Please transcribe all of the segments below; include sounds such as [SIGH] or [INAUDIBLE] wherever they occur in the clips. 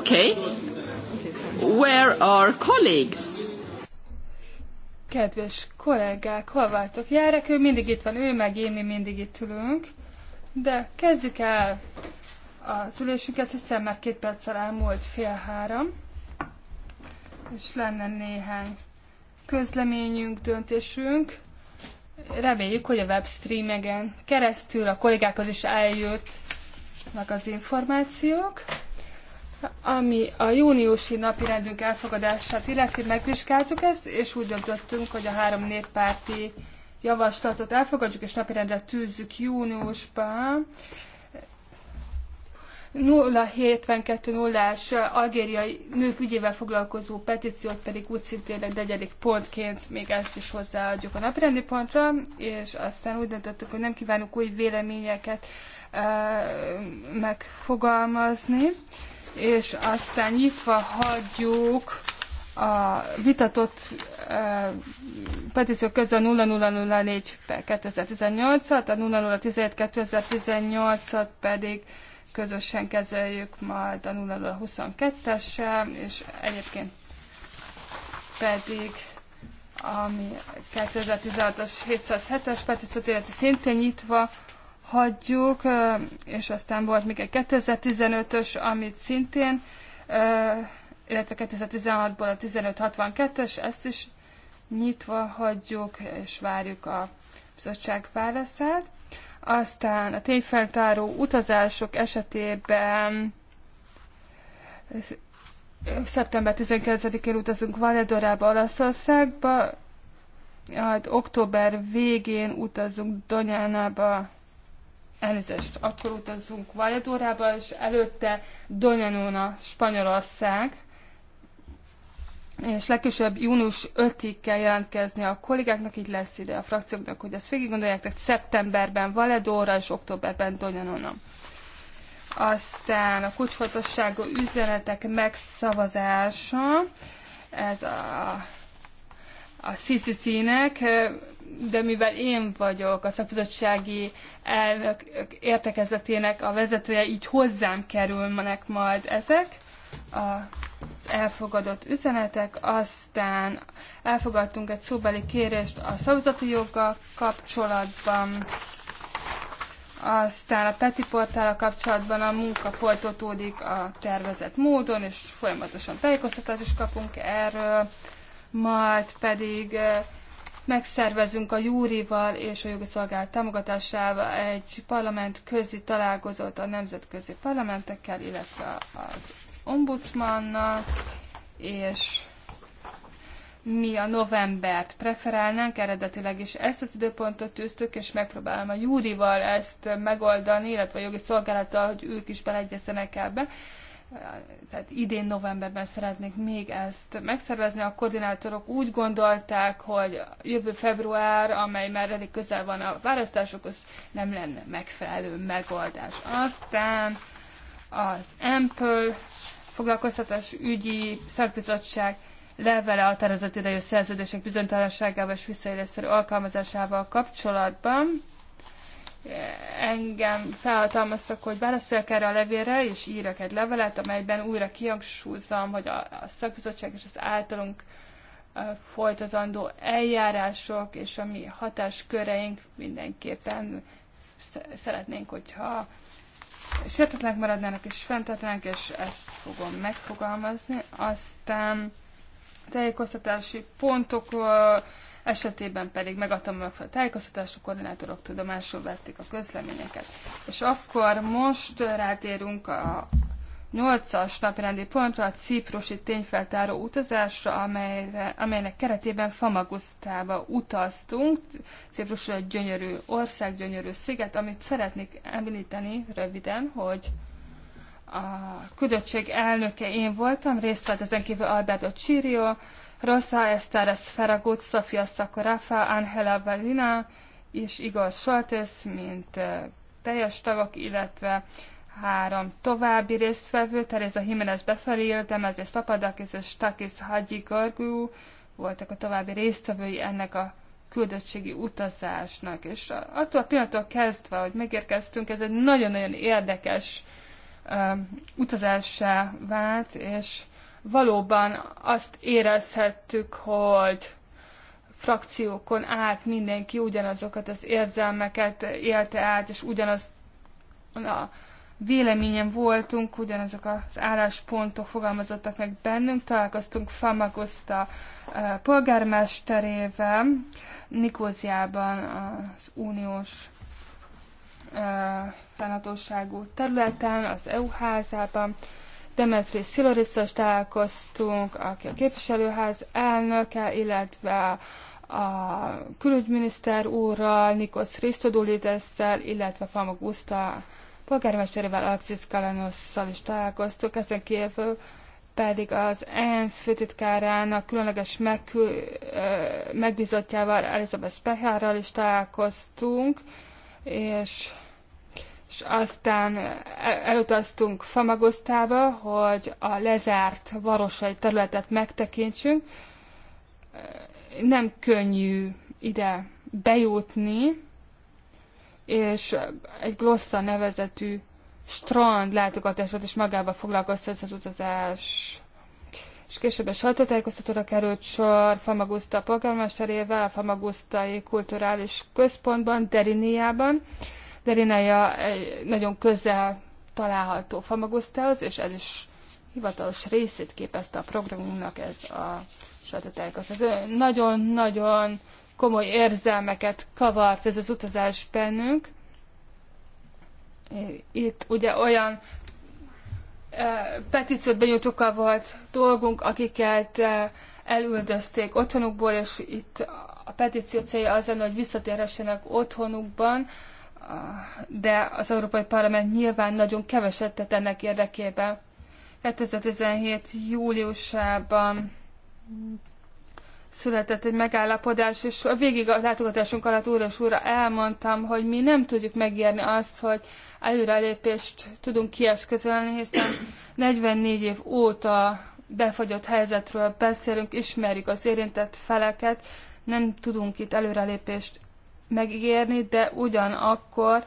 Okay. Where are colleagues? Kedves kollégák, hol vagytok? Járek, ő mindig itt van, ő meg én, mi mindig itt ülünk. De kezdjük el az ülésünket, hiszen már két perccel elmúlt fél három. És lenne néhány közleményünk, döntésünk reméljük, hogy a webstreamegen keresztül a kollégákhoz is eljutnak az információk. Ami a júniusi napi rendünk elfogadását illeti, megvizsgáltuk ezt, és úgy döntöttünk, hogy a három néppárti javaslatot elfogadjuk, és napirendre tűzzük júniusban. 0720 0 algériai nők ügyével foglalkozó petíciót pedig úgy szintén egy negyedik pontként még ezt is hozzáadjuk a napirendi pontra, és aztán úgy döntöttük, hogy nem kívánunk új véleményeket e, megfogalmazni, és aztán nyitva hagyjuk a vitatott e, petíció közül a 0004 2018-at, a 0017 2018-at pedig közösen kezeljük majd a 0 22-essel, és egyébként pedig ami 2016-as 707-es petíciót illeti szintén nyitva hagyjuk, és aztán volt még egy 2015-ös, amit szintén, illetve 2016-ból a 1562-es, ezt is nyitva hagyjuk, és várjuk a bizottság válaszát. Aztán a tényfeltáró utazások esetében szeptember 19-én utazunk Valedorába, Olaszországba, hát október végén utazunk Donyánába, elnézést, akkor utazunk Valedorába, és előtte Donyanóna, Spanyolország és legkésőbb június 5-ig kell jelentkezni a kollégáknak, így lesz ide a frakcióknak, hogy ezt végig gondolják, tehát szeptemberben Valedóra és októberben Donyanona. Aztán a kulcsfontosságú üzenetek megszavazása, ez a, a CCC-nek, de mivel én vagyok a szakbizottsági elnök értekezletének a vezetője, így hozzám kerülnek majd ezek az elfogadott üzenetek, aztán elfogadtunk egy szóbeli kérést a szavazati joggal kapcsolatban, aztán a Peti portála kapcsolatban a munka folytatódik a tervezett módon, és folyamatosan tájékoztatást is kapunk erről, majd pedig eh, megszervezünk a Júrival és a jogi támogatásával egy parlament közi találkozót a nemzetközi parlamentekkel, illetve az ombudsmannal, és mi a novembert preferálnánk, eredetileg is ezt az időpontot tűztük, és megpróbálom a Júrival ezt megoldani, illetve a jogi szolgálattal, hogy ők is beleegyezzenek ebbe. Tehát idén novemberben szeretnék még ezt megszervezni. A koordinátorok úgy gondolták, hogy jövő február, amely már elég közel van a választásokhoz, nem lenne megfelelő megoldás. Aztán az Ample foglalkoztatás ügyi szakbizottság levele a tervezett idejű szerződések bizonytalanságával és visszaélésszerű alkalmazásával kapcsolatban. Engem felhatalmaztak, hogy válaszoljak erre a levélre, és írjak egy levelet, amelyben újra kihangsúlyozom, hogy a, a szakbizottság és az általunk folytatandó eljárások és a mi hatásköreink mindenképpen szeretnénk, hogyha sértetlenek maradnának és fenntartanák, és ezt fogom megfogalmazni. Aztán tájékoztatási pontok esetében pedig megadtam meg a tájékoztatást, a koordinátorok tudomásul vették a közleményeket. És akkor most rátérünk a 8-as napirendi pontra a ciprusi tényfeltáró utazásra, amelyre, amelynek keretében Famagusztába utaztunk. Ciprus egy gyönyörű ország, gyönyörű sziget, amit szeretnék említeni röviden, hogy a küldöttség elnöke én voltam, részt vett ezen kívül Alberto Csirio, Rosa Esteres Feragut, Sofia Sakorafa, Angela Valina és Igor Soltes, mint teljes tagok, illetve három további résztvevő, Teresa Jiménez Beferil, Demetrius Papadakis és Takis Hagyi Gargú voltak a további résztvevői ennek a küldöttségi utazásnak. És attól a pillanattól kezdve, hogy megérkeztünk, ez egy nagyon-nagyon érdekes um, utazássá vált, és valóban azt érezhettük, hogy frakciókon át mindenki ugyanazokat az érzelmeket élte át, és ugyanaz a véleményen voltunk, ugyanazok az álláspontok fogalmazottak meg bennünk, találkoztunk Famagusta eh, polgármesterével, Nikóziában az uniós eh, fennhatóságú területen, az EU házában, Demetri Szilorisszal találkoztunk, aki a képviselőház elnöke, illetve a külügyminiszter úrral, Nikos Christodoulidesszel, illetve Famagusta polgármesterével Alexis Kalanosszal is találkoztuk, ezen kívül pedig az ENSZ főtitkárának különleges megkül, megbizotjával, Elizabeth Spehárral is találkoztunk, és, és aztán elutaztunk Famagosztába, hogy a lezárt varosai területet megtekintsünk. Nem könnyű ide bejutni, és egy Glossa nevezetű strand látogatását is magába foglalkozta ez az utazás és később a sajtótájékoztatóra került sor Famagusta polgármesterével, a Famagusztai Kulturális Központban, Deriniában. Derinája nagyon közel található Famagusztához, és ez is hivatalos részét képezte a programunknak ez a sajtótájékoztató. Nagyon-nagyon komoly érzelmeket kavart ez az utazás bennünk. Itt ugye olyan eh, petíciót benyújtókkal volt dolgunk, akiket eh, elüldözték otthonukból, és itt a petíció célja az lenne, hogy visszatérhessenek otthonukban, eh, de az Európai Parlament nyilván nagyon keveset tett ennek érdekében. 2017. júliusában született egy megállapodás, és a végig a látogatásunk alatt újra és újra elmondtam, hogy mi nem tudjuk megérni azt, hogy előrelépést tudunk kieszközölni, hiszen 44 év óta befagyott helyzetről beszélünk, ismerjük az érintett feleket, nem tudunk itt előrelépést megígérni, de ugyanakkor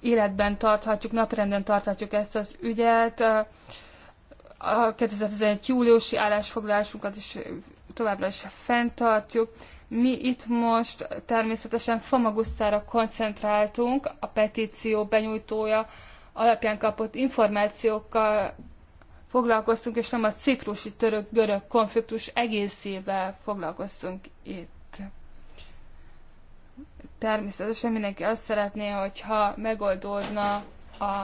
életben tarthatjuk, naprenden tarthatjuk ezt az ügyet. A 2011 júliusi állásfoglalásunkat is továbbra is fenntartjuk. Mi itt most természetesen Famagusztára koncentráltunk, a petíció benyújtója alapján kapott információkkal foglalkoztunk, és nem a ciprusi török-görög konfliktus egészével foglalkoztunk itt. Természetesen mindenki azt szeretné, hogyha megoldódna a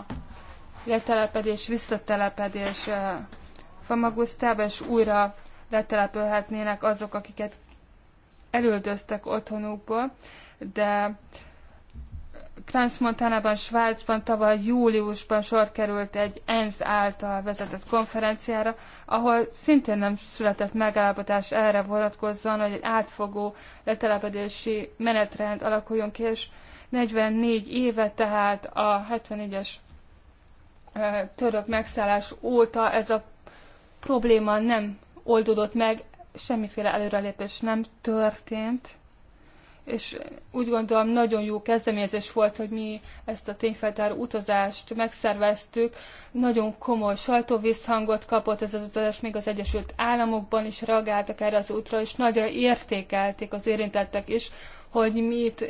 letelepedés, visszatelepedés eh, Famagusztába, és újra letelepülhetnének azok, akiket elüldöztek otthonukból, de Kranz Montanában, Svájcban tavaly júliusban sor került egy ENSZ által vezetett konferenciára, ahol szintén nem született megállapodás erre vonatkozzon, hogy egy átfogó letelepedési menetrend alakuljon ki, és 44 éve, tehát a 74-es török megszállás óta ez a probléma nem oldódott meg, semmiféle előrelépés nem történt, és úgy gondolom nagyon jó kezdeményezés volt, hogy mi ezt a tényfeltáró utazást megszerveztük. Nagyon komoly sajtóvisszhangot kapott ez az utazás, még az Egyesült Államokban is reagáltak erre az útra, és nagyra értékelték az érintettek is, hogy mi itt eh,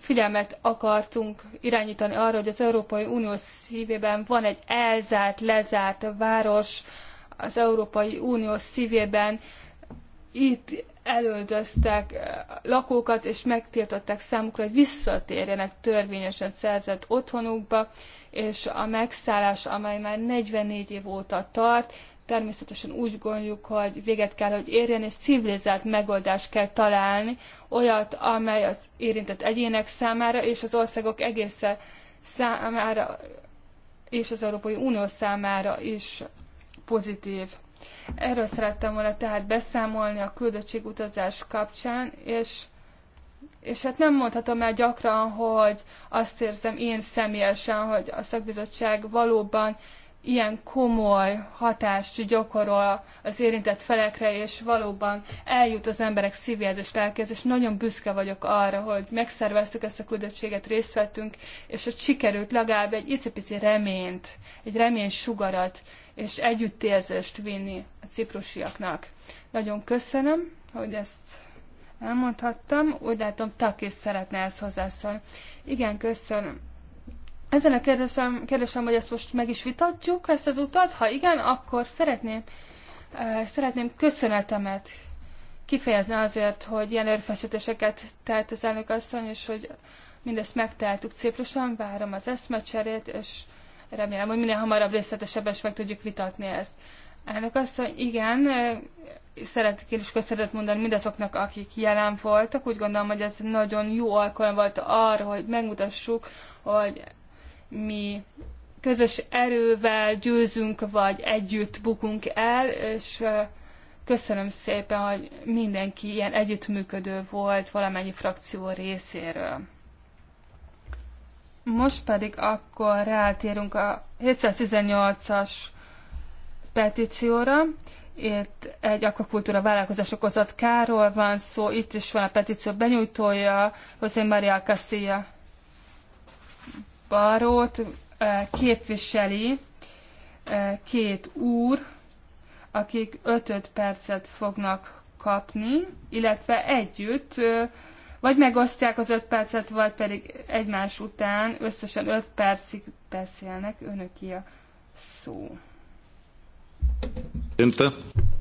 figyelmet akartunk irányítani arra, hogy az Európai Unió szívében van egy elzárt, lezárt város, az Európai Unió szívében itt elöldöztek lakókat, és megtiltották számukra, hogy visszatérjenek törvényesen szerzett otthonukba, és a megszállás, amely már 44 év óta tart, természetesen úgy gondoljuk, hogy véget kell, hogy érjen, és civilizált megoldást kell találni, olyat, amely az érintett egyének számára és az országok egészen számára és az Európai Unió számára is pozitív. Erről szerettem volna tehát beszámolni a küldöttségutazás kapcsán, és, és hát nem mondhatom el gyakran, hogy azt érzem én személyesen, hogy a szakbizottság valóban ilyen komoly hatást gyakorol az érintett felekre, és valóban eljut az emberek szívéhez és lelkéhez, és nagyon büszke vagyok arra, hogy megszerveztük ezt a küldöttséget, részt vettünk, és hogy sikerült legalább egy icipici reményt, egy remény sugarat és együttérzést vinni a ciprusiaknak. Nagyon köszönöm, hogy ezt elmondhattam. Úgy látom, Takis szeretne ezt hozzászólni. Igen, köszönöm. Ezen a kérdésem, kérdésem, hogy ezt most meg is vitatjuk, ezt az utat? Ha igen, akkor szeretném, eh, szeretném köszönetemet kifejezni azért, hogy ilyen erőfeszítéseket telt az elnök asszony, és hogy mindezt megteltük Cipruson, várom az eszmecserét, és Remélem, hogy minél hamarabb részletesebben is meg tudjuk vitatni ezt. Elnök azt, hogy igen, szeretnék én is köszönetet mondani mindazoknak, akik jelen voltak. Úgy gondolom, hogy ez nagyon jó alkalom volt arra, hogy megmutassuk, hogy mi közös erővel győzünk, vagy együtt bukunk el, és köszönöm szépen, hogy mindenki ilyen együttműködő volt valamennyi frakció részéről. Most pedig akkor rátérünk a 718-as petícióra. Itt egy akvakultúra vállalkozás okozott káról van szó, itt is van a petíció benyújtója, José Maria Castilla Barót eh, képviseli eh, két úr, akik 5-5 percet fognak kapni, illetve együtt eh, vagy megosztják az öt percet, vagy pedig egymás után összesen öt percig beszélnek önöki a szó.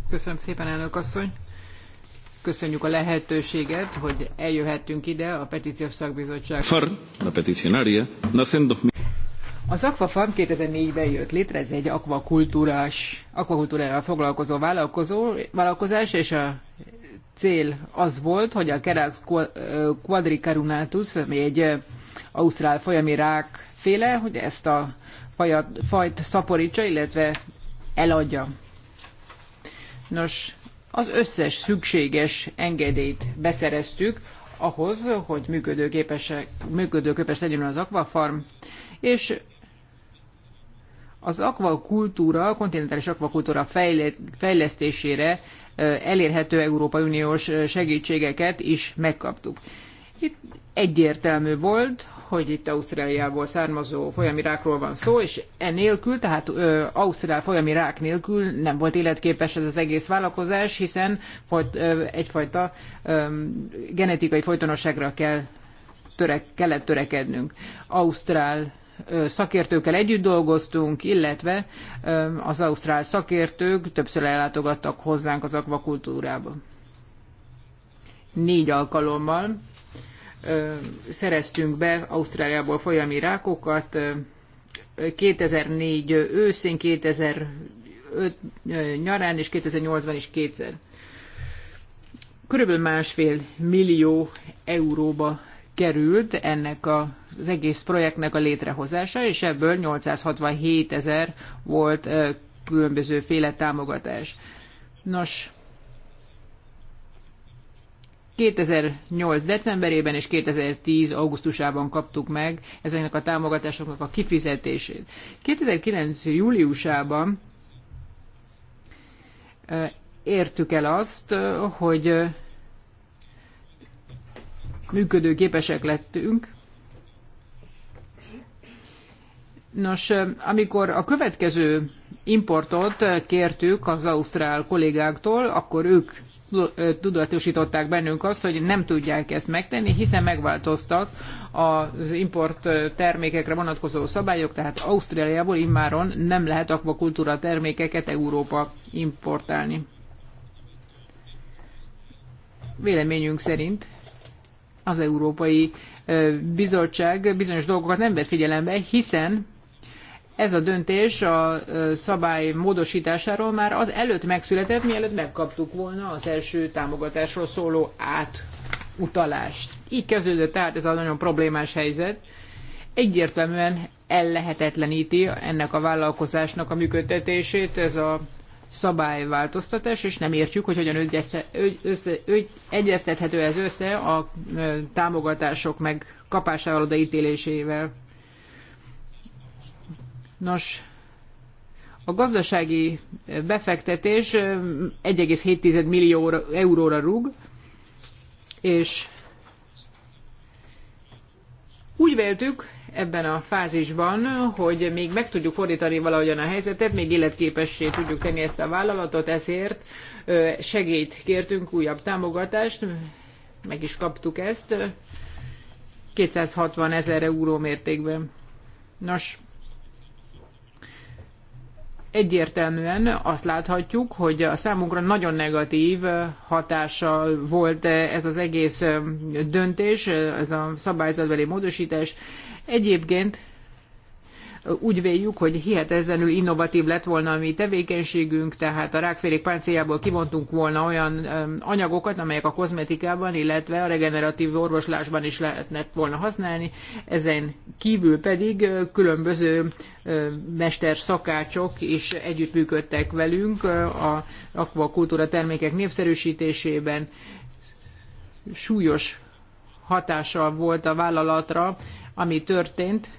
Köszönöm szépen, elnök asszony! Köszönjük a lehetőséget, hogy eljöhettünk ide a petíciós szakbizottság. Far, a peticionária, naciendo... Az Aquafarm 2004-ben jött létre, ez egy akvakultúrás, akvakultúrával foglalkozó vállalkozó, vállalkozás, és a cél az volt, hogy a Kerax quadricarunatus, ami egy ausztrál folyami rák féle, hogy ezt a fajat, fajt szaporítsa, illetve eladja. Nos, az összes szükséges engedélyt beszereztük ahhoz, hogy működőképes, működőképes legyen az akvafarm, és az akvakultúra, a kontinentális akvakultúra fejlesztésére elérhető Európai Uniós segítségeket is megkaptuk. Itt egyértelmű volt, hogy itt Ausztráliából származó folyamirákról van szó, és enélkül, tehát ö, Ausztrál folyamirák nélkül nem volt életképes ez az egész vállalkozás, hiszen folyt, ö, egyfajta ö, genetikai folytonosságra kell törek, kellett törekednünk. Ausztrál szakértőkkel együtt dolgoztunk, illetve az ausztrál szakértők többször ellátogattak hozzánk az akvakultúrába. Négy alkalommal szereztünk be Ausztráliából folyami rákokat. 2004 őszén, 2005 nyarán és 2008-ban is kétszer. Körülbelül másfél millió euróba került ennek a az egész projektnek a létrehozása, és ebből 867 ezer volt féle támogatás. Nos, 2008. decemberében és 2010. augusztusában kaptuk meg ezeknek a támogatásoknak a kifizetését. 2009. júliusában értük el azt, hogy működőképesek lettünk, Nos, amikor a következő importot kértük az ausztrál kollégáktól, akkor ők tudatosították bennünk azt, hogy nem tudják ezt megtenni, hiszen megváltoztak az import termékekre vonatkozó szabályok, tehát Ausztráliából immáron nem lehet akvakultúra termékeket Európa importálni. Véleményünk szerint az Európai Bizottság bizonyos dolgokat nem vett figyelembe, hiszen ez a döntés a szabály módosításáról már az előtt megszületett, mielőtt megkaptuk volna az első támogatásról szóló átutalást. Így kezdődött tehát ez a nagyon problémás helyzet. Egyértelműen ellehetetleníti ennek a vállalkozásnak a működtetését ez a szabályváltoztatás, és nem értjük, hogy hogyan össze, egyeztethető ez össze a támogatások meg kapásával odaítélésével. Nos, a gazdasági befektetés 1,7 millió euróra rúg, és úgy véltük ebben a fázisban, hogy még meg tudjuk fordítani valahogyan a helyzetet, még életképessé tudjuk tenni ezt a vállalatot, ezért segélyt kértünk, újabb támogatást, meg is kaptuk ezt 260 ezer euró mértékben. Nos, egyértelműen azt láthatjuk, hogy a számunkra nagyon negatív eh, hatással volt eh, ez az egész eh, döntés, ez a szabályzatbeli módosítás. Egyébként úgy véljük, hogy hihetetlenül innovatív lett volna a mi tevékenységünk, tehát a rákfélék páncéljából kivontunk volna olyan anyagokat, amelyek a kozmetikában, illetve a regeneratív orvoslásban is lehetne volna használni, ezen kívül pedig különböző mester szakácsok is együttműködtek velünk a akvakultúra termékek népszerűsítésében. Súlyos hatással volt a vállalatra, ami történt,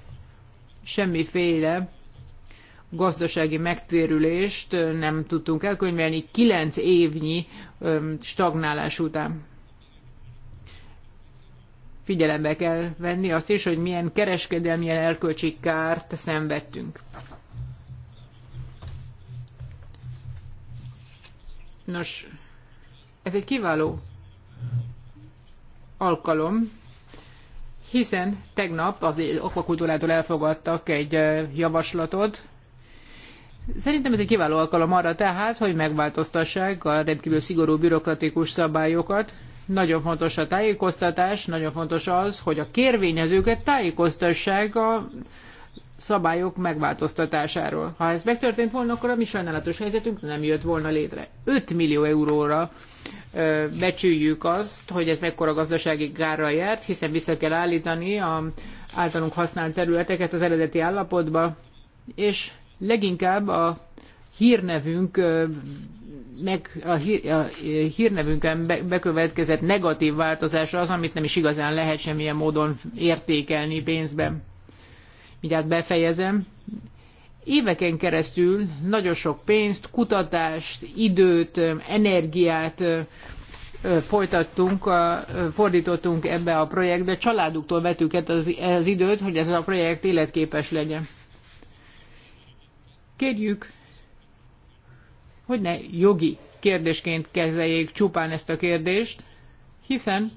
semmiféle gazdasági megtérülést nem tudtunk elkönyvelni kilenc évnyi stagnálás után. Figyelembe kell venni azt is, hogy milyen kereskedelmi, milyen erkölcsi kárt szenvedtünk. Nos, ez egy kiváló alkalom hiszen tegnap az akvakultúrától elfogadtak egy javaslatot. Szerintem ez egy kiváló alkalom arra tehát, hogy megváltoztassák a rendkívül szigorú bürokratikus szabályokat. Nagyon fontos a tájékoztatás, nagyon fontos az, hogy a kérvényezőket tájékoztassák a szabályok megváltoztatásáról. Ha ez megtörtént volna, akkor a mi sajnálatos helyzetünk nem jött volna létre. 5 millió euróra becsüljük azt, hogy ez mekkora gazdasági gárra járt, hiszen vissza kell állítani a általunk használt területeket az eredeti állapotba, és leginkább a hírnevünk meg a, hír, a hírnevünkön be, bekövetkezett negatív változása az, amit nem is igazán lehet semmilyen módon értékelni pénzben mindjárt befejezem, éveken keresztül nagyon sok pénzt, kutatást, időt, energiát folytattunk, fordítottunk ebbe a projektbe, családuktól vettük az, az időt, hogy ez a projekt életképes legyen. Kérjük, hogy ne jogi kérdésként kezeljék csupán ezt a kérdést, hiszen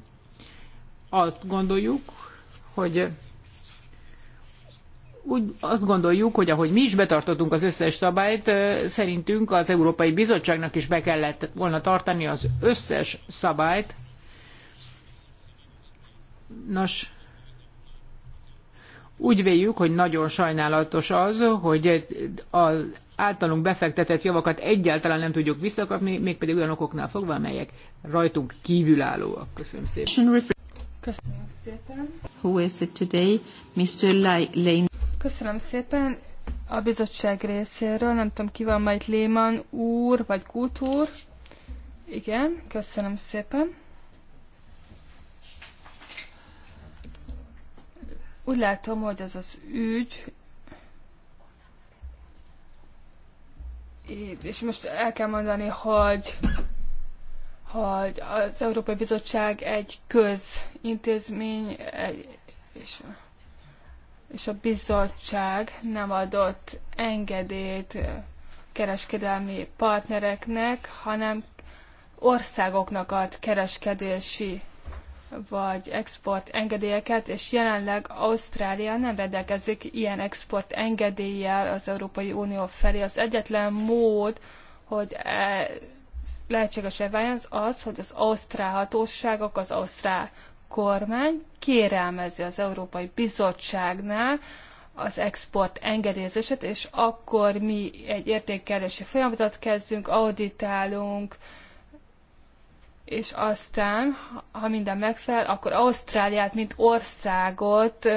azt gondoljuk, hogy úgy azt gondoljuk, hogy ahogy mi is betartottunk az összes szabályt, szerintünk az Európai Bizottságnak is be kellett volna tartani az összes szabályt. Nos, úgy véljük, hogy nagyon sajnálatos az, hogy az általunk befektetett javakat egyáltalán nem tudjuk visszakapni, mégpedig olyan okoknál fogva, amelyek rajtunk kívülállóak. Köszönöm szépen. Köszönöm szépen. Who is it today? Mr. Lane. Köszönöm szépen. A bizottság részéről, nem tudom ki van majd Léman úr, vagy Kút úr. Igen, köszönöm szépen. Úgy látom, hogy ez az ügy, és most el kell mondani, hogy, hogy az Európai Bizottság egy közintézmény, egy, és és a bizottság nem adott engedélyt kereskedelmi partnereknek, hanem országoknak ad kereskedési vagy export engedélyeket, és jelenleg Ausztrália nem rendelkezik ilyen export engedéllyel az Európai Unió felé. Az egyetlen mód, hogy e, lehetséges-e az, hogy az ausztrál hatóságok, az ausztrál kormány kérelmezi az Európai Bizottságnál az export engedélyezését, és akkor mi egy értékelési folyamatot kezdünk, auditálunk, és aztán, ha minden megfelel, akkor Ausztráliát, mint országot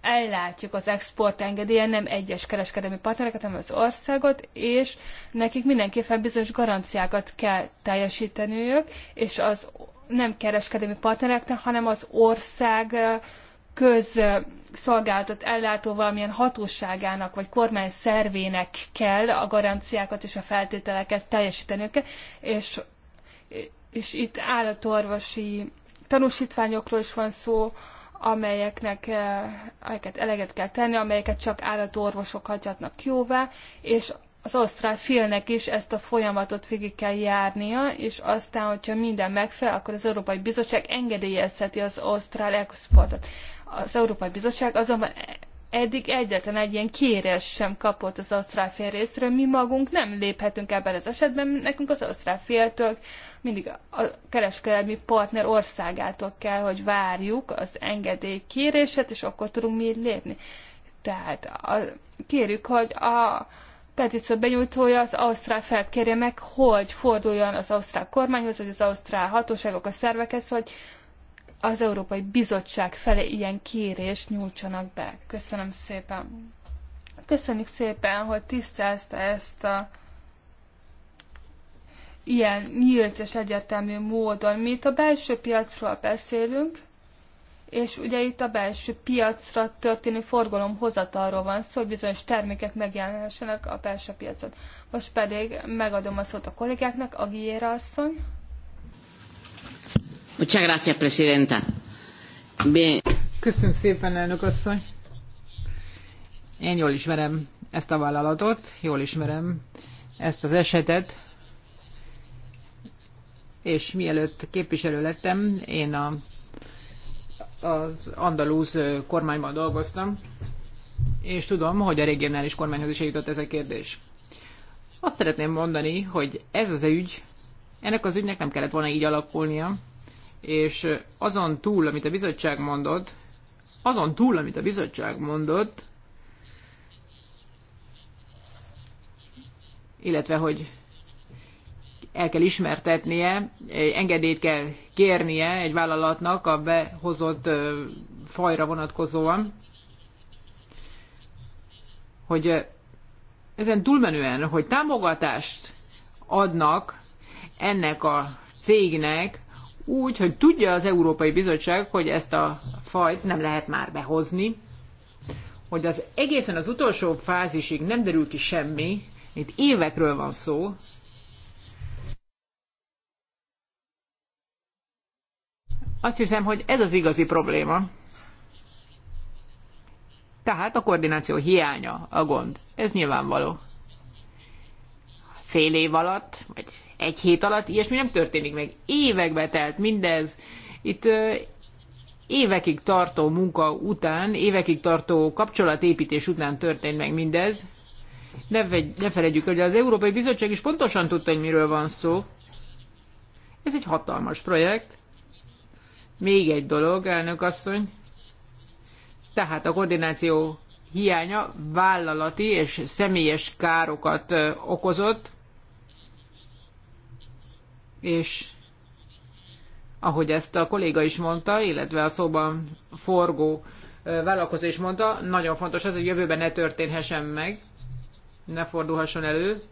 ellátjuk az export engedélyen, nem egyes kereskedelmi partnereket, hanem az országot, és nekik mindenképpen bizonyos garanciákat kell teljesíteniük, és az nem kereskedelmi partnereknek, hanem az ország közszolgálatot ellátó valamilyen hatóságának vagy kormány szervének kell a garanciákat és a feltételeket teljesíteniük, és, és itt állatorvosi tanúsítványokról is van szó, amelyeknek amelyeket eleget kell tenni, amelyeket csak állatorvosok hagyhatnak jóvá, és az osztrák félnek is ezt a folyamatot végig kell járnia, és aztán, hogyha minden megfelel, akkor az Európai Bizottság engedélyezheti az osztrál exportot. Az Európai Bizottság azonban eddig egyetlen egy ilyen kérés sem kapott az ausztrál fél részről. Mi magunk nem léphetünk ebben az esetben, nekünk az ausztrál féltől mindig a kereskedelmi partner országától kell, hogy várjuk az engedély kérését, és akkor tudunk mi lépni. Tehát a, kérjük, hogy a, petíció benyújtója az Ausztrál felt kérje meg, hogy forduljon az Ausztrál kormányhoz, vagy az Ausztrál hatóságok, a szervekhez, hogy az Európai Bizottság felé ilyen kérést nyújtsanak be. Köszönöm szépen. Köszönjük szépen, hogy tisztázta ezt a ilyen nyílt és egyetemű módon. Mi itt a belső piacról beszélünk, és ugye itt a belső piacra történő forgalom hozatalról van szó, hogy bizonyos termékek megjelenhessenek a belső piacon. Most pedig megadom a szót a kollégáknak, a Giéra asszony. Muchas gracias, presidenta. Bien. Köszönöm szépen, elnök asszony. Én jól ismerem ezt a vállalatot, jól ismerem ezt az esetet, és mielőtt képviselő lettem, én a az andalúz kormányban dolgoztam, és tudom, hogy a regionális kormányhoz is eljutott ez a kérdés. Azt szeretném mondani, hogy ez az ügy, ennek az ügynek nem kellett volna így alakulnia, és azon túl, amit a bizottság mondott, azon túl, amit a bizottság mondott, illetve hogy el kell ismertetnie, engedélyt kell kérnie egy vállalatnak a behozott fajra vonatkozóan, hogy ezen túlmenően, hogy támogatást adnak ennek a cégnek úgy, hogy tudja az Európai Bizottság, hogy ezt a fajt nem lehet már behozni, hogy az egészen az utolsó fázisig nem derül ki semmi, itt évekről van szó, Azt hiszem, hogy ez az igazi probléma. Tehát a koordináció hiánya a gond. Ez nyilvánvaló. Fél év alatt, vagy egy hét alatt ilyesmi nem történik meg. Évekbe telt mindez. Itt ö, évekig tartó munka után, évekig tartó kapcsolatépítés után történt meg mindez. Ne, vegy, ne felejtjük, hogy az Európai Bizottság is pontosan tudta, hogy miről van szó. Ez egy hatalmas projekt. Még egy dolog, elnök asszony. Tehát a koordináció hiánya vállalati és személyes károkat okozott, és ahogy ezt a kolléga is mondta, illetve a szóban forgó vállalkozó is mondta, nagyon fontos az, hogy jövőben ne történhessen meg, ne fordulhasson elő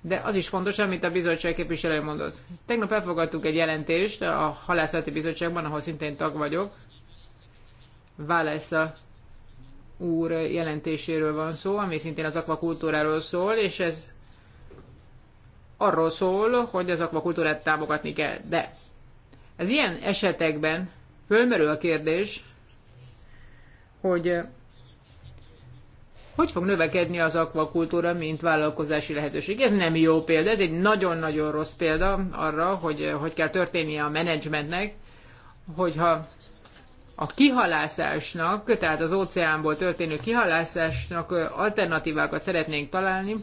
de az is fontos, amit a bizottság képviselő mondott. Tegnap elfogadtuk egy jelentést a halászati bizottságban, ahol szintén tag vagyok. Válesza úr jelentéséről van szó, ami szintén az akvakultúráról szól, és ez arról szól, hogy az akvakultúrát támogatni kell. De az ilyen esetekben fölmerül a kérdés, hogy hogy fog növekedni az akvakultúra, mint vállalkozási lehetőség. Ez nem jó példa, ez egy nagyon-nagyon rossz példa arra, hogy eh, hogy kell történnie a menedzsmentnek, hogyha a kihalászásnak, tehát az óceánból történő kihalászásnak eh, alternatívákat szeretnénk találni,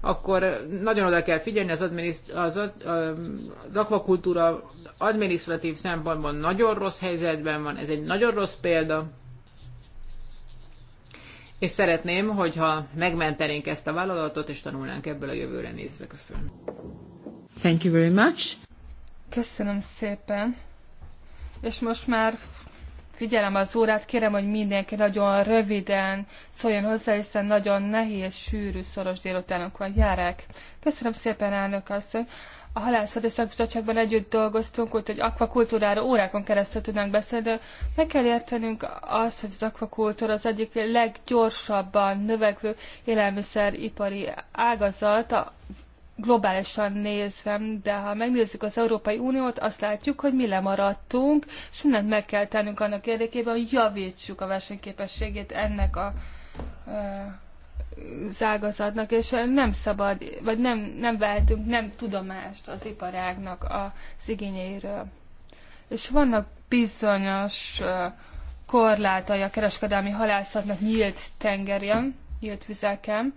akkor nagyon oda kell figyelni, az, adminiszt- az, ad- eh, az akvakultúra adminisztratív szempontból nagyon rossz helyzetben van, ez egy nagyon rossz példa, és szeretném, hogyha megmentenénk ezt a vállalatot, és tanulnánk ebből a jövőre nézve. Köszönöm. Thank you very much. Köszönöm szépen. És most már figyelem az órát, kérem, hogy mindenki nagyon röviden szóljon hozzá, hiszen nagyon nehéz, sűrű, szoros délutánok van járák. Köszönöm szépen, elnök asszony a halászati szakbizottságban együtt dolgoztunk, úgyhogy akvakultúrára órákon keresztül tudnánk beszélni, de meg kell értenünk azt, hogy az akvakultúra az egyik leggyorsabban növekvő élelmiszeripari ágazat, a globálisan nézve, de ha megnézzük az Európai Uniót, azt látjuk, hogy mi lemaradtunk, és mindent meg kell tennünk annak érdekében, hogy javítsuk a versenyképességét ennek a, a ágazatnak, és nem szabad, vagy nem, nem vehetünk nem tudomást az iparágnak az igényeiről. És vannak bizonyos korlátai a kereskedelmi halászatnak nyílt tengeren, nyílt vizeken,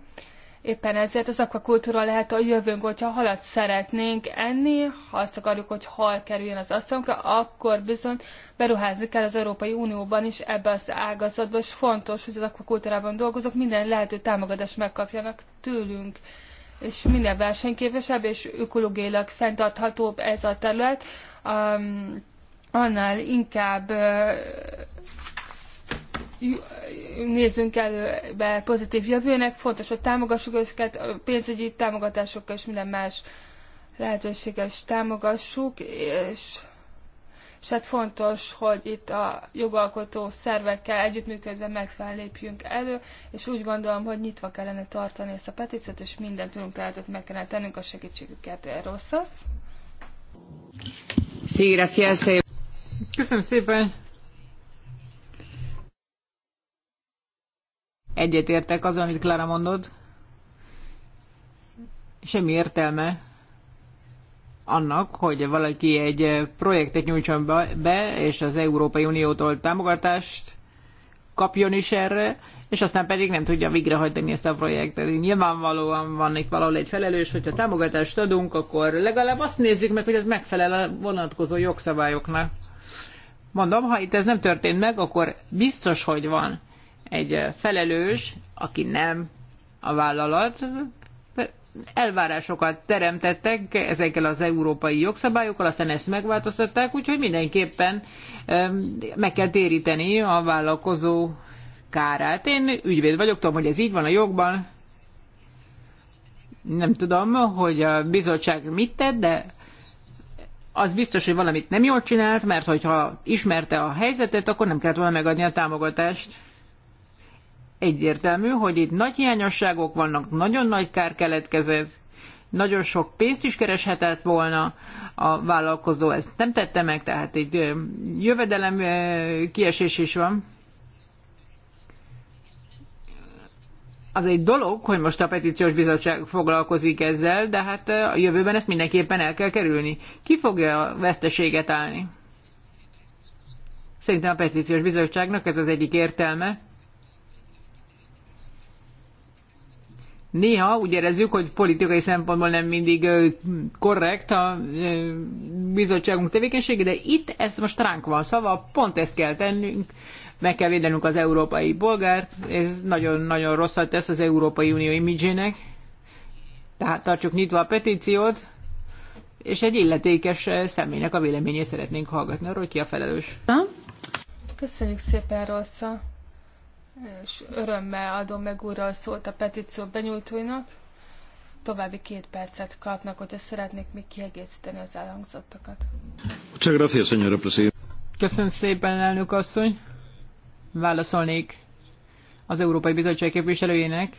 Éppen ezért az akvakultúra lehet a jövőnk, hogyha halat szeretnénk enni, ha azt akarjuk, hogy hal kerüljön az asztalunkra, akkor bizony beruházni kell az Európai Unióban is ebbe az ágazatba, és fontos, hogy az akvakultúrában dolgozók minden lehető támogatást megkapjanak tőlünk és minél versenyképesebb és ökológiailag fenntarthatóbb ez a terület, um, annál inkább uh, nézzünk előbe pozitív jövőnek, fontos, hogy támogassuk őket, a pénzügyi támogatásokkal és minden más lehetőséges támogassuk, és, és hát fontos, hogy itt a jogalkotó szervekkel együttműködve megfellépjünk elő, és úgy gondolom, hogy nyitva kellene tartani ezt a petíciót, és mindent tőlünk lehetett meg kellene tennünk a segítségüket. Rossz az? Eh. Köszönöm szépen! Egyetértek az, amit Klára mondod. Semmi értelme annak, hogy valaki egy projektet nyújtson be, és az Európai Uniótól támogatást kapjon is erre, és aztán pedig nem tudja végrehajtani ezt a projektet. Nyilvánvalóan van itt valahol egy felelős, hogyha támogatást adunk, akkor legalább azt nézzük meg, hogy ez megfelel a vonatkozó jogszabályoknak. Mondom, ha itt ez nem történt meg, akkor biztos, hogy van egy felelős, aki nem a vállalat, elvárásokat teremtettek ezekkel az európai jogszabályokkal, aztán ezt megváltoztatták, úgyhogy mindenképpen meg kell téríteni a vállalkozó kárát. Én ügyvéd vagyok, tudom, hogy ez így van a jogban. Nem tudom, hogy a bizottság mit tett, de az biztos, hogy valamit nem jól csinált, mert hogyha ismerte a helyzetet, akkor nem kellett volna megadni a támogatást egyértelmű, hogy itt nagy hiányosságok vannak, nagyon nagy kár keletkezett, nagyon sok pénzt is kereshetett volna a vállalkozó, ezt nem tette meg, tehát egy jövedelem kiesés is van. Az egy dolog, hogy most a petíciós bizottság foglalkozik ezzel, de hát a jövőben ezt mindenképpen el kell kerülni. Ki fogja a veszteséget állni? Szerintem a petíciós bizottságnak ez az egyik értelme, néha úgy érezzük, hogy politikai szempontból nem mindig korrekt a bizottságunk tevékenysége, de itt ez most ránk van szava, pont ezt kell tennünk, meg kell védenünk az európai polgárt, ez nagyon-nagyon rosszat tesz az Európai Unió imidzsének, tehát tartsuk nyitva a petíciót, és egy illetékes személynek a véleményét szeretnénk hallgatni arról, ki a felelős. Köszönjük szépen, Rossza! és örömmel adom meg újra a szót a petíció benyújtóinak. További két percet kapnak, hogyha szeretnék még kiegészíteni az elhangzottakat. Köszönöm szépen, elnök asszony. Válaszolnék az Európai Bizottság képviselőjének.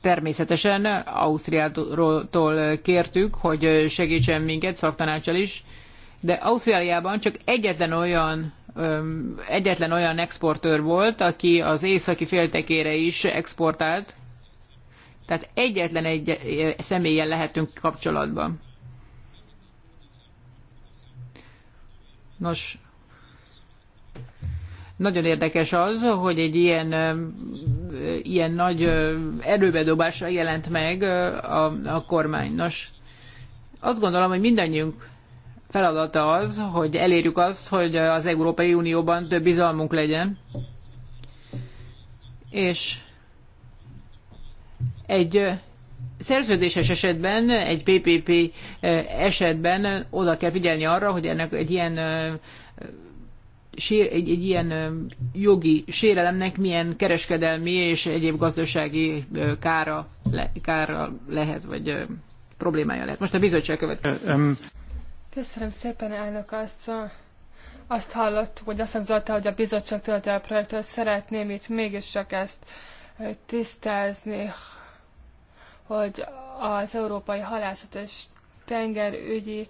Természetesen Ausztriától kértük, hogy segítsen minket szaktanácsal is, de Ausztriában csak egyetlen olyan egyetlen olyan exportőr volt, aki az északi féltekére is exportált. Tehát egyetlen egy személyen lehetünk kapcsolatban. Nos, nagyon érdekes az, hogy egy ilyen, ilyen nagy erőbedobásra jelent meg a, a kormány. Nos, azt gondolom, hogy mindannyiunk feladata az, hogy elérjük azt, hogy az Európai Unióban több bizalmunk legyen, és egy szerződéses esetben, egy PPP eh, esetben oda kell figyelni arra, hogy ennek egy ilyen eh, egy, egy ilyen eh, jogi sérelemnek milyen kereskedelmi és egyéb gazdasági kára, le, kára lehet, vagy problémája lehet. Most a bizottság következik. Köszönöm szépen, elnök azt, Azt hallottuk, hogy azt mondta, hogy a bizottság tölti a projektet. Szeretném itt mégis csak ezt tisztázni, hogy az Európai Halászat és Tengerügyi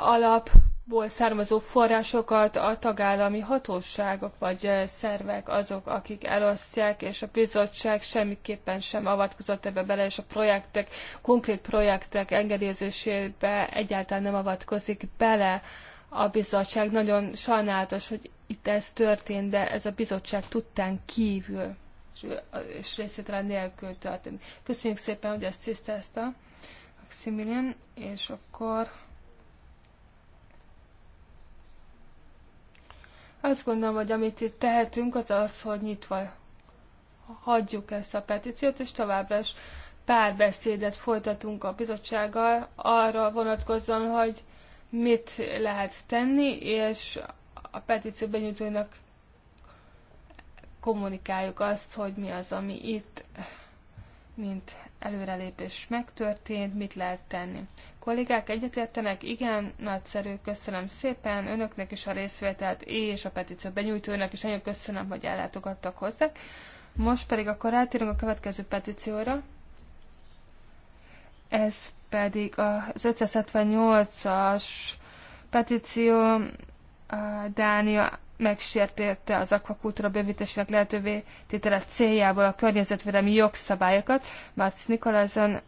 Alap ból származó forrásokat a tagállami hatóságok vagy szervek azok, akik elosztják, és a bizottság semmiképpen sem avatkozott ebbe bele, és a projektek, konkrét projektek engedélyezésébe egyáltalán nem avatkozik bele a bizottság. Nagyon sajnálatos, hogy itt ez történt, de ez a bizottság tudtán kívül és részvételen nélkül történt. Köszönjük szépen, hogy ezt tisztázta, Maximilian, és akkor Azt gondolom, hogy amit itt tehetünk, az az, hogy nyitva hagyjuk ezt a petíciót, és továbbra is párbeszédet folytatunk a bizottsággal arra vonatkozóan, hogy mit lehet tenni, és a petíció benyújtóinak kommunikáljuk azt, hogy mi az, ami itt mint előrelépés megtörtént, mit lehet tenni. Kollégák egyetértenek? Igen, nagyszerű, köszönöm szépen önöknek is a részvételt, és a petíció benyújtónak is nagyon köszönöm, hogy ellátogattak hozzá. Most pedig akkor rátérünk a következő petícióra. Ez pedig az 578-as petíció Dánia megsértette az akvakultúra bővítésének lehetővé tétele céljából a környezetvédelmi jogszabályokat. Mats Nikolazon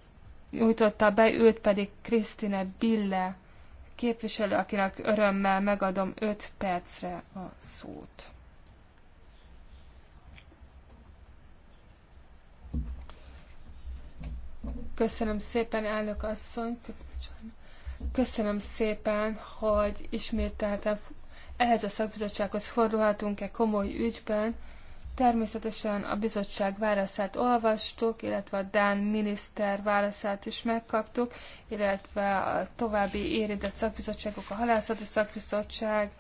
nyújtotta be, őt pedig Krisztine Bille képviselő, akinek örömmel megadom 5 percre a szót. Köszönöm szépen, elnök asszony. Köszönöm szépen, hogy ismételten ehhez a szakbizottsághoz fordulhatunk-e komoly ügyben. Természetesen a bizottság válaszát olvastuk, illetve a Dán miniszter válaszát is megkaptuk, illetve a további érintett szakbizottságok, a halászati szakbizottság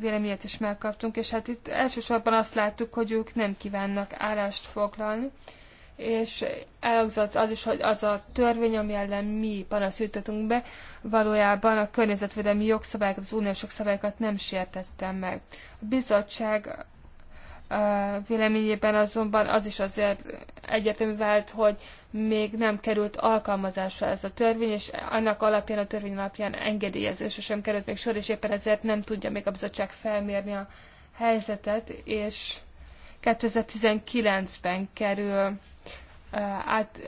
véleményét is megkaptunk, és hát itt elsősorban azt láttuk, hogy ők nem kívánnak állást foglalni és elhangzott az is, hogy az a törvény, ami ellen mi panaszt be, valójában a környezetvédelmi jogszabályokat, az uniós jogszabályokat nem sértettem meg. A bizottság véleményében azonban az is azért egyértelmű vált, hogy még nem került alkalmazásra ez a törvény, és annak alapján, a törvény alapján engedélyezésre sem került még sor, és éppen ezért nem tudja még a bizottság felmérni a helyzetet, és 2019-ben kerül át,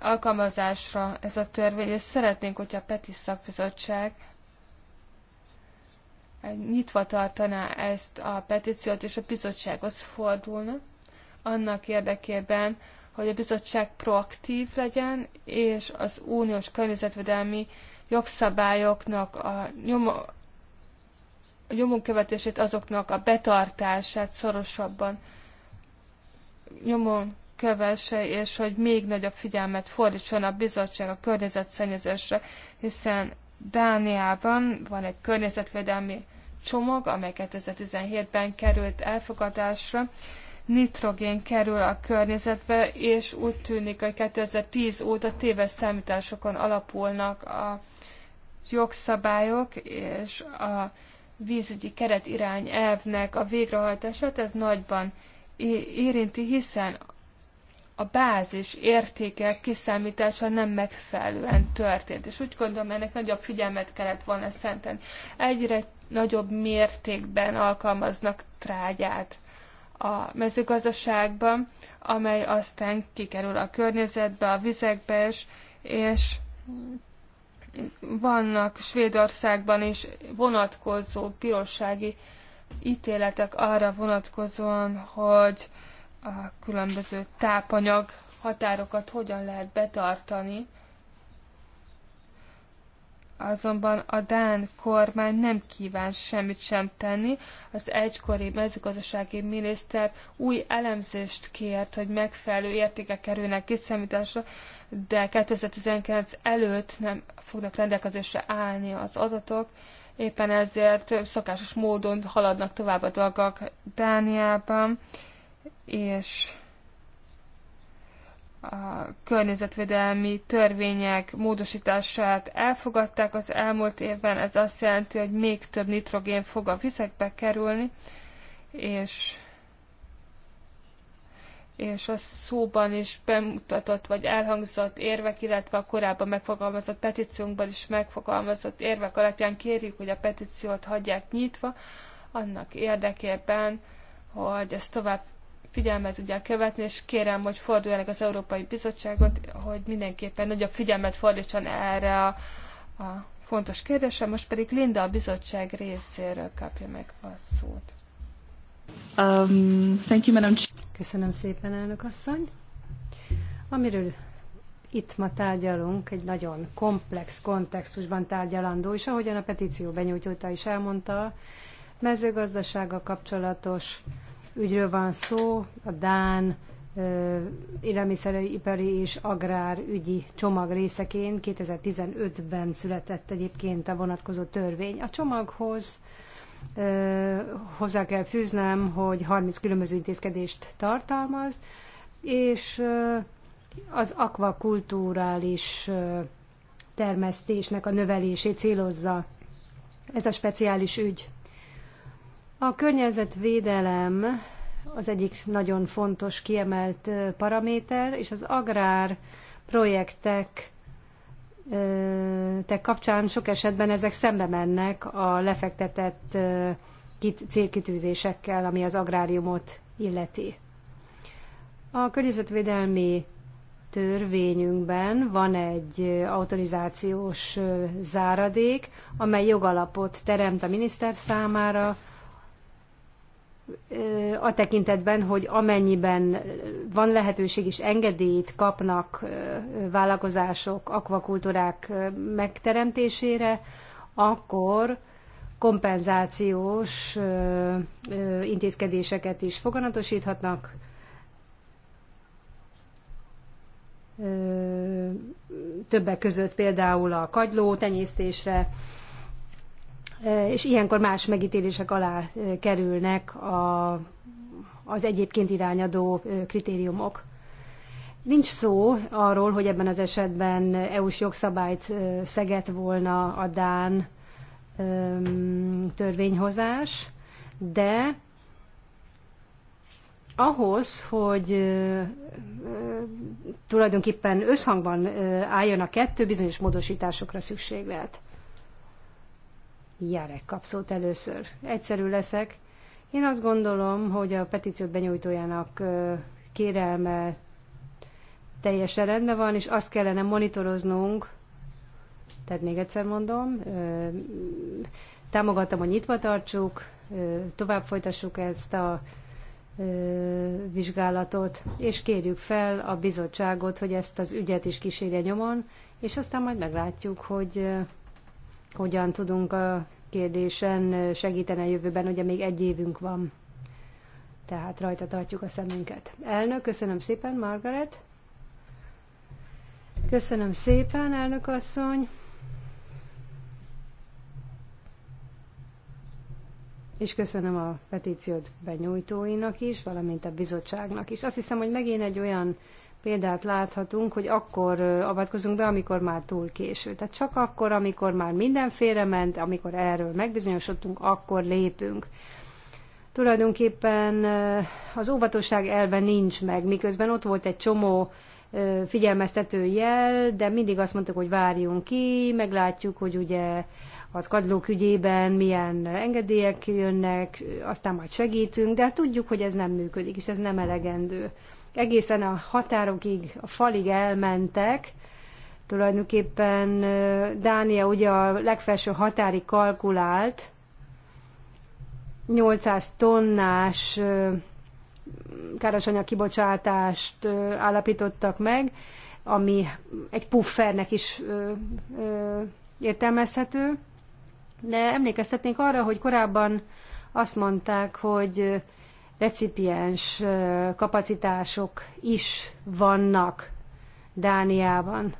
alkalmazásra ez a törvény, és szeretnénk, hogy a Peti Szakbizottság nyitva tartaná ezt a petíciót, és a bizottsághoz fordulna, annak érdekében, hogy a bizottság proaktív legyen, és az uniós környezetvédelmi jogszabályoknak a, nyoma, a nyomonkövetését, azoknak a betartását szorosabban nyomon kövesse, és hogy még nagyobb figyelmet fordítson a bizottság a környezetszennyezésre, hiszen Dániában van egy környezetvédelmi csomag, amely 2017-ben került elfogadásra. Nitrogén kerül a környezetbe, és úgy tűnik, hogy 2010 óta téves számításokon alapulnak a jogszabályok, és a vízügyi keretirányelvnek a végrehajtását ez nagyban érinti, hiszen a bázis értékek kiszámítása nem megfelelően történt, és úgy gondolom, ennek nagyobb figyelmet kellett volna szenteni. Egyre nagyobb mértékben alkalmaznak trágyát a mezőgazdaságban, amely aztán kikerül a környezetbe, a vizekbe is, és vannak Svédországban is vonatkozó pirossági ítéletek arra vonatkozóan, hogy a különböző tápanyag határokat hogyan lehet betartani. Azonban a Dán kormány nem kíván semmit sem tenni. Az egykori mezőgazdasági miniszter új elemzést kért, hogy megfelelő értékek kerülnek kiszámításra, de 2019 előtt nem fognak rendelkezésre állni az adatok. Éppen ezért szokásos módon haladnak tovább a dolgok Dániában és a környezetvédelmi törvények módosítását elfogadták az elmúlt évben. Ez azt jelenti, hogy még több nitrogén fog a vizekbe kerülni, és és a szóban is bemutatott, vagy elhangzott érvek, illetve a korábban megfogalmazott petíciónkban is megfogalmazott érvek alapján kérjük, hogy a petíciót hagyják nyitva, annak érdekében, hogy ez tovább figyelmet tudják követni, és kérem, hogy forduljanak az Európai Bizottságot, hogy mindenképpen nagyobb figyelmet fordítson erre a, a fontos kérdésre. Most pedig Linda a bizottság részéről kapja meg a szót. Um, thank you, Madam. Köszönöm szépen, elnök asszony. Amiről itt ma tárgyalunk, egy nagyon komplex kontextusban tárgyalandó, és ahogyan a petíció benyújtóta is elmondta, mezőgazdasága kapcsolatos ügyről van szó, a Dán élelmiszeripari és agrárügyi csomag részeként 2015-ben született egyébként a vonatkozó törvény. A csomaghoz ö, hozzá kell fűznem, hogy 30 különböző intézkedést tartalmaz, és ö, az akvakulturális ö, termesztésnek a növelését célozza ez a speciális ügy. A környezetvédelem az egyik nagyon fontos kiemelt paraméter, és az agrár projektek te kapcsán sok esetben ezek szembe mennek a lefektetett célkitűzésekkel, ami az agráriumot illeti. A környezetvédelmi törvényünkben van egy autorizációs záradék, amely jogalapot teremt a miniszter számára a tekintetben, hogy amennyiben van lehetőség és engedélyt kapnak vállalkozások akvakultúrák megteremtésére, akkor kompenzációs intézkedéseket is foganatosíthatnak. Többek között például a kagyló tenyésztésre Eh, és ilyenkor más megítélések alá eh, kerülnek a, az egyébként irányadó eh, kritériumok. Nincs szó arról, hogy ebben az esetben EU-s jogszabályt szegett volna a Dán ehm, törvényhozás, de ahhoz, hogy tulajdonképpen összhangban álljon a kettő, bizonyos módosításokra szükség lehet. Jarek kapszót először. Egyszerű leszek. Én azt gondolom, hogy a petíciót benyújtójának kérelme teljesen rendben van, és azt kellene monitoroznunk, tehát még egyszer mondom, támogatom, hogy nyitva tartsuk, tovább folytassuk ezt a vizsgálatot, és kérjük fel a bizottságot, hogy ezt az ügyet is kísérje nyomon, és aztán majd meglátjuk, hogy hogyan tudunk a kérdésen segíteni a jövőben, ugye még egy évünk van. Tehát rajta tartjuk a szemünket. Elnök, köszönöm szépen, Margaret. Köszönöm szépen, elnök asszony. És köszönöm a petíciót benyújtóinak is, valamint a bizottságnak is. Azt hiszem, hogy megint egy olyan példát láthatunk, hogy akkor avatkozunk be, amikor már túl késő. Tehát csak akkor, amikor már minden félrement, amikor erről megbizonyosodtunk, akkor lépünk. Tulajdonképpen az óvatosság elve nincs meg, miközben ott volt egy csomó figyelmeztető jel, de mindig azt mondtuk, hogy várjunk ki, meglátjuk, hogy ugye a kadlók ügyében milyen engedélyek jönnek, aztán majd segítünk, de hát tudjuk, hogy ez nem működik, és ez nem elegendő egészen a határokig, a falig elmentek, tulajdonképpen Dánia ugye a legfelső határi kalkulált 800 tonnás károsanyag kibocsátást állapítottak meg, ami egy puffernek is értelmezhető. De emlékeztetnénk arra, hogy korábban azt mondták, hogy recipiens kapacitások is vannak Dániában.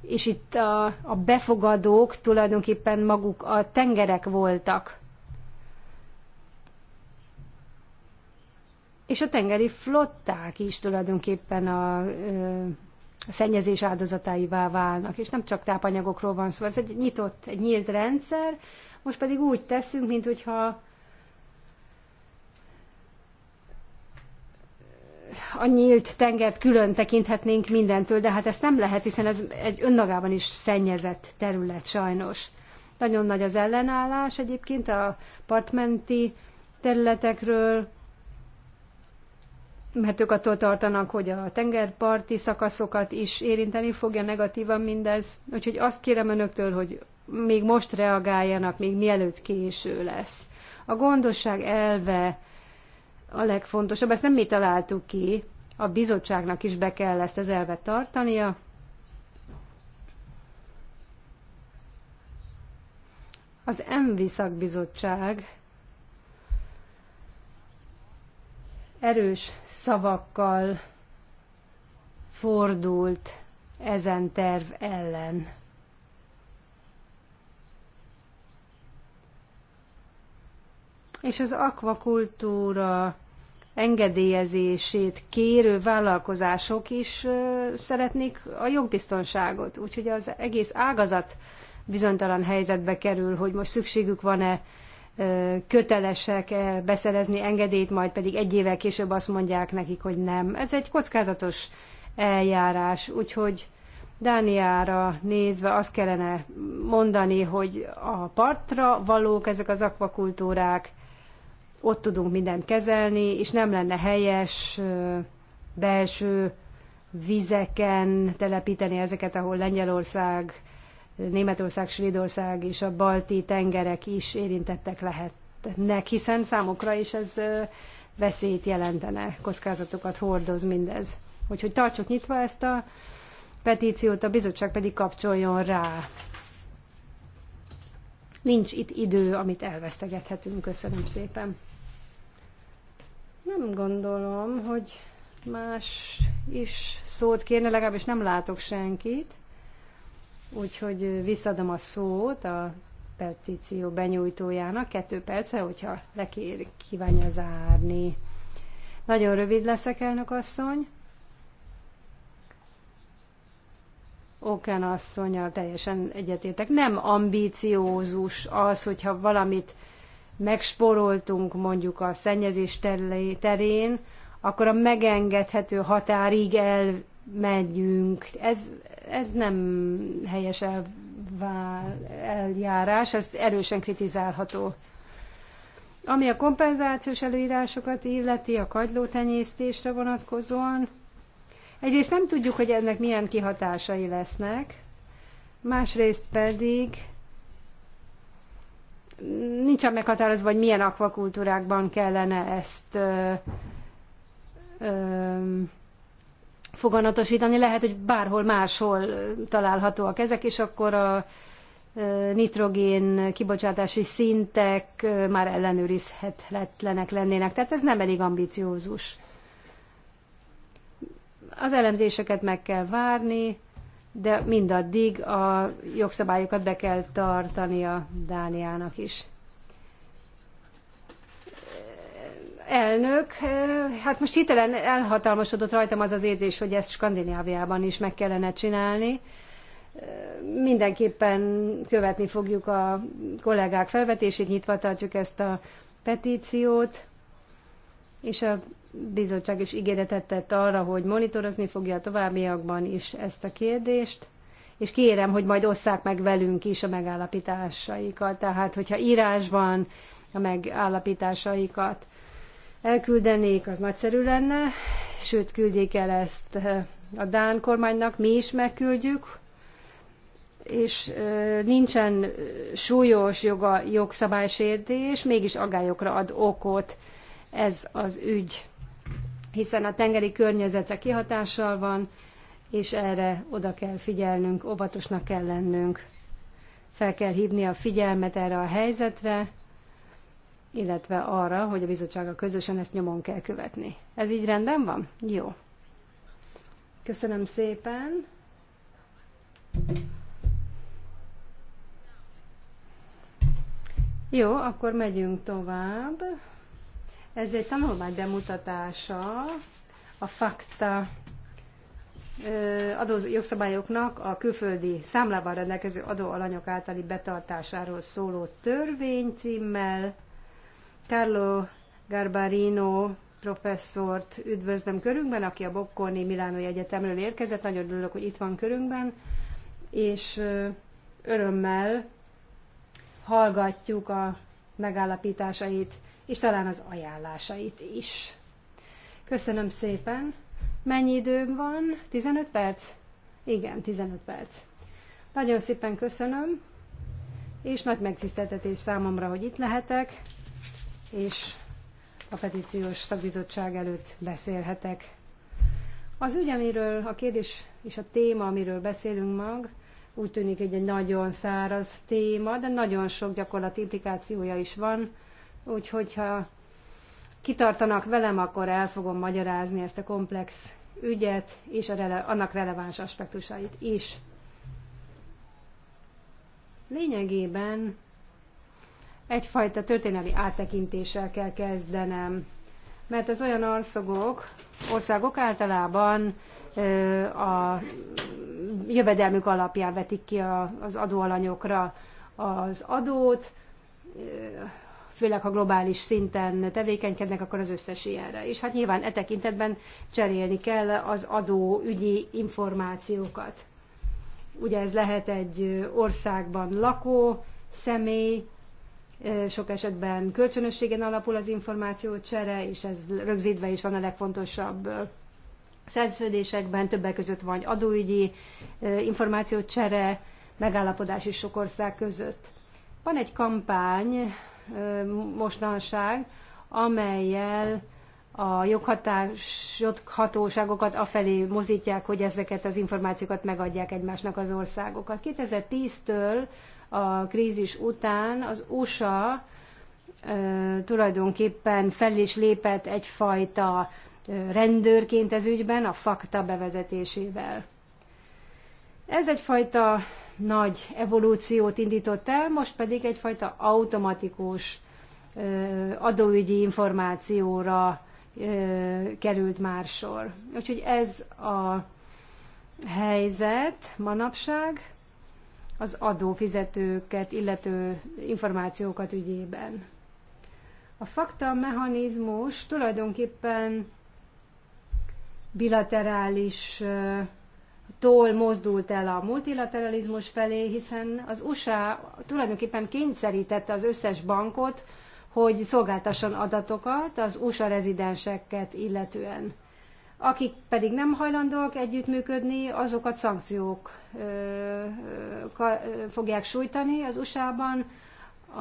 És itt a, a befogadók tulajdonképpen maguk a tengerek voltak. És a tengeri flották is tulajdonképpen a, a szennyezés áldozataivá válnak, és nem csak tápanyagokról van szó, ez egy nyitott, egy nyílt rendszer, most pedig úgy teszünk, mintha a nyílt tengert külön tekinthetnénk mindentől, de hát ezt nem lehet, hiszen ez egy önmagában is szennyezett terület sajnos. Nagyon nagy az ellenállás egyébként a partmenti területekről, mert ők attól tartanak, hogy a tengerparti szakaszokat is érinteni fogja negatívan mindez. Úgyhogy azt kérem önöktől, hogy még most reagáljanak, még mielőtt késő lesz. A gondosság elve a legfontosabb, ezt nem mi találtuk ki, a bizottságnak is be kell ezt az elvet tartania. Az MV szakbizottság erős szavakkal fordult ezen terv ellen. és az akvakultúra engedélyezését kérő vállalkozások is szeretnék a jogbiztonságot. Úgyhogy az egész ágazat bizonytalan helyzetbe kerül, hogy most szükségük van-e kötelesek -e beszerezni engedélyt, majd pedig egy évvel később azt mondják nekik, hogy nem. Ez egy kockázatos eljárás, úgyhogy Dániára nézve azt kellene mondani, hogy a partra valók ezek az akvakultúrák, ott tudunk mindent kezelni, és nem lenne helyes belső vizeken telepíteni ezeket, ahol Lengyelország, Németország, Svédország és a balti tengerek is érintettek lehetnek, hiszen számukra is ez veszélyt jelentene, kockázatokat hordoz mindez. Úgyhogy tartsuk nyitva ezt a petíciót, a bizottság pedig kapcsoljon rá. Nincs itt idő, amit elvesztegethetünk. Köszönöm szépen. Nem gondolom, hogy más is szót kérne, legalábbis nem látok senkit. Úgyhogy visszadom a szót a petíció benyújtójának, kettő perce, hogyha le kívánja zárni. Nagyon rövid leszek, elnök asszony. Okán asszonyal teljesen egyetértek. Nem ambíciózus az, hogyha valamit Megsporoltunk, mondjuk a szennyezés terén, akkor a megengedhető határig elmegyünk. Ez, ez nem helyes eljárás, ez erősen kritizálható. Ami a kompenzációs előírásokat illeti, a kagylótenyésztésre vonatkozóan, egyrészt nem tudjuk, hogy ennek milyen kihatásai lesznek, másrészt pedig nincsen meghatározva, hogy milyen akvakultúrákban kellene ezt ö, ö, foganatosítani. Lehet, hogy bárhol máshol találhatóak ezek, és akkor a nitrogén kibocsátási szintek már ellenőrizhetetlenek lennének. Tehát ez nem elég ambiciózus. Az elemzéseket meg kell várni, de mindaddig a jogszabályokat be kell tartani a Dániának is. Elnök, hát most hitelen elhatalmasodott rajtam az az érzés, hogy ezt Skandináviában is meg kellene csinálni. Mindenképpen követni fogjuk a kollégák felvetését, nyitva tartjuk ezt a petíciót, és a bizottság is ígéretet tett arra, hogy monitorozni fogja a továbbiakban is ezt a kérdést, és kérem, hogy majd osszák meg velünk is a megállapításaikat. Tehát, hogyha írásban a megállapításaikat elküldenék, az nagyszerű lenne, sőt, küldjék el ezt eh, a Dán kormánynak, mi is megküldjük, és eh, nincsen eh, súlyos joga, jogszabálysértés, mégis agályokra ad okot ez az ügy hiszen a tengeri környezete kihatással van, és erre oda kell figyelnünk, óvatosnak kell lennünk. Fel kell hívni a figyelmet erre a helyzetre, illetve arra, hogy a bizottsága közösen ezt nyomon kell követni. Ez így rendben van? Jó. Köszönöm szépen. Jó, akkor megyünk tovább. Ez egy tanulmány bemutatása a FACTA adó jogszabályoknak a külföldi számlával rendelkező adóalanyok általi betartásáról szóló törvény címmel. Carlo Garbarino professzort üdvözlöm körünkben, aki a Bocconi Milánói Egyetemről érkezett. Nagyon örülök, hogy itt van körünkben, és örömmel hallgatjuk a megállapításait és talán az ajánlásait is. Köszönöm szépen. Mennyi időm van? 15 perc? Igen, 15 perc. Nagyon szépen köszönöm, és nagy megtiszteltetés számomra, hogy itt lehetek, és a petíciós szakbizottság előtt beszélhetek. Az ügy, amiről a kérdés és a téma, amiről beszélünk mag, úgy tűnik, hogy egy nagyon száraz téma, de nagyon sok gyakorlati implikációja is van, úgyhogy ha kitartanak velem, akkor el fogom magyarázni ezt a komplex ügyet és a rele- annak releváns aspektusait is. Lényegében egyfajta történelmi áttekintéssel kell kezdenem, mert az olyan országok, országok általában ö, a jövedelmük alapján vetik ki a, az adóalanyokra az adót, főleg ha globális szinten tevékenykednek, akkor az összes ilyenre. És hát nyilván e tekintetben cserélni kell az adóügyi információkat. Ugye ez lehet egy országban lakó személy, sok esetben kölcsönösségen alapul az információ csere, és ez rögzítve is van a legfontosabb szerződésekben, többek között van adóügyi információ csere, megállapodás is sok ország között. Van egy kampány, mostanság, amelyel a joghatóságokat afelé mozítják, hogy ezeket az információkat megadják egymásnak az országokat. 2010-től a krízis után az USA tulajdonképpen fel is lépett egyfajta rendőrként ez ügyben, a fakta bevezetésével. Ez egyfajta nagy evolúciót indított el, most pedig egyfajta automatikus adóügyi információra került már sor. Úgyhogy ez a helyzet manapság az adófizetőket illető információkat ügyében. A fakta mechanizmus tulajdonképpen bilaterális tól mozdult el a multilateralizmus felé, hiszen az USA tulajdonképpen kényszerítette az összes bankot, hogy szolgáltasson adatokat az USA rezidenseket illetően. Akik pedig nem hajlandóak együttműködni, azokat szankciók ö, ö, fogják sújtani az USA-ban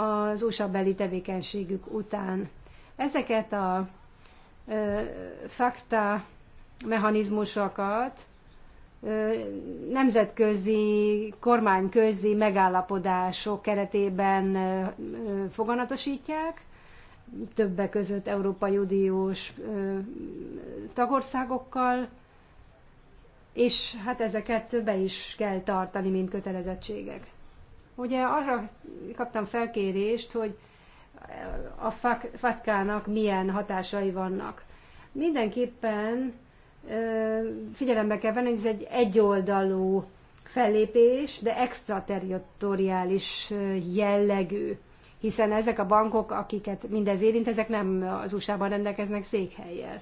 az USA beli tevékenységük után. Ezeket a ö, fakta mechanizmusokat nemzetközi, kormányközi megállapodások keretében foganatosítják, többek között Európai Uniós tagországokkal, és hát ezeket be is kell tartani, mint kötelezettségek. Ugye arra kaptam felkérést, hogy a fatkának milyen hatásai vannak. Mindenképpen figyelembe kell venni, hogy ez egy egyoldalú fellépés, de extraterritoriális jellegű, hiszen ezek a bankok, akiket mindez érint, ezek nem az USA-ban rendelkeznek székhelyjel.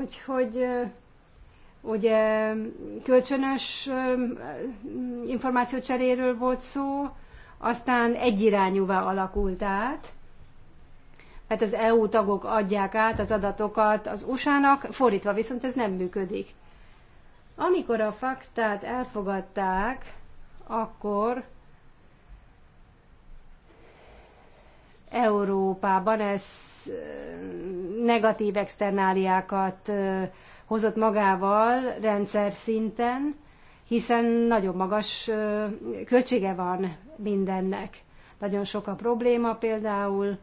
Úgyhogy ugye kölcsönös információcseréről volt szó, aztán egyirányúvá alakult át, mert hát az EU tagok adják át az adatokat az USA-nak, fordítva viszont ez nem működik. Amikor a faktát elfogadták, akkor Európában ez negatív externáliákat hozott magával rendszer szinten, hiszen nagyon magas költsége van mindennek. Nagyon sok a probléma például,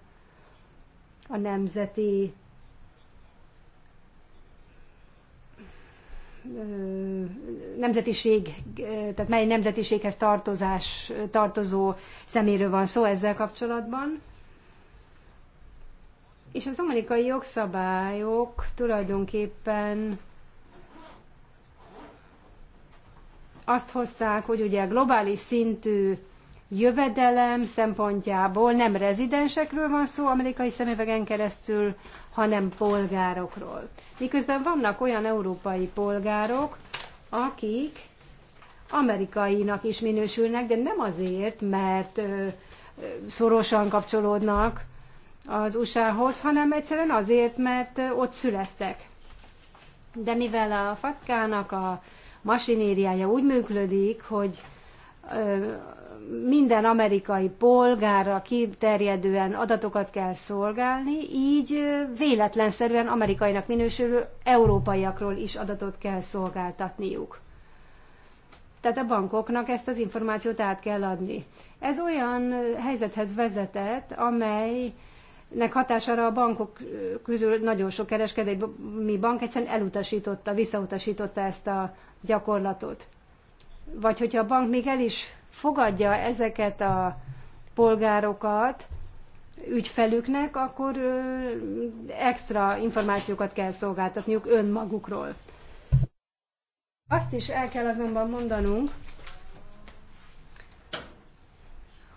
a nemzeti nemzetiség, tehát mely nemzetiséghez tartozás, tartozó szeméről van szó ezzel kapcsolatban. És az amerikai jogszabályok tulajdonképpen azt hozták, hogy ugye globális szintű jövedelem szempontjából nem rezidensekről van szó amerikai szemüvegen keresztül, hanem polgárokról. Miközben vannak olyan európai polgárok, akik amerikainak is minősülnek, de nem azért, mert szorosan kapcsolódnak az USA-hoz, hanem egyszerűen azért, mert ott születtek. De mivel a fatkának a masinériája úgy működik, hogy minden amerikai polgárra kiterjedően adatokat kell szolgálni, így véletlenszerűen amerikainak minősülő európaiakról is adatot kell szolgáltatniuk. Tehát a bankoknak ezt az információt át kell adni. Ez olyan helyzethez vezetett, amely nek hatására a bankok közül nagyon sok kereskedelmi bank egyszerűen elutasította, visszautasította ezt a gyakorlatot. Vagy hogyha a bank még el is fogadja ezeket a polgárokat ügyfelüknek, akkor extra információkat kell szolgáltatniuk önmagukról. Azt is el kell azonban mondanunk,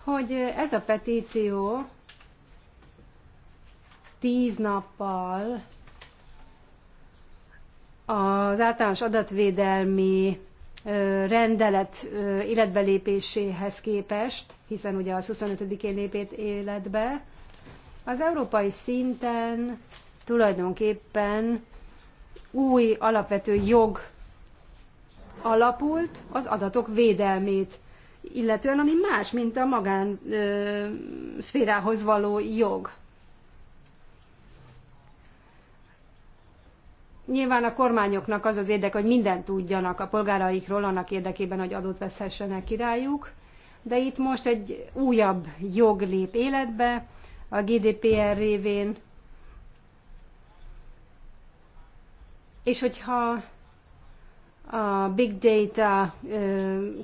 hogy ez a petíció tíz nappal az általános adatvédelmi rendelet életbelépéséhez képest, hiszen ugye az 25-én lépét életbe, az európai szinten tulajdonképpen új alapvető jog alapult az adatok védelmét, illetően ami más, mint a magán ö, szférához való jog. Nyilván a kormányoknak az az érdek, hogy mindent tudjanak a polgáraikról annak érdekében, hogy adót veszhessenek királyuk, de itt most egy újabb jog lép életbe a GDPR révén, és hogyha a big data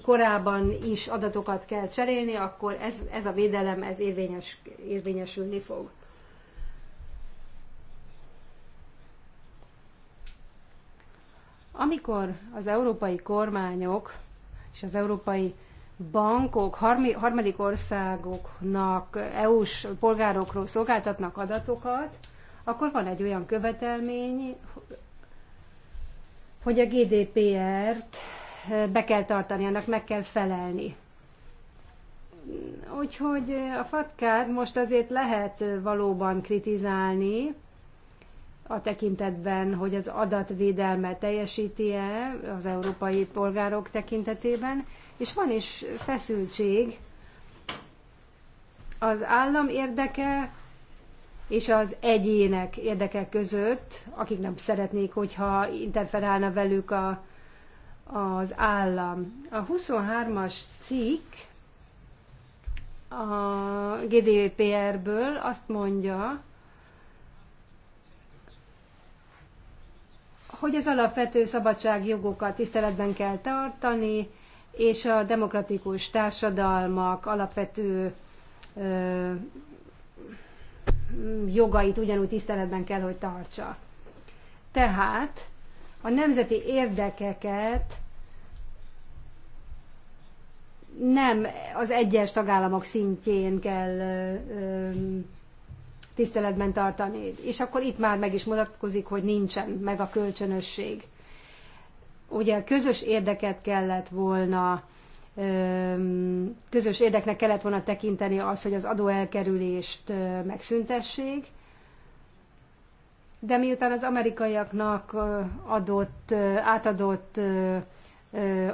korában is adatokat kell cserélni, akkor ez, ez a védelem ez érvényes, érvényesülni fog. Amikor az európai kormányok és az európai bankok harmadik országoknak, EU-s polgárokról szolgáltatnak adatokat, akkor van egy olyan követelmény, hogy a GDPR-t eh, be kell tartani, annak meg kell felelni. Úgyhogy eh, a fatkát most azért lehet eh, valóban kritizálni, a tekintetben, hogy az adatvédelme teljesíti-e az európai polgárok tekintetében, és van is feszültség az állam érdeke és az egyének érdeke között, akik nem szeretnék, hogyha interferálna velük a, az állam. A 23-as cikk a GDPR-ből azt mondja, hogy az alapvető szabadságjogokat tiszteletben kell tartani, és a demokratikus társadalmak alapvető ö, jogait ugyanúgy tiszteletben kell, hogy tartsa. Tehát a nemzeti érdekeket nem az egyes tagállamok szintjén kell ö, ö, tiszteletben tartani. És akkor itt már meg is mutatkozik, hogy nincsen meg a kölcsönösség. Ugye közös érdeket kellett volna, közös érdeknek kellett volna tekinteni az, hogy az adóelkerülést megszüntessék, de miután az amerikaiaknak adott, átadott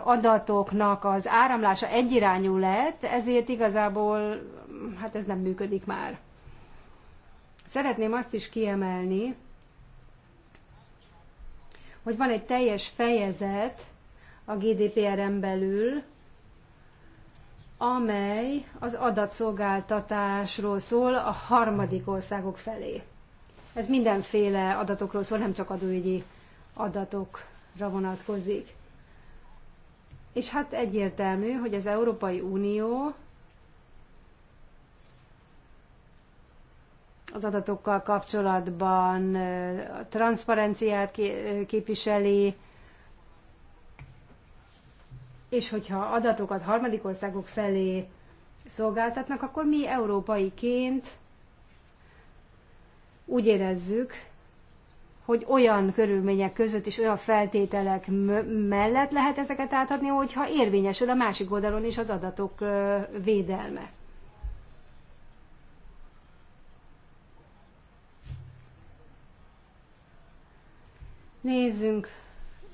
adatoknak az áramlása egyirányú lett, ezért igazából hát ez nem működik már. Szeretném azt is kiemelni, hogy van egy teljes fejezet a GDPR-en belül, amely az adatszolgáltatásról szól a harmadik országok felé. Ez mindenféle adatokról szól, nem csak adóügyi adatokra vonatkozik. És hát egyértelmű, hogy az Európai Unió az adatokkal kapcsolatban, a transzparenciát képviseli, és hogyha adatokat harmadik országok felé szolgáltatnak, akkor mi európaiként úgy érezzük, hogy olyan körülmények között és olyan feltételek mellett lehet ezeket átadni, hogyha érvényesül a másik oldalon is az adatok védelme. Nézzünk,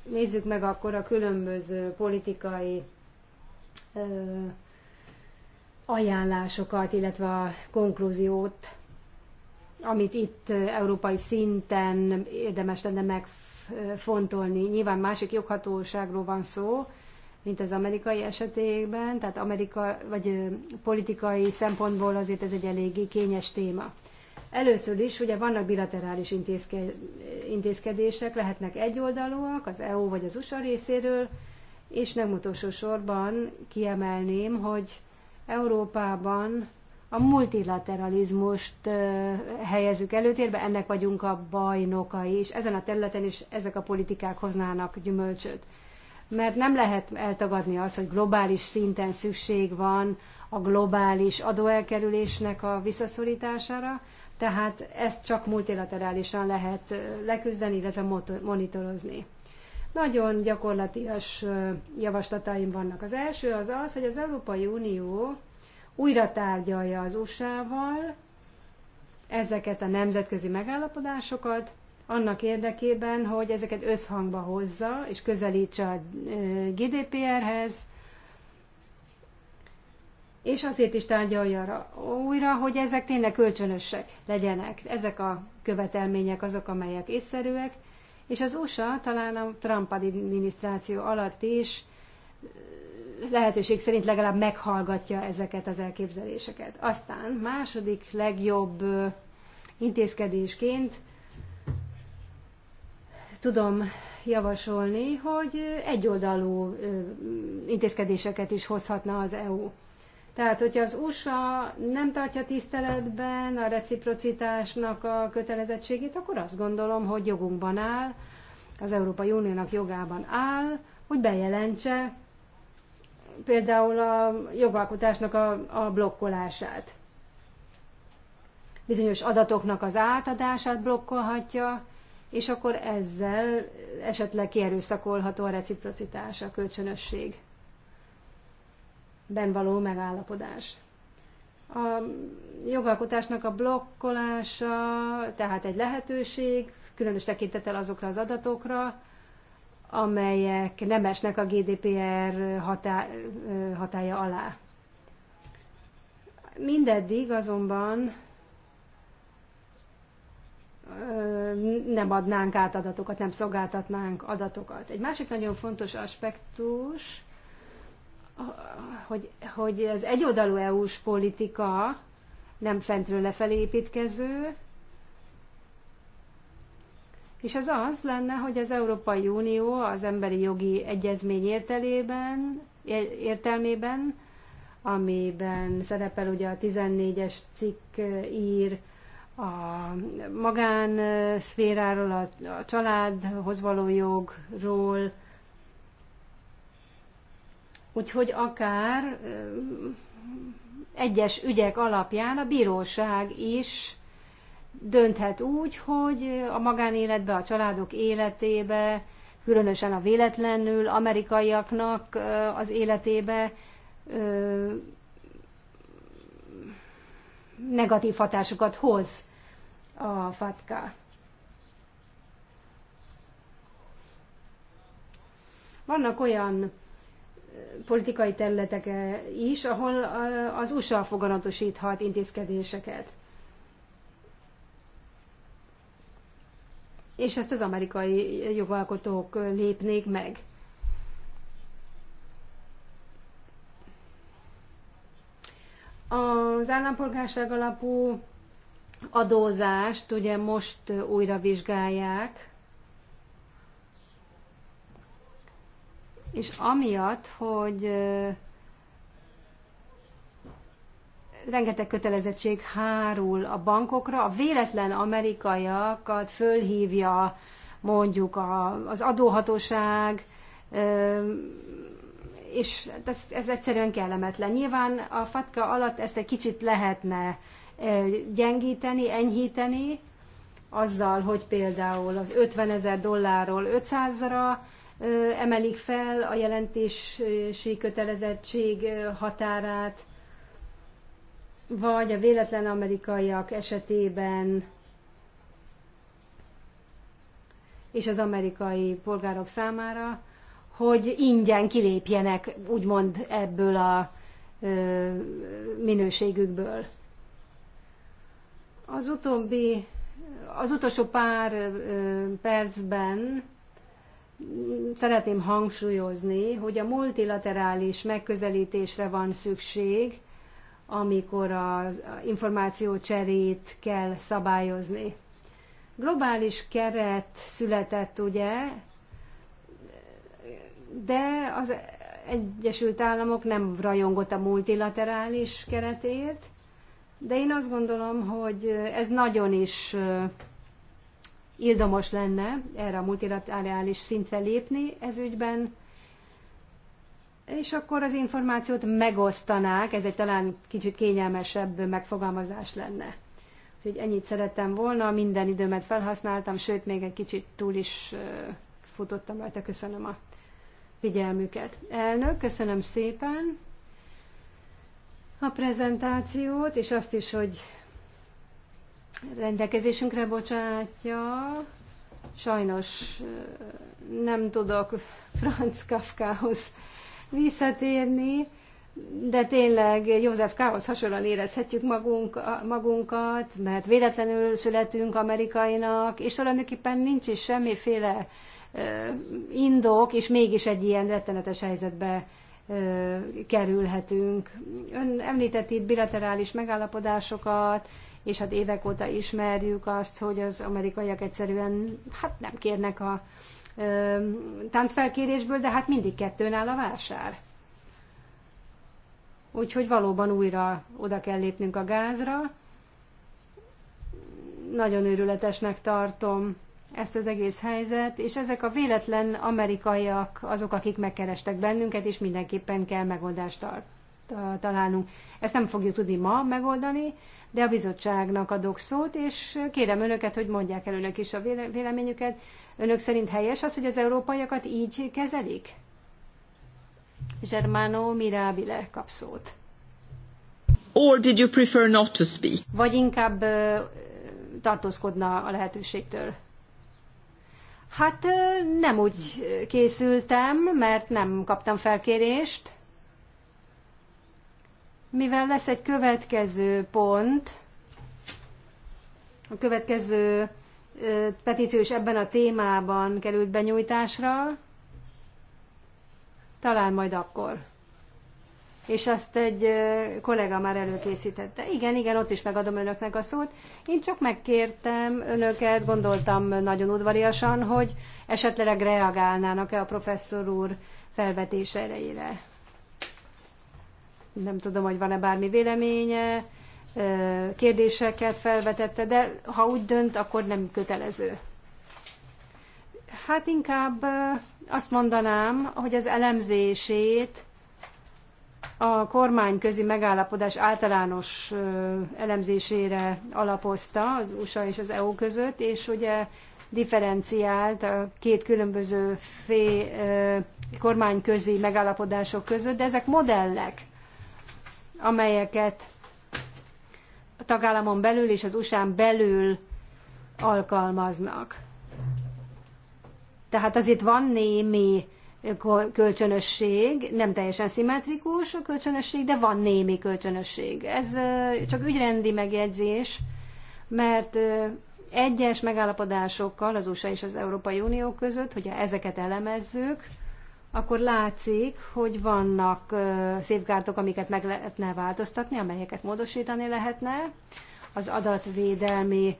nézzük meg akkor a különböző politikai ö, ajánlásokat, illetve a konklúziót, amit itt európai szinten érdemes lenne megfontolni. Nyilván másik joghatóságról van szó, mint az amerikai esetében, tehát amerika, vagy politikai szempontból azért ez egy eléggé kényes téma. Először is ugye vannak bilaterális intézke, intézkedések, lehetnek egyoldalúak az EU vagy az USA részéről, és nem utolsó sorban kiemelném, hogy Európában a multilateralizmust helyezzük előtérbe, ennek vagyunk a bajnokai, és ezen a területen is ezek a politikák hoznának gyümölcsöt. Mert nem lehet eltagadni azt, hogy globális szinten szükség van a globális adóelkerülésnek a visszaszorítására, tehát ezt csak multilaterálisan lehet leküzdeni, illetve monitorozni. Nagyon gyakorlatias javaslataim vannak. Az első az az, hogy az Európai Unió újra tárgyalja az USA-val ezeket a nemzetközi megállapodásokat, annak érdekében, hogy ezeket összhangba hozza és közelítse a GDPR-hez, és azért is tárgyalja újra, hogy ezek tényleg kölcsönösek legyenek. Ezek a követelmények azok, amelyek észszerűek, és az USA talán a Trump adminisztráció alatt is lehetőség szerint legalább meghallgatja ezeket az elképzeléseket. Aztán második legjobb intézkedésként tudom javasolni, hogy egyoldalú intézkedéseket is hozhatna az EU. Tehát, hogyha az USA nem tartja tiszteletben a reciprocitásnak a kötelezettségét, akkor azt gondolom, hogy jogunkban áll, az Európai Uniónak jogában áll, hogy bejelentse például a jogalkotásnak a, a blokkolását. Bizonyos adatoknak az átadását blokkolhatja, és akkor ezzel esetleg kierőszakolható a reciprocitás, a kölcsönösség ben való megállapodás. A jogalkotásnak a blokkolása tehát egy lehetőség, különös tekintettel azokra az adatokra, amelyek nem esnek a GDPR hatá, hatája alá. Mindeddig azonban nem adnánk át adatokat, nem szolgáltatnánk adatokat. Egy másik nagyon fontos aspektus, hogy, hogy az egyoldalú EU-s politika nem fentről lefelé építkező, és az az lenne, hogy az Európai Unió az emberi jogi egyezmény értelében, értelmében, amiben szerepel ugye a 14-es cikk ír a magánszféráról, a, a családhoz való jogról, Úgyhogy akár egyes ügyek alapján a bíróság is dönthet úgy, hogy a magánéletbe, a családok életébe, különösen a véletlenül amerikaiaknak az életébe negatív hatásokat hoz a fatka. Vannak olyan politikai területek is, ahol eh, az USA foganatosíthat intézkedéseket. És ezt az amerikai jogalkotók eh, lépnék meg. Az állampolgárság alapú adózást ugye most eh, újra vizsgálják, és amiatt, hogy rengeteg kötelezettség hárul a bankokra, a véletlen amerikaiakat fölhívja mondjuk a, az adóhatóság, és hát ez, ez egyszerűen kellemetlen. Nyilván a fatka alatt ezt egy kicsit lehetne gyengíteni, enyhíteni, azzal, hogy például az 50 ezer dollárról 500-ra emelik fel a jelentési kötelezettség határát, vagy a véletlen amerikaiak esetében és az amerikai polgárok számára, hogy ingyen kilépjenek, úgymond ebből a ö, minőségükből. Az utóbbi, az utolsó pár ö, percben szeretném hangsúlyozni, hogy a multilaterális megközelítésre van szükség, amikor az információ cserét kell szabályozni. Globális keret született, ugye, de az Egyesült Államok nem rajongott a multilaterális keretért, de én azt gondolom, hogy ez nagyon is Ildomos lenne erre a multilaterális szintre lépni ez ügyben, és akkor az információt megosztanák, ez egy talán kicsit kényelmesebb megfogalmazás lenne. Úgyhogy ennyit szerettem volna, minden időmet felhasználtam, sőt, még egy kicsit túl is futottam rajta. Köszönöm a figyelmüket. Elnök, köszönöm szépen a prezentációt, és azt is, hogy rendelkezésünkre bocsátja. Sajnos nem tudok Franz Kafkához visszatérni, de tényleg József Kához hasonlóan érezhetjük magunk, magunkat, mert véletlenül születünk amerikainak, és tulajdonképpen nincs is semmiféle indok, és mégis egy ilyen rettenetes helyzetbe kerülhetünk. Ön említett itt bilaterális megállapodásokat, és hát évek óta ismerjük azt, hogy az amerikaiak egyszerűen hát nem kérnek a ö, táncfelkérésből, de hát mindig kettőn áll a vásár. Úgyhogy valóban újra oda kell lépnünk a gázra. Nagyon örületesnek tartom ezt az egész helyzet, és ezek a véletlen amerikaiak azok, akik megkerestek bennünket, és mindenképpen kell megoldást találnunk. Ezt nem fogjuk tudni ma megoldani, de a bizottságnak adok szót, és kérem önöket, hogy mondják el önök is a véleményüket. Önök szerint helyes az, hogy az európaiakat így kezelik? Germano Mirabile kap szót. Or did you prefer not to speak? Vagy inkább tartózkodna a lehetőségtől? Hát nem úgy készültem, mert nem kaptam felkérést mivel lesz egy következő pont, a következő petíció is ebben a témában került benyújtásra, talán majd akkor. És azt egy kollega már előkészítette. Igen, igen, ott is megadom önöknek a szót. Én csak megkértem önöket, gondoltam nagyon udvariasan, hogy esetleg reagálnának-e a professzor úr felvetése erejére. Nem tudom, hogy van-e bármi véleménye, kérdéseket felvetette, de ha úgy dönt, akkor nem kötelező. Hát inkább azt mondanám, hogy az elemzését a kormányközi megállapodás általános elemzésére alapozta az USA és az EU között, és ugye differenciált a két különböző fé, kormányközi megállapodások között, de ezek modellek amelyeket a tagállamon belül és az USA-n belül alkalmaznak. Tehát azért van némi kölcsönösség, nem teljesen szimmetrikus a kölcsönösség, de van némi kölcsönösség. Ez csak ügyrendi megjegyzés, mert egyes megállapodásokkal az USA és az Európai Unió között, hogyha ezeket elemezzük, akkor látszik, hogy vannak szépgárdok, amiket meg lehetne változtatni, amelyeket módosítani lehetne. Az adatvédelmi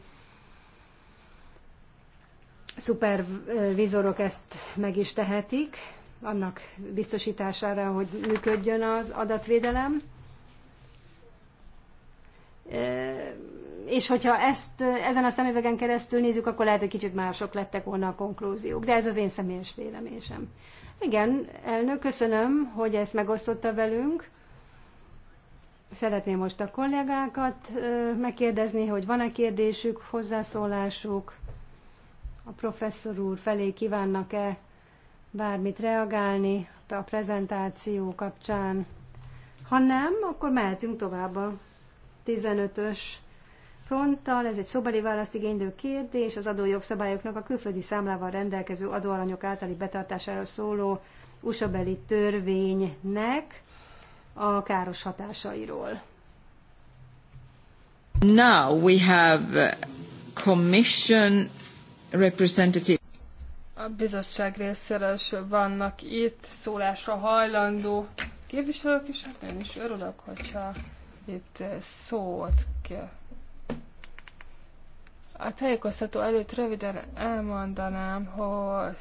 szupervizorok ezt meg is tehetik, annak biztosítására, hogy működjön az adatvédelem. És hogyha ezt ezen a szemüvegen keresztül nézzük, akkor lehet, hogy kicsit mások lettek volna a konklúziók, de ez az én személyes vélemésem. Igen, elnök, köszönöm, hogy ezt megosztotta velünk. Szeretném most a kollégákat megkérdezni, hogy van-e kérdésük, hozzászólásuk. A professzor úr felé kívánnak-e bármit reagálni a prezentáció kapcsán. Ha nem, akkor mehetünk tovább a 15-ös fronttal, ez egy szobeli választ igénylő kérdés, az adójogszabályoknak a külföldi számlával rendelkező adóalanyok általi betartására szóló usa törvénynek a káros hatásairól. Now we have uh, commission representative. A bizottság részéről is vannak itt szólásra hajlandó képviselők, és hát én is örülök, hogyha itt szót kell a tájékoztató előtt röviden elmondanám, hogy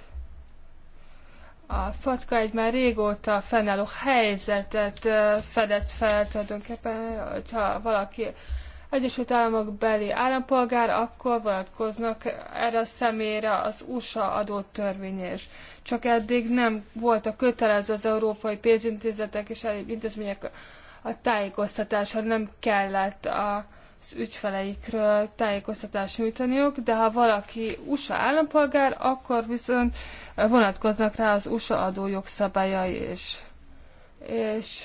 a fatka egy már régóta fennálló helyzetet fedett fel tulajdonképpen, hogyha valaki Egyesült Államok beli állampolgár, akkor vonatkoznak erre a személyre az USA adott törvényes. Csak eddig nem voltak kötelező az európai pénzintézetek és intézmények a tájékoztatásra, nem kellett a, az ügyfeleikről tájékoztatást nyújtaniuk, de ha valaki USA állampolgár, akkor viszont vonatkoznak rá az USA adójogszabályai is. És,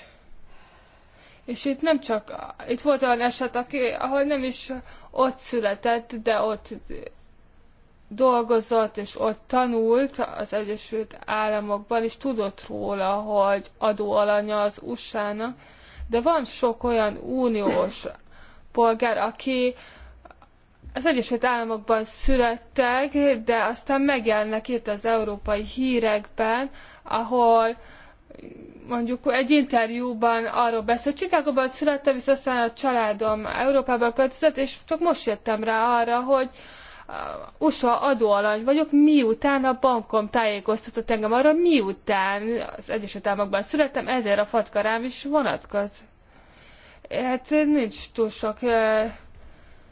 és itt nem csak, itt volt olyan eset, aki, ahol nem is ott született, de ott dolgozott és ott tanult az Egyesült Államokban, és tudott róla, hogy adóalanya az USA-nak, de van sok olyan uniós polgár, aki az Egyesült Államokban születtek, de aztán megjelennek itt az európai hírekben, ahol mondjuk egy interjúban arról beszélt, Csikágóban születtem, viszont aztán a családom Európába költözött, és csak most jöttem rá arra, hogy USA adóalany vagyok, miután a bankom tájékoztatott engem arra, miután az Egyesült Államokban születtem, ezért a fatkarám rám is vonatkozik hát nincs túl sok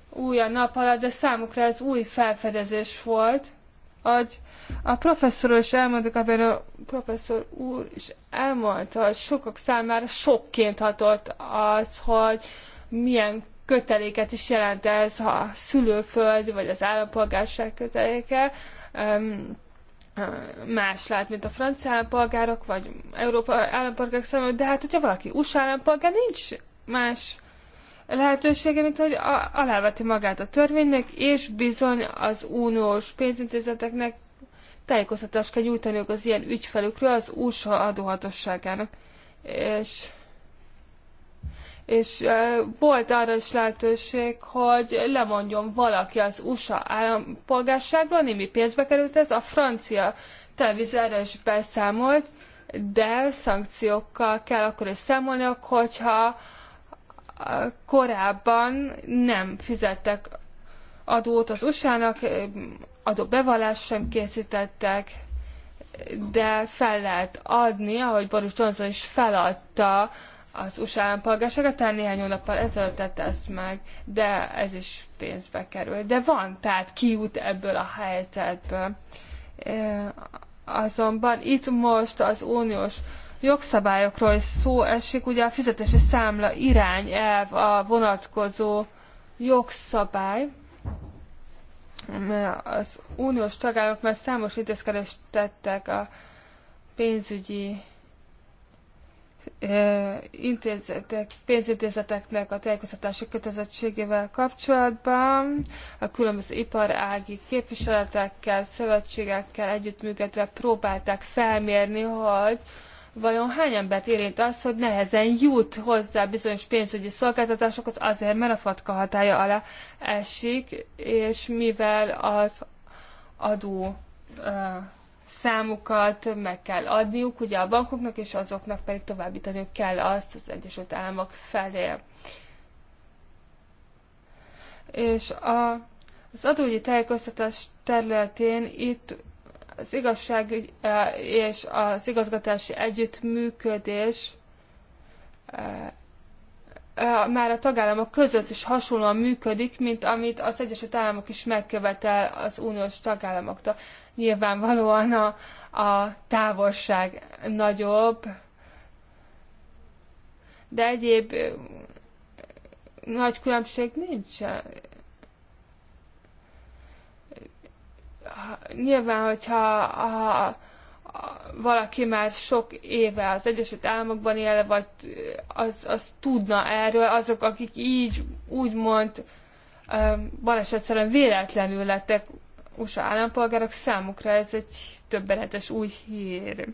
új a nap alatt, de számukra ez új felfedezés volt, hogy a professzor is elmondtuk, a professzor úr is elmondta, hogy sokak számára sokként hatott az, hogy milyen köteléket is jelent ez a szülőföld, vagy az állampolgárság köteléke. más lát, mint a francia állampolgárok, vagy Európa állampolgárok számára, de hát, hogyha valaki USA állampolgár, nincs más lehetősége, mint hogy a, aláveti magát a törvénynek, és bizony az uniós pénzintézeteknek tájékoztatást kell nyújtaniuk az ilyen ügyfelükről az USA adóhatóságának. És, és e, volt arra is lehetőség, hogy lemondjon valaki az USA állampolgárságról, némi pénzbe került ez, a francia televízió erre is beszámolt, de szankciókkal kell akkor is számolni, hogyha korábban nem fizettek adót az USA-nak, adóbevallást sem készítettek, de fel lehet adni, ahogy Boris Johnson is feladta az USA állampolgárságát, talán néhány hónappal ezelőtt tette ezt meg, de ez is pénzbe kerül. De van, tehát kiút ebből a helyzetből. Azonban itt most az uniós jogszabályokról is szó esik, ugye a fizetési számla irányelv a vonatkozó jogszabály, az uniós tagállamok már számos intézkedést tettek a pénzügyi intézetek, pénzintézeteknek a tájékoztatási kötelezettségével kapcsolatban, a különböző iparági képviseletekkel, szövetségekkel együttműködve próbálták felmérni, hogy vajon hány embert érint az, hogy nehezen jut hozzá bizonyos pénzügyi szolgáltatásokhoz azért, mert a fatka hatája alá esik, és mivel az adó számukat meg kell adniuk ugye a bankoknak, és azoknak pedig továbbítaniuk kell azt az Egyesült Államok felé. És a, az adóügyi tájékoztatás területén itt az igazságügy és az igazgatási együttműködés már a tagállamok között is hasonlóan működik, mint amit az Egyesült Államok is megkövetel az uniós tagállamoktól. Nyilvánvalóan a, a távolság nagyobb, de egyéb nagy különbség nincs nyilván, hogyha a, valaki már sok éve az Egyesült Államokban él, vagy az, az tudna erről, azok, akik így úgymond balesetszerűen véletlenül lettek USA állampolgárok, számukra ez egy többenetes új hír.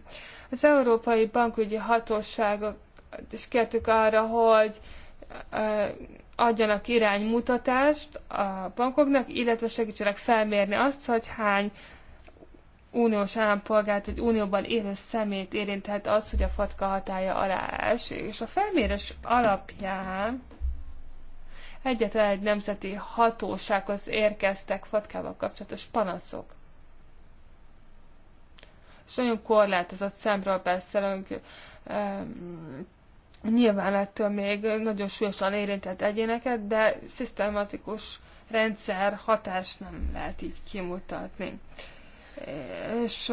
Az Európai Bankügyi Hatóságok is kértük arra, hogy adjanak iránymutatást a bankoknak, illetve segítsenek felmérni azt, hogy hány uniós állampolgárt, egy unióban élő szemét érinthet az, hogy a fatka hatája alá esik. És a felmérés alapján egyetlen egy nemzeti hatósághoz érkeztek fatkával kapcsolatos panaszok. És nagyon korlátozott szemről beszélünk, Nyilván ettől még nagyon súlyosan érintett egyéneket, de szisztematikus rendszer hatás nem lehet így kimutatni. És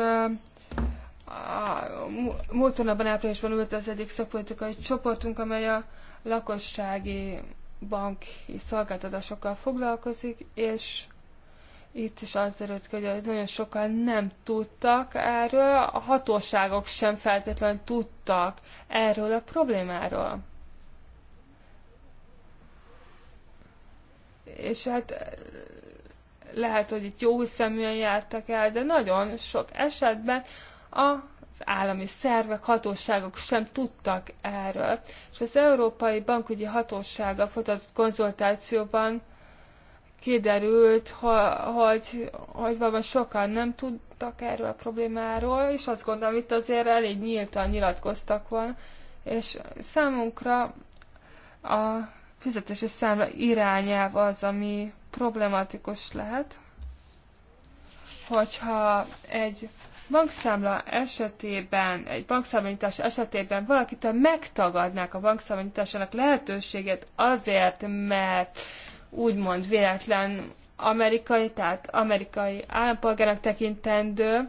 a múlt hónapban áprilisban ült az egyik szakpolitikai csoportunk, amely a lakossági banki szolgáltatásokkal foglalkozik, és itt is az derült ki, hogy nagyon sokan nem tudtak erről, a hatóságok sem feltétlenül tudtak erről a problémáról. És hát eh, lehet, hogy itt jó szeműen jártak el, de nagyon sok esetben az állami szervek, hatóságok sem tudtak erről. És az Európai Bankügyi hatósága folytatott konzultációban kiderült, ha, hogy, hogy valami sokan nem tudtak erről a problémáról, és azt gondolom, itt azért elég nyíltan nyilatkoztak volna, és számunkra a fizetési számla irányelv az, ami problematikus lehet, hogyha egy bankszámla esetében, egy bankszámlanyítás esetében valakitől megtagadnák a bankszámlanyításának lehetőséget azért, mert úgymond véletlen amerikai, tehát amerikai állampolgárnak tekintendő,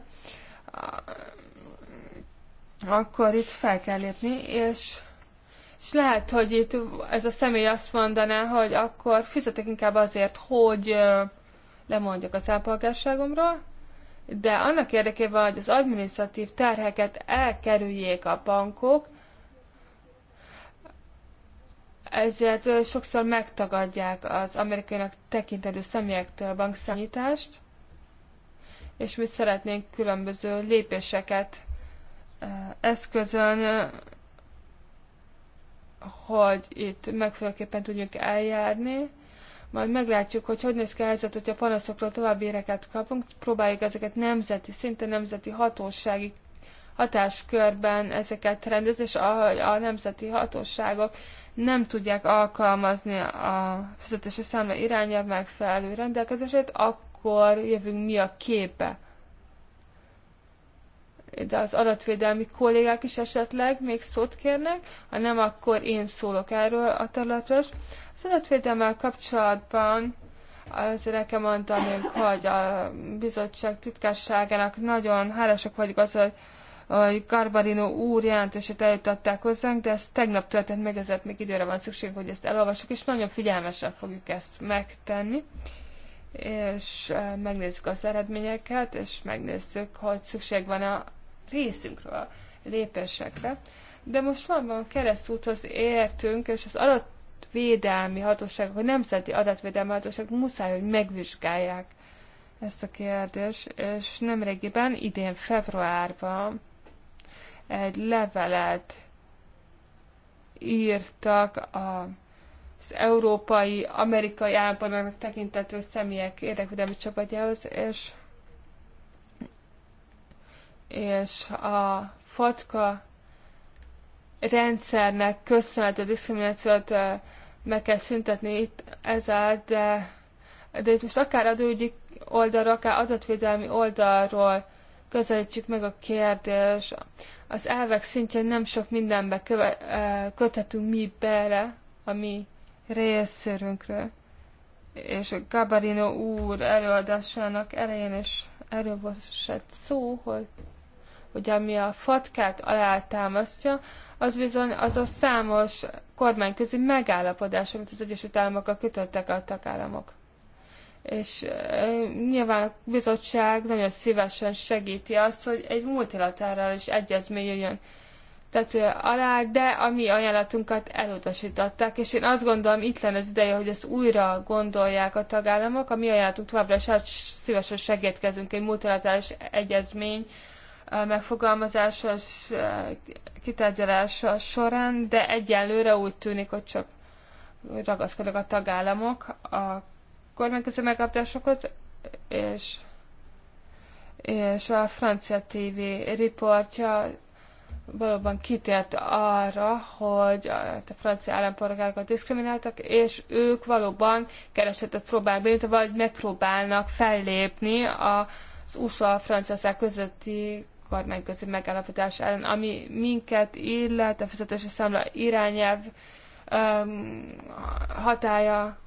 akkor itt fel kell lépni, és, és lehet, hogy itt ez a személy azt mondaná, hogy akkor fizetek inkább azért, hogy lemondjak az állampolgárságomról, de annak érdekében, hogy az adminisztratív terheket elkerüljék a bankok, ezért sokszor megtagadják az amerikainak tekintető személyektől a bankszámítást, és mi szeretnénk különböző lépéseket eszközön, hogy itt megfelelőképpen tudjunk eljárni. Majd meglátjuk, hogy hogy néz ki a helyzet, hogyha panaszokról további éreket kapunk, próbáljuk ezeket nemzeti, szinte nemzeti hatóságig hatáskörben ezeket rendez, és a, a nemzeti hatóságok nem tudják alkalmazni a fizetési számla irányelv megfelelő rendelkezését, akkor jövünk mi a képbe. De az adatvédelmi kollégák is esetleg még szót kérnek, ha nem, akkor én szólok erről a területről. Az adatvédelmel kapcsolatban az nekem mondanunk, hogy a bizottság titkárságának nagyon hálásak vagyok az, hogy a Garbarino úr jelentését eljutották hozzánk, de ez tegnap történt meg, ezért még időre van szükség, hogy ezt elolvassuk, és nagyon figyelmesen fogjuk ezt megtenni és megnézzük az eredményeket, és megnézzük, hogy szükség van a részünkről lépésekre. De most van keresztúthoz értünk, és az adatvédelmi hatóságok, a nemzeti adatvédelmi hatóságok muszáj, hogy megvizsgálják ezt a kérdést, és nemrégiben, idén februárban egy levelet írtak az európai, amerikai állampolgárnak tekintető személyek érdekvédelmi csapatjához, és, és a fatka rendszernek köszönhető diszkriminációt meg kell szüntetni itt ezzel, de, de itt most akár adóügyi oldalról, akár adatvédelmi oldalról közelítjük meg a kérdés. Az elvek szintjén nem sok mindenbe köve, köthetünk mi bele a mi részérünkről. És a Gabarino úr előadásának elején is erről volt szó, hogy hogy ami a fatkát alátámasztja, az bizony az a számos kormányközi megállapodás, amit az Egyesült Államokkal kötöttek a tagállamok és nyilván a bizottság nagyon szívesen segíti azt, hogy egy multilaterális egyezmény jöjjön tető alá, de a mi ajánlatunkat elutasították, és én azt gondolom, itt lenne az ideje, hogy ezt újra gondolják a tagállamok. A mi ajánlatunk továbbra is hát szívesen segítkezünk egy multilaterális egyezmény megfogalmazása kitárgyalása során, de egyelőre úgy tűnik, hogy csak ragaszkodnak a tagállamok a kormányközi megállapodásokhoz, és, és a francia TV riportja valóban kitért arra, hogy a hát francia állampolgárokat diszkrimináltak, és ők valóban keresetet próbálnak vagy megpróbálnak fellépni az USA-Franciaország közötti kormányközi megállapodás ellen, ami minket illet, a fizetési számla irányelv um, hatája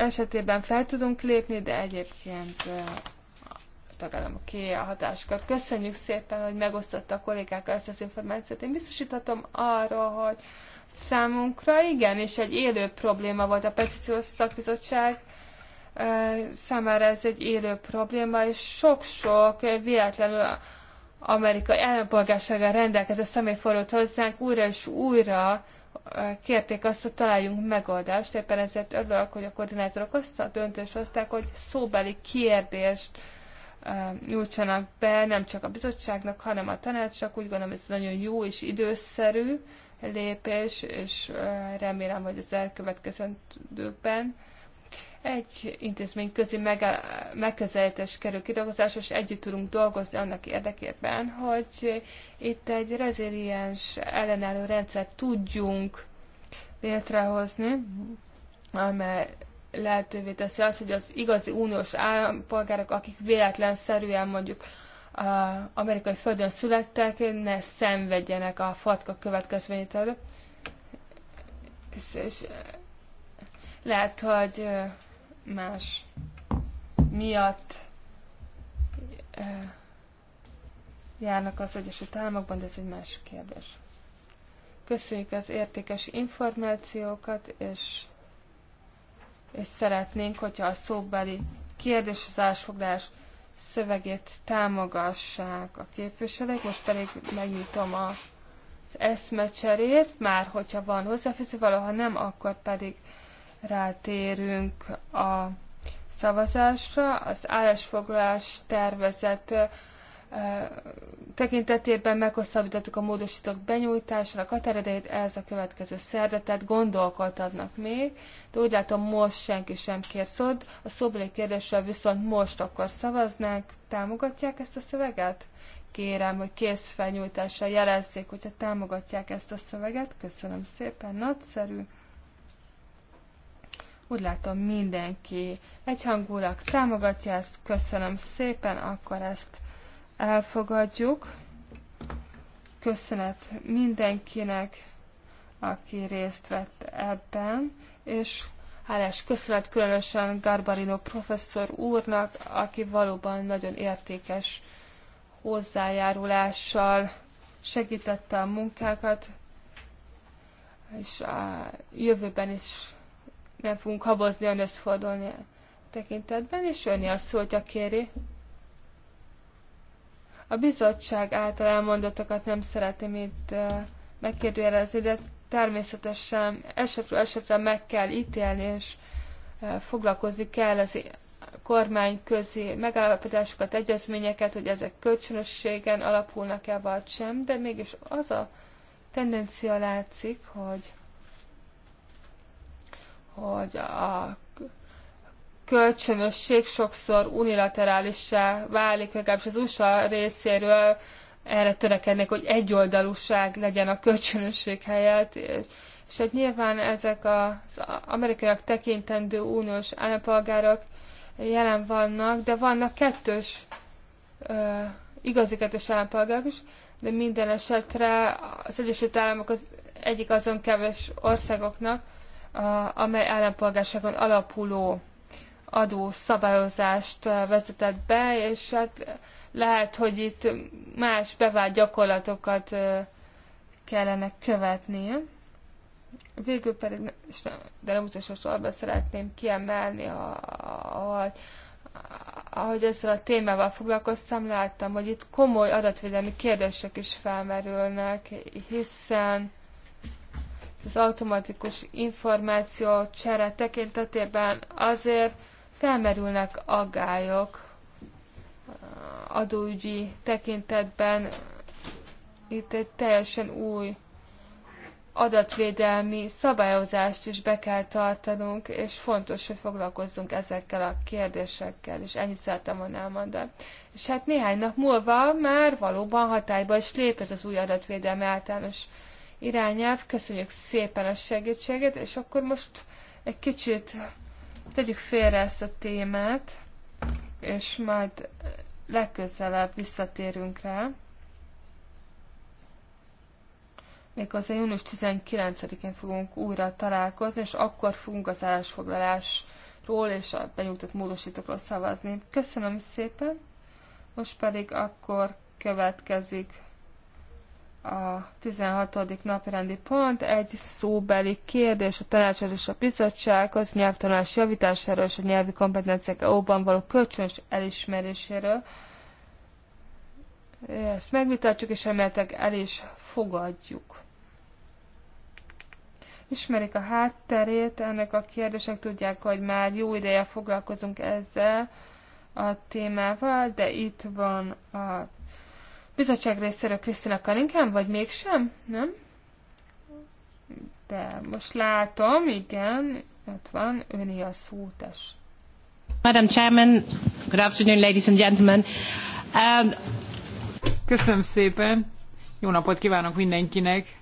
esetében fel tudunk lépni, de egyébként a tagállamoké a hatásokat. Köszönjük szépen, hogy megosztotta a kollégákkal ezt az információt. Én biztosíthatom arra, hogy számunkra igen, és egy élő probléma volt a petíciós szakbizottság számára ez egy élő probléma, és sok-sok véletlenül amerikai állampolgársággal rendelkező személy fordult hozzánk újra és újra, kérték azt, hogy találjunk megoldást, éppen ezért örülök, hogy a koordinátorok azt a döntést hozták, hogy szóbeli kérdést nyújtsanak be nem csak a bizottságnak, hanem a tanácsnak. Úgy gondolom, ez nagyon jó és időszerű lépés, és remélem, hogy az elkövetkezendőkben egy intézmény közé meg, megközelítés kerül kidolgozás, és együtt tudunk dolgozni annak érdekében, hogy itt egy reziliens ellenálló rendszert tudjunk létrehozni, amely lehetővé teszi azt, hogy az igazi uniós állampolgárok, akik véletlenszerűen mondjuk a amerikai földön születtek, ne szenvedjenek a fatka következményétől. És, és lehet, hogy más miatt járnak az Egyesült Államokban, de ez egy másik kérdés. Köszönjük az értékes információkat, és, és szeretnénk, hogyha a szóbeli kérdés az ásfoglás szövegét támogassák a képviselők. Most pedig megnyitom a, az eszmecserét, már hogyha van hozzáfűző, valaha nem, akkor pedig rátérünk a szavazásra. Az állásfoglalás tervezet tekintetében meghosszabbítottuk a módosítók benyújtásának határidejét, ez a következő szerde, tehát gondolkodhatnak még, de úgy látom most senki sem kér szót, a szoblék kérdéssel viszont most akkor szavaznánk, támogatják ezt a szöveget? Kérem, hogy kész felnyújtással jelezzék, hogyha támogatják ezt a szöveget, köszönöm szépen, nagyszerű. Úgy látom, mindenki egyhangulag támogatja ezt. Köszönöm szépen, akkor ezt elfogadjuk. Köszönet mindenkinek, aki részt vett ebben, és hálás köszönet különösen Garbarino professzor úrnak, aki valóban nagyon értékes hozzájárulással segítette a munkákat, és a jövőben is nem fogunk habozni a nőszfordulni tekintetben, és önni a szó, hogyha kéri. A bizottság által elmondottakat nem szeretném itt megkérdőjelezni, de természetesen esetről esetre meg kell ítélni, és foglalkozni kell az kormány közi megállapodásokat, egyezményeket, hogy ezek kölcsönösségen alapulnak-e vagy sem, de mégis az a tendencia látszik, hogy hogy a kölcsönösség sokszor unilaterálissá válik, legalábbis az USA részéről erre törekednek, hogy egyoldalúság legyen a kölcsönösség helyett, és hát nyilván ezek az amerikaiak tekintendő uniós állampolgárok jelen vannak, de vannak kettős, ö, igazi kettős állampolgárok is, de minden esetre az Egyesült Államok az egyik azon kevés országoknak, amely állampolgárságon alapuló adó szabályozást eh, vezetett be, és hát lehet, hogy itt más bevált gyakorlatokat eh, kellene követni. Végül pedig, de nem utolsó sorban szeretném kiemelni, hogy ahogy ezzel a témával foglalkoztam, láttam, hogy itt komoly adatvédelmi kérdések is felmerülnek, hiszen az automatikus információ csere tekintetében azért felmerülnek aggályok eh, adóügyi tekintetben. Itt egy teljesen új adatvédelmi szabályozást is be kell tartanunk, és fontos, hogy foglalkozzunk ezekkel a kérdésekkel, és ennyit szeretem volna elmondani. És hát néhány nap múlva már valóban hatályba is lép ez az új adatvédelmi általános irányelv. Köszönjük szépen a segítséget, és akkor most egy kicsit tegyük félre ezt a témát, és majd legközelebb visszatérünk rá. Méghozzá június 19-én fogunk újra találkozni, és akkor fogunk az állásfoglalásról és a benyújtott módosítókról szavazni. Köszönöm szépen! Most pedig akkor következik a 16. napirendi pont, egy szóbeli kérdés a tanácsadó és a az nyelvtanulás javításáról és a nyelvi kompetenciák óban e való kölcsönös elismeréséről. Ezt megvitatjuk, és emeltek el is fogadjuk. Ismerik a hátterét ennek a kérdések, tudják, hogy már jó ideje foglalkozunk ezzel a témával, de itt van a bizottság részéről Krisztina Kalinken, vagy mégsem? Nem? De most látom, igen, ott van, öné a szótes. Madam Chairman, good afternoon, ladies and gentlemen. Um... Köszönöm szépen. Jó napot kívánok mindenkinek.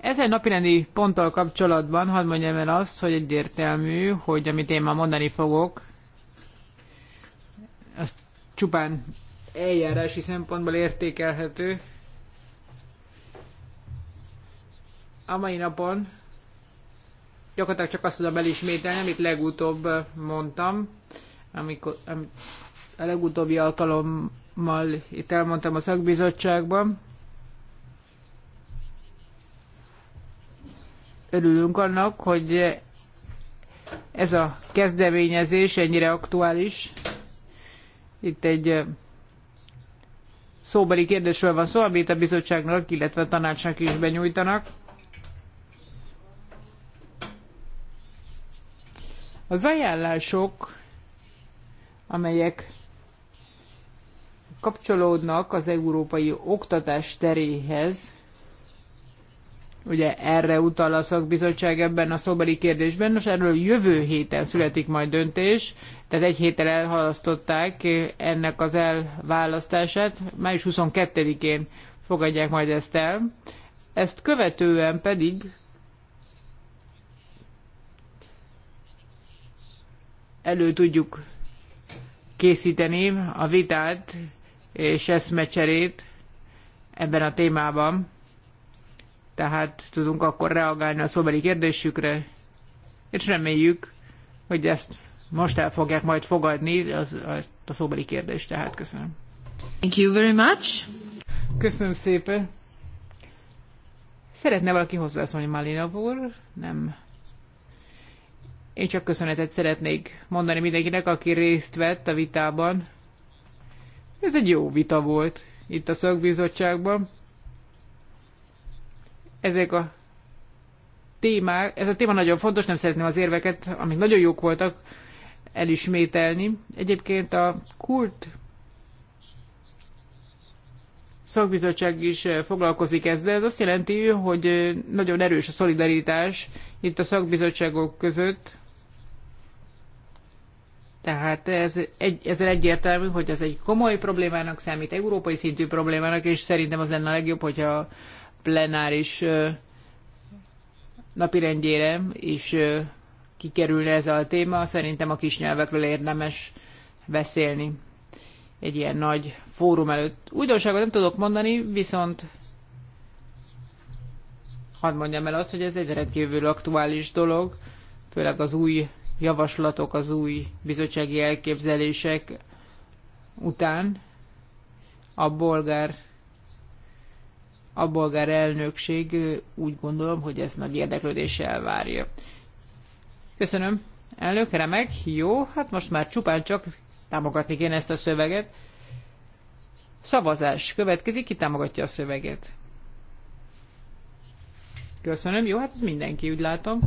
Ezen napirendi ponttal kapcsolatban hadd mondjam el azt, hogy egyértelmű, hogy amit én ma mondani fogok, az csupán eljárási szempontból értékelhető. A mai napon gyakorlatilag csak azt tudom elismételni, amit legutóbb eh, mondtam, amikor, amit a legutóbbi alkalommal itt elmondtam a szakbizottságban. Örülünk annak, hogy ez a kezdeményezés ennyire aktuális. Itt egy eh, szóbeli kérdésről van szó, amit a bizottságnak, illetve a tanácsnak is benyújtanak. Az ajánlások, amelyek kapcsolódnak az európai oktatás teréhez, Ugye erre utal a szakbizottság ebben a szóbeli kérdésben, most erről jövő héten születik majd döntés, tehát egy héttel elhalasztották ennek az elválasztását, május 22-én fogadják majd ezt el. Ezt követően pedig elő tudjuk készíteni a vitát és eszmecserét ebben a témában tehát tudunk akkor reagálni a szóbeli kérdésükre, és reméljük, hogy ezt most el fogják majd fogadni, az, ezt a szóbeli kérdést, tehát köszönöm. Thank you very much. Köszönöm szépen. Szeretne valaki hozzászólni Malina úr? Nem. Én csak köszönetet szeretnék mondani mindenkinek, aki részt vett a vitában. Ez egy jó vita volt itt a szakbizottságban ezek a témák, ez a téma nagyon fontos, nem szeretném az érveket, amik nagyon jók voltak, elismételni. Egyébként a kult szakbizottság is eh, foglalkozik ezzel. Ez azt jelenti, hogy eh, nagyon erős a szolidaritás itt a szakbizottságok között. Tehát ez egy, ezzel egyértelmű, hogy ez egy komoly problémának számít, európai szintű problémának, és szerintem az lenne a legjobb, hogyha plenáris napirendjére is kikerülne ez a téma. Szerintem a kisnyelvekről érdemes beszélni egy ilyen nagy fórum előtt. Újdonságot nem tudok mondani, viszont hadd mondjam el azt, hogy ez egy rendkívül aktuális dolog, főleg az új javaslatok, az új bizottsági elképzelések után a bolgár a bolgár elnökség úgy gondolom, hogy ezt nagy érdeklődéssel várja. Köszönöm. Elnök, remek, jó, hát most már csupán csak támogatni kéne ezt a szöveget. Szavazás következik, ki támogatja a szöveget? Köszönöm, jó, hát ez mindenki, úgy látom.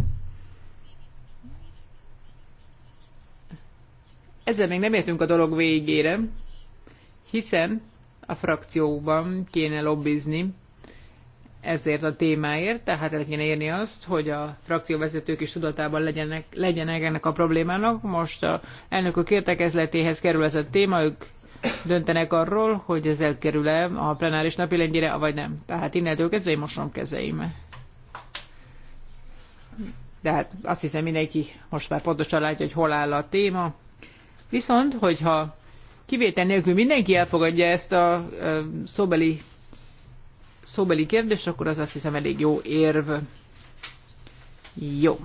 Ezzel még nem értünk a dolog végére, hiszen a frakcióban kéne lobbizni ezért a témáért, tehát el kéne érni azt, hogy a frakcióvezetők is tudatában legyenek, legyenek ennek a problémának. Most a elnökök értekezletéhez kerül ez a téma, ők döntenek arról, hogy ez elkerül-e a plenáris napi lengyire, vagy nem. Tehát innentől kezdve én mosom kezeim. De hát azt hiszem mindenki most már pontosan látja, hogy hol áll a téma. Viszont, hogyha kivétel nélkül mindenki elfogadja ezt a szobeli szóbeli kérdés, akkor az azt hiszem elég jó érv. Jó.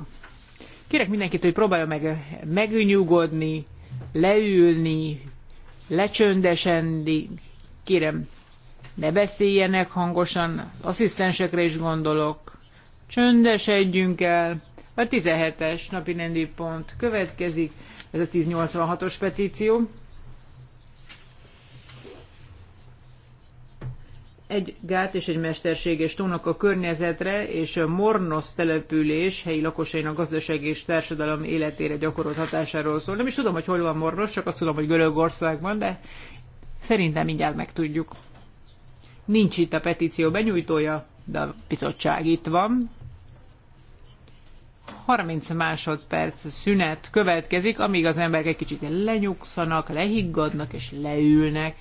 Kérek mindenkit, hogy próbálja meg megnyugodni, leülni, lecsöndesenni. Kérem, ne beszéljenek hangosan, az asszisztensekre is gondolok. Csöndesedjünk el. A 17-es napi pont következik, ez a 1086-os petíció. Egy gát és egy mesterséges tónak a környezetre és a Mornos település helyi lakosainak gazdasági és társadalom életére gyakorolt hatásáról szól. Nem is tudom, hogy hol van Mornos, csak azt tudom, hogy Görögországban, de szerintem mindjárt megtudjuk. Nincs itt a petíció benyújtója, de a bizottság itt van. 30 másodperc szünet következik, amíg az emberek egy kicsit lenyugszanak, lehiggadnak és leülnek.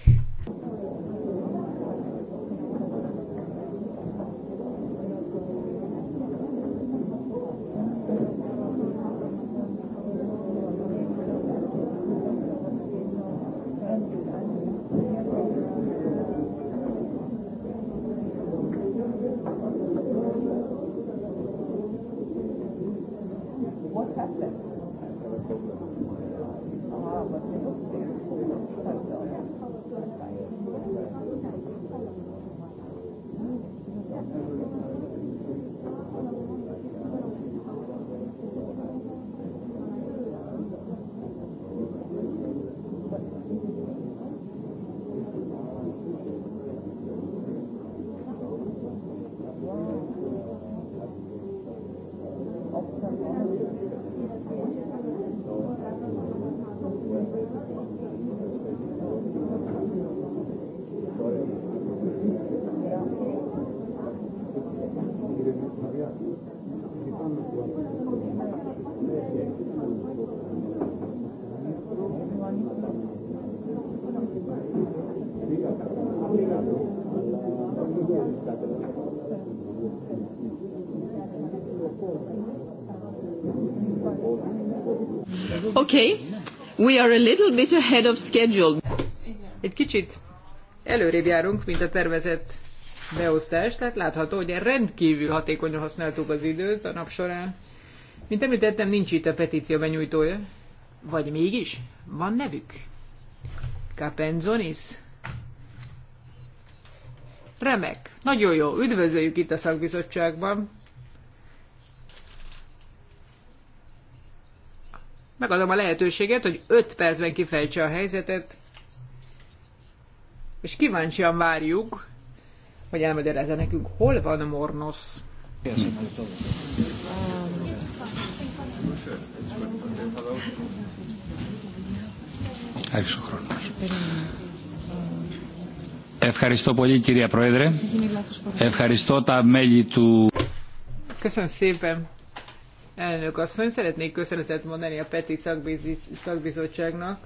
Okay, we are a little bit ahead of schedule. Egy kicsit előrébb járunk, mint a tervezett beosztás, tehát látható, hogy rendkívül hatékonyan használtuk az időt a nap során. Mint említettem, nincs itt a petíció benyújtója. Vagy mégis? Van nevük? Capenzonis? Remek. Nagyon jó. Üdvözöljük itt a szakbizottságban. megadom a lehetőséget, hogy 5 percben kifejtse a helyzetet, és kíváncsian várjuk, hogy elmagyarázza nekünk, hol van a Mornosz. Ευχαριστώ πολύ κυρία Πρόεδρε. Ευχαριστώ τα μέλη του... Köszönöm szépen. Elnök asszony, szeretnék köszönetet mondani a PETI szakbizottságnak.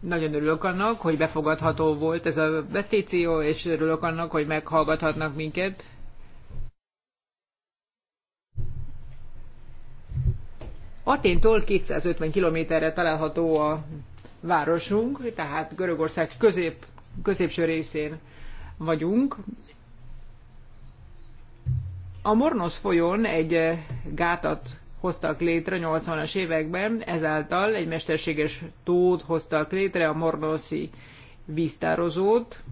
Nagyon örülök annak, hogy befogadható volt ez a petíció, és örülök annak, hogy meghallgathatnak minket. Aténtól 250 kilométerre található a városunk, tehát Görögország közép, középső részén vagyunk. A Mornos folyón egy gátat hoztak létre 80-as években, ezáltal egy mesterséges tót hoztak létre, a Mornoszi víztározót.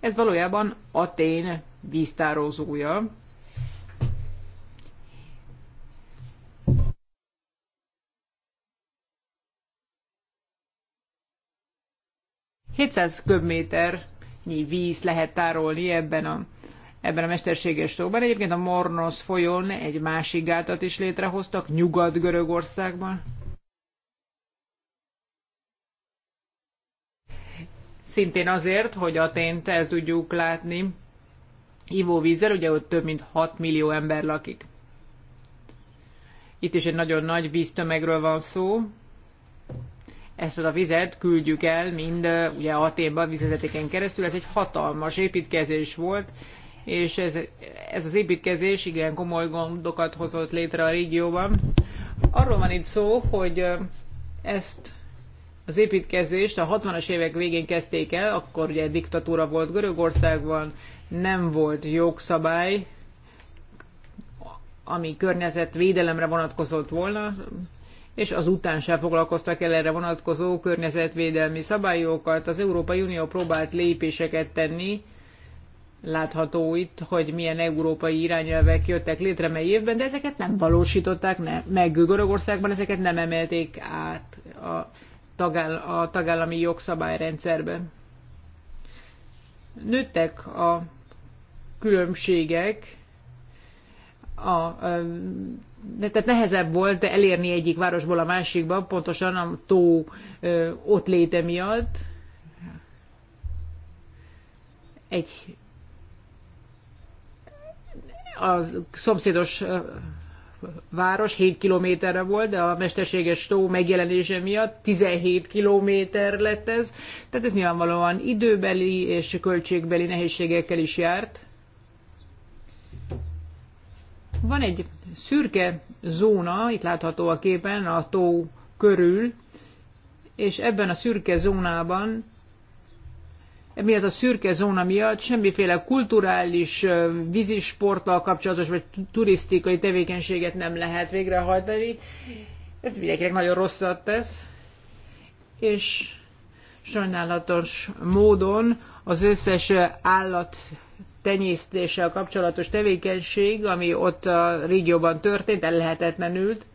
Ez valójában Atén víztározója. Hétszáz köbméter víz lehet tárolni ebben a, ebben a mesterséges tóban. Egyébként a Mornos folyón egy másik gátat is létrehoztak Nyugat-Görögországban. Szintén azért, hogy tént el tudjuk látni ivóvízzel, ugye ott több mint 6 millió ember lakik. Itt is egy nagyon nagy víztömegről van szó, ezt a vizet küldjük el mind ugye Aténban vízvezetéken keresztül. Ez egy hatalmas építkezés volt, és ez, ez az építkezés igen komoly gondokat hozott létre a régióban. Arról van itt szó, hogy ezt az építkezést a 60-as évek végén kezdték el, akkor ugye diktatúra volt Görögországban, nem volt jogszabály, ami környezetvédelemre vonatkozott volna, és azután sem foglalkoztak el erre vonatkozó környezetvédelmi szabályokat. Az Európai Unió próbált lépéseket tenni, látható itt, hogy milyen európai irányelvek jöttek létre mely évben, de ezeket nem valósították ne, meg Görögországban, ezeket nem emelték át a, tagáll, a tagállami jogszabályrendszerbe. Nőttek a különbségek a, a tehát nehezebb volt elérni egyik városból a másikba, pontosan a tó ott léte miatt. Egy a szomszédos város 7 kilométerre volt, de a mesterséges tó megjelenése miatt 17 kilométer lett ez. Tehát ez nyilvánvalóan időbeli és költségbeli nehézségekkel is járt. Van egy szürke zóna, itt látható a képen, a tó körül, és ebben a szürke zónában, emiatt a szürke zóna miatt semmiféle kulturális vízisporttal kapcsolatos vagy turisztikai tevékenységet nem lehet végrehajtani. Ez mindenkinek nagyon rosszat tesz, és sajnálatos módon az összes állat tenyésztéssel kapcsolatos tevékenység, ami ott a régióban történt, lehetetlenült.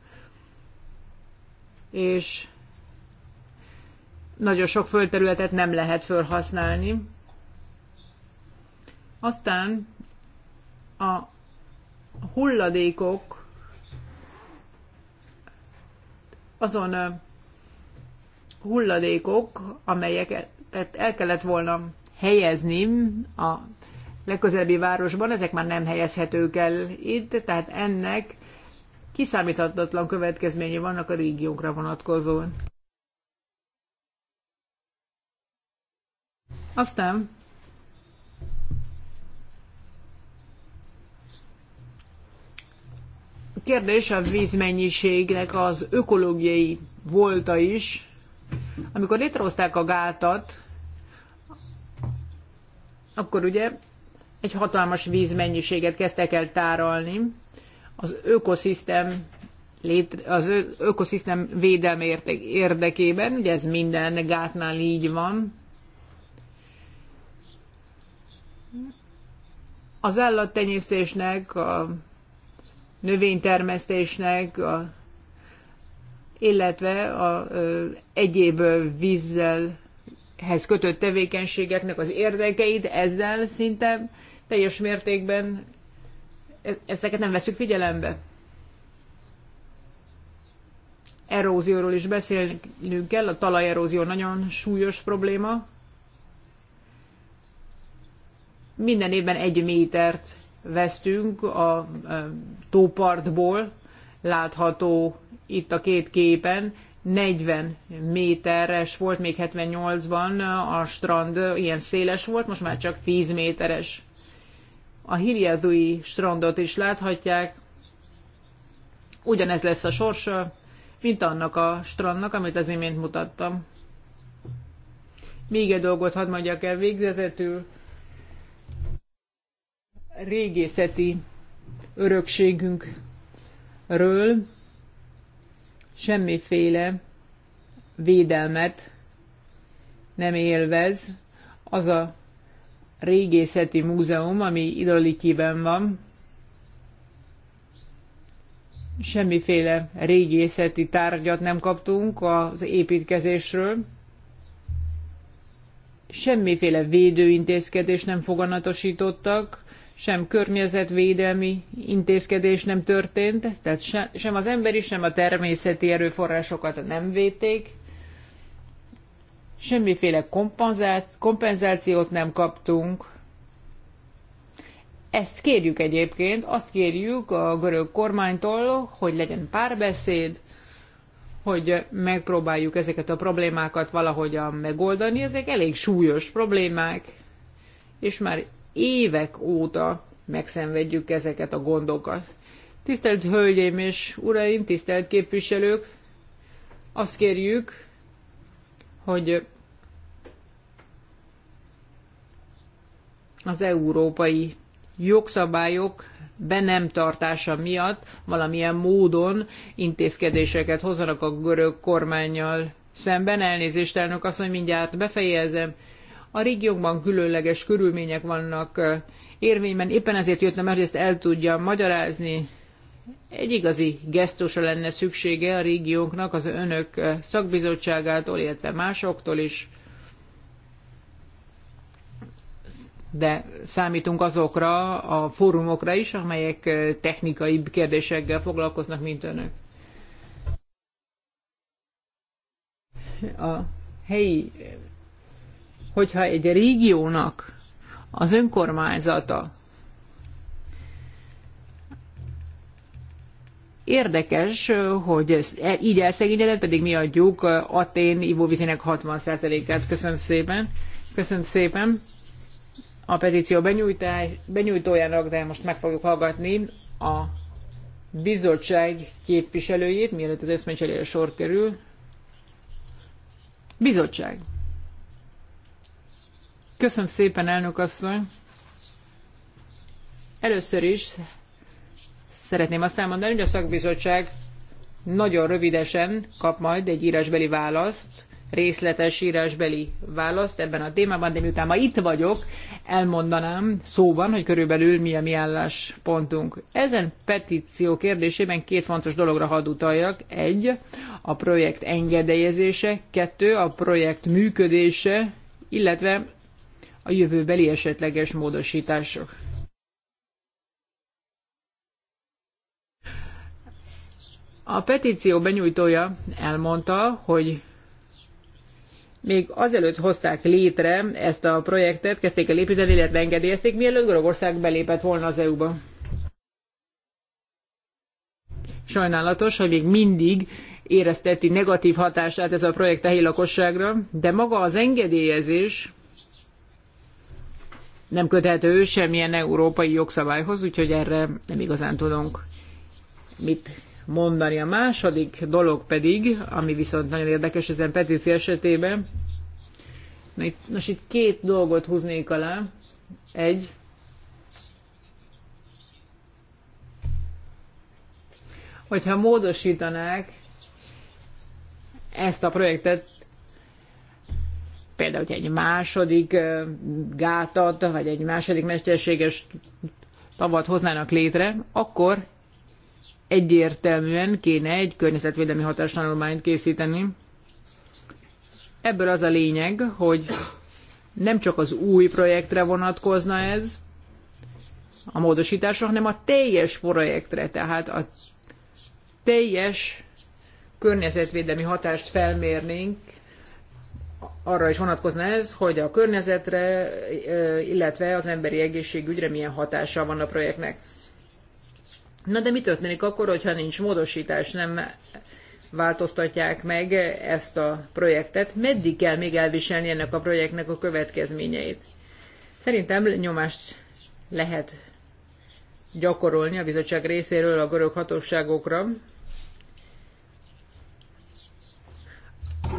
és nagyon sok földterületet nem lehet felhasználni. Aztán a hulladékok azon hulladékok, amelyeket el kellett volna helyezni a legközelebbi városban, ezek már nem helyezhetők el itt, tehát ennek kiszámíthatatlan következményei vannak a régiókra vonatkozóan. Aztán a kérdés a vízmennyiségnek az ökológiai volta is. Amikor létrehozták a gátat, akkor ugye egy hatalmas vízmennyiséget kezdtek el tárolni. Az ökoszisztém az ökoszisztém védelme érdekében, ugye ez minden gátnál így van, az állattenyésztésnek, a növénytermesztésnek, a, illetve a, ö, egyéb vízzelhez kötött tevékenységeknek az érdekeit ezzel szinte teljes mértékben e- ezeket nem veszük figyelembe. Erózióról is beszélnünk kell, a talajerózió nagyon súlyos probléma. Minden évben egy métert vesztünk a e, tópartból, látható itt a két képen, 40 méteres volt még 78-ban, a strand ilyen széles volt, most már csak 10 méteres a Hiliadui strandot is láthatják. Ugyanez lesz a sorsa, mint annak a strandnak, amit az imént mutattam. Még egy dolgot hadd mondjak el végzetül. Régészeti örökségünkről semmiféle védelmet nem élvez az a régészeti múzeum, ami Idolikiben van. Semmiféle régészeti tárgyat nem kaptunk az építkezésről. Semmiféle védőintézkedés nem foganatosítottak, sem környezetvédelmi intézkedés nem történt, tehát sem az emberi, sem a természeti erőforrásokat nem védték semmiféle kompenzációt nem kaptunk. Ezt kérjük egyébként, azt kérjük a görög kormánytól, hogy legyen párbeszéd, hogy megpróbáljuk ezeket a problémákat valahogyan megoldani. Ezek elég súlyos problémák, és már évek óta megszenvedjük ezeket a gondokat. Tisztelt Hölgyeim és Uraim, tisztelt képviselők, azt kérjük, hogy az európai jogszabályok be nem tartása miatt valamilyen módon intézkedéseket hozzanak a görög kormányjal szemben. Elnézést, elnök asszony, mindjárt befejezem. A régiókban különleges körülmények vannak érvényben, éppen ezért jöttem, hogy ezt el tudjam magyarázni. Egy igazi gesztusra lenne szüksége a régiónknak az önök szakbizottságától, illetve másoktól is. de számítunk azokra a fórumokra is, amelyek technikai kérdésekkel foglalkoznak, mint önök. A helyi, hogyha egy régiónak az önkormányzata Érdekes, hogy ez e, így elszegényedett, pedig mi adjuk Atén ivóvizének 60%-át. Köszönöm szépen. Köszönöm szépen a petíció benyújtójának, de most meg fogjuk hallgatni a bizottság képviselőjét, mielőtt az összmencselére sor kerül. Bizottság. Köszönöm szépen, elnök asszony. Először is szeretném azt elmondani, hogy a szakbizottság nagyon rövidesen kap majd egy írásbeli választ részletes írásbeli választ ebben a témában, de miután ma itt vagyok, elmondanám szóban, hogy körülbelül mi a mi álláspontunk. Ezen petíció kérdésében két fontos dologra hadd utaljak. Egy, a projekt engedélyezése, kettő, a projekt működése, illetve a jövőbeli esetleges módosítások. A petíció benyújtója elmondta, hogy még azelőtt hozták létre ezt a projektet, kezdték el építeni, illetve engedélyezték, mielőtt Görögország belépett volna az EU-ba. Sajnálatos, hogy még mindig érezteti negatív hatását ez a projekt a helyi lakosságra, de maga az engedélyezés nem köthető semmilyen európai jogszabályhoz, úgyhogy erre nem igazán tudunk mit mondani. A második dolog pedig, ami viszont nagyon érdekes ezen petíció esetében, most itt két dolgot húznék alá. Egy, hogyha módosítanák ezt a projektet, például, hogy egy második gátat, vagy egy második mesterséges tavat hoznának létre, akkor egyértelműen kéne egy környezetvédelmi hatástanulmányt készíteni. Ebből az a lényeg, hogy nem csak az új projektre vonatkozna ez, a módosításra, hanem a teljes projektre, tehát a teljes környezetvédelmi hatást felmérnénk, arra is vonatkozna ez, hogy a környezetre, illetve az emberi egészségügyre milyen hatása van a projektnek. Na de mi történik akkor, hogyha nincs módosítás, nem változtatják meg ezt a projektet? Meddig kell még elviselni ennek a projektnek a következményeit? Szerintem nyomást lehet gyakorolni a bizottság részéről a görög hatóságokra.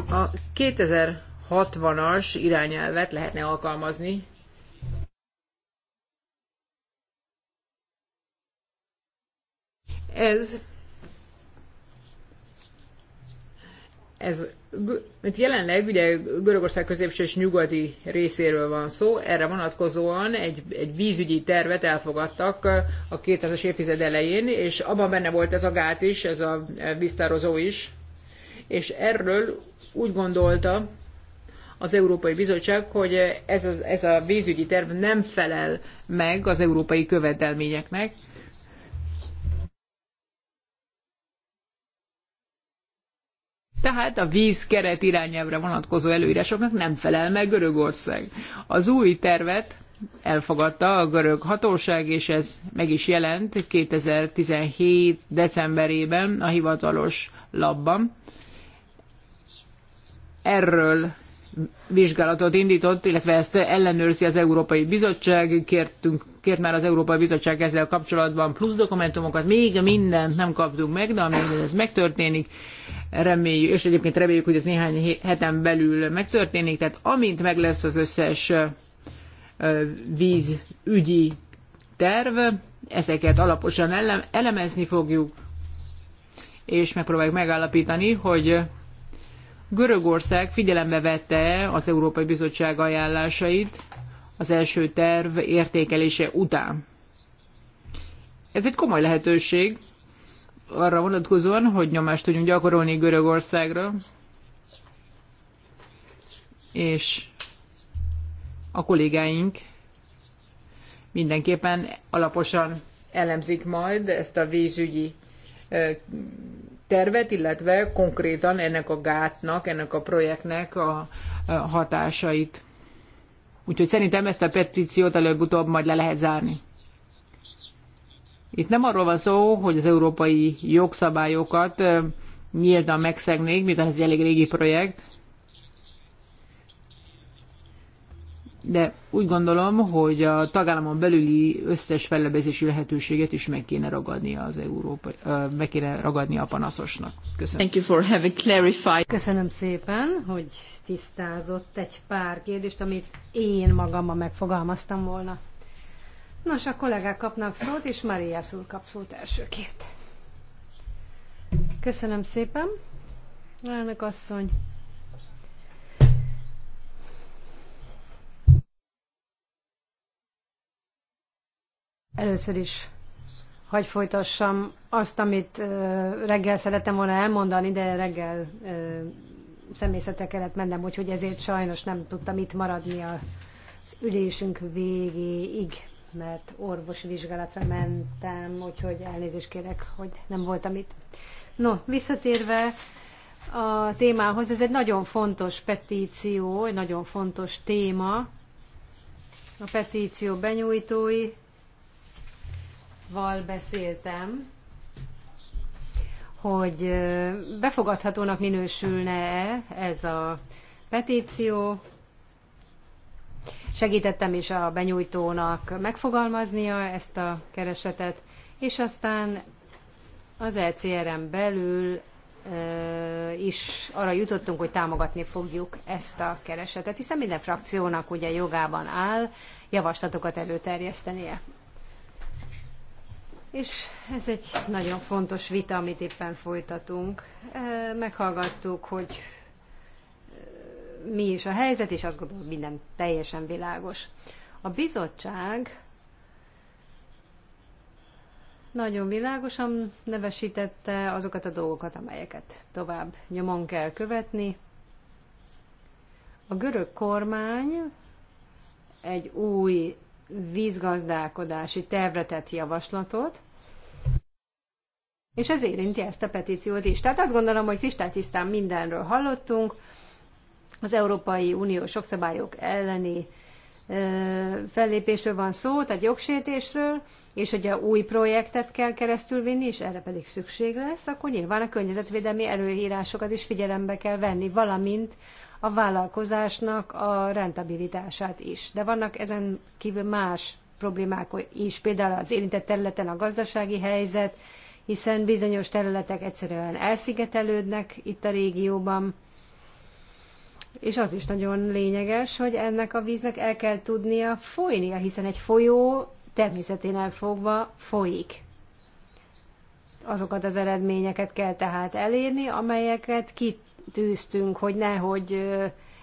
A 2060-as irányelvet lehetne alkalmazni Ez, ez mert jelenleg ugye Görögország középső és nyugati részéről van szó, erre vonatkozóan egy, egy vízügyi tervet elfogadtak a 2000-es évtized elején, és abban benne volt ez a gát is, ez a víztározó is, és erről úgy gondolta az Európai Bizottság, hogy ez, az, ez a vízügyi terv nem felel meg az európai követelményeknek, Tehát a keret irányelvre vonatkozó előírásoknak nem felel meg Görögország. Az új tervet elfogadta a görög hatóság, és ez meg is jelent 2017. decemberében a hivatalos labban. Erről vizsgálatot indított, illetve ezt ellenőrzi az Európai Bizottság. Kértünk, kért már az Európai Bizottság ezzel kapcsolatban plusz dokumentumokat. Még mindent nem kaptunk meg, de amíg ez megtörténik, reméljük, és egyébként reméljük, hogy ez néhány heten belül megtörténik, tehát amint meg lesz az összes vízügyi terv, ezeket alaposan elemezni fogjuk, és megpróbáljuk megállapítani, hogy Görögország figyelembe vette az Európai Bizottság ajánlásait az első terv értékelése után. Ez egy komoly lehetőség arra vonatkozóan, hogy nyomást tudjunk gyakorolni Görögországra, és a kollégáink mindenképpen alaposan elemzik majd ezt a vízügyi tervet, illetve konkrétan ennek a gátnak, ennek a projektnek a hatásait. Úgyhogy szerintem ezt a petíciót előbb-utóbb majd le lehet zárni. Itt nem arról van szó, hogy az európai jogszabályokat nyíltan megszegnék, mivel ez egy elég régi projekt, de úgy gondolom, hogy a tagállamon belüli összes fellebezési lehetőséget is meg kéne ragadni az Európai meg kéne ragadni a panaszosnak. Köszönöm. Thank you for having clarified. Köszönöm szépen, hogy tisztázott egy pár kérdést, amit én magammal megfogalmaztam volna. Nos, a kollégák kapnak szót, és Maria úr kap szót elsőként. Köszönöm szépen. Elnök asszony. Először is hagy folytassam azt, amit reggel szerettem volna elmondani, de reggel személyzete kellett mennem, úgyhogy ezért sajnos nem tudtam itt maradni az ülésünk végéig, mert orvosi vizsgálatra mentem, úgyhogy elnézést kérek, hogy nem voltam itt. No, visszatérve a témához, ez egy nagyon fontos petíció, egy nagyon fontos téma. A petíció benyújtói val beszéltem, hogy befogadhatónak minősülne ez a petíció. Segítettem is a benyújtónak megfogalmaznia ezt a keresetet, és aztán az LCRM e belül is arra jutottunk, hogy támogatni fogjuk ezt a keresetet, hiszen minden frakciónak ugye jogában áll javaslatokat előterjesztenie. És ez egy nagyon fontos vita, amit éppen folytatunk. Meghallgattuk, hogy mi is a helyzet, és azt gondolom, minden teljesen világos. A bizottság nagyon világosan nevesítette azokat a dolgokat, amelyeket tovább nyomon kell követni. A görög kormány egy új vízgazdálkodási tervetett javaslatot, és ez érinti ezt a petíciót is. Tehát azt gondolom, hogy kristálytisztán mindenről hallottunk, az Európai Unió sokszabályok elleni fellépésről van szó, tehát jogsértésről, és hogyha új projektet kell vinni, és erre pedig szükség lesz, akkor nyilván a környezetvédelmi előírásokat is figyelembe kell venni, valamint a vállalkozásnak a rentabilitását is. De vannak ezen kívül más problémák is, például az érintett területen a gazdasági helyzet, hiszen bizonyos területek egyszerűen elszigetelődnek itt a régióban, és az is nagyon lényeges, hogy ennek a víznek el kell tudnia folynia, hiszen egy folyó természeténél fogva folyik. Azokat az eredményeket kell tehát elérni, amelyeket kitűztünk, hogy nehogy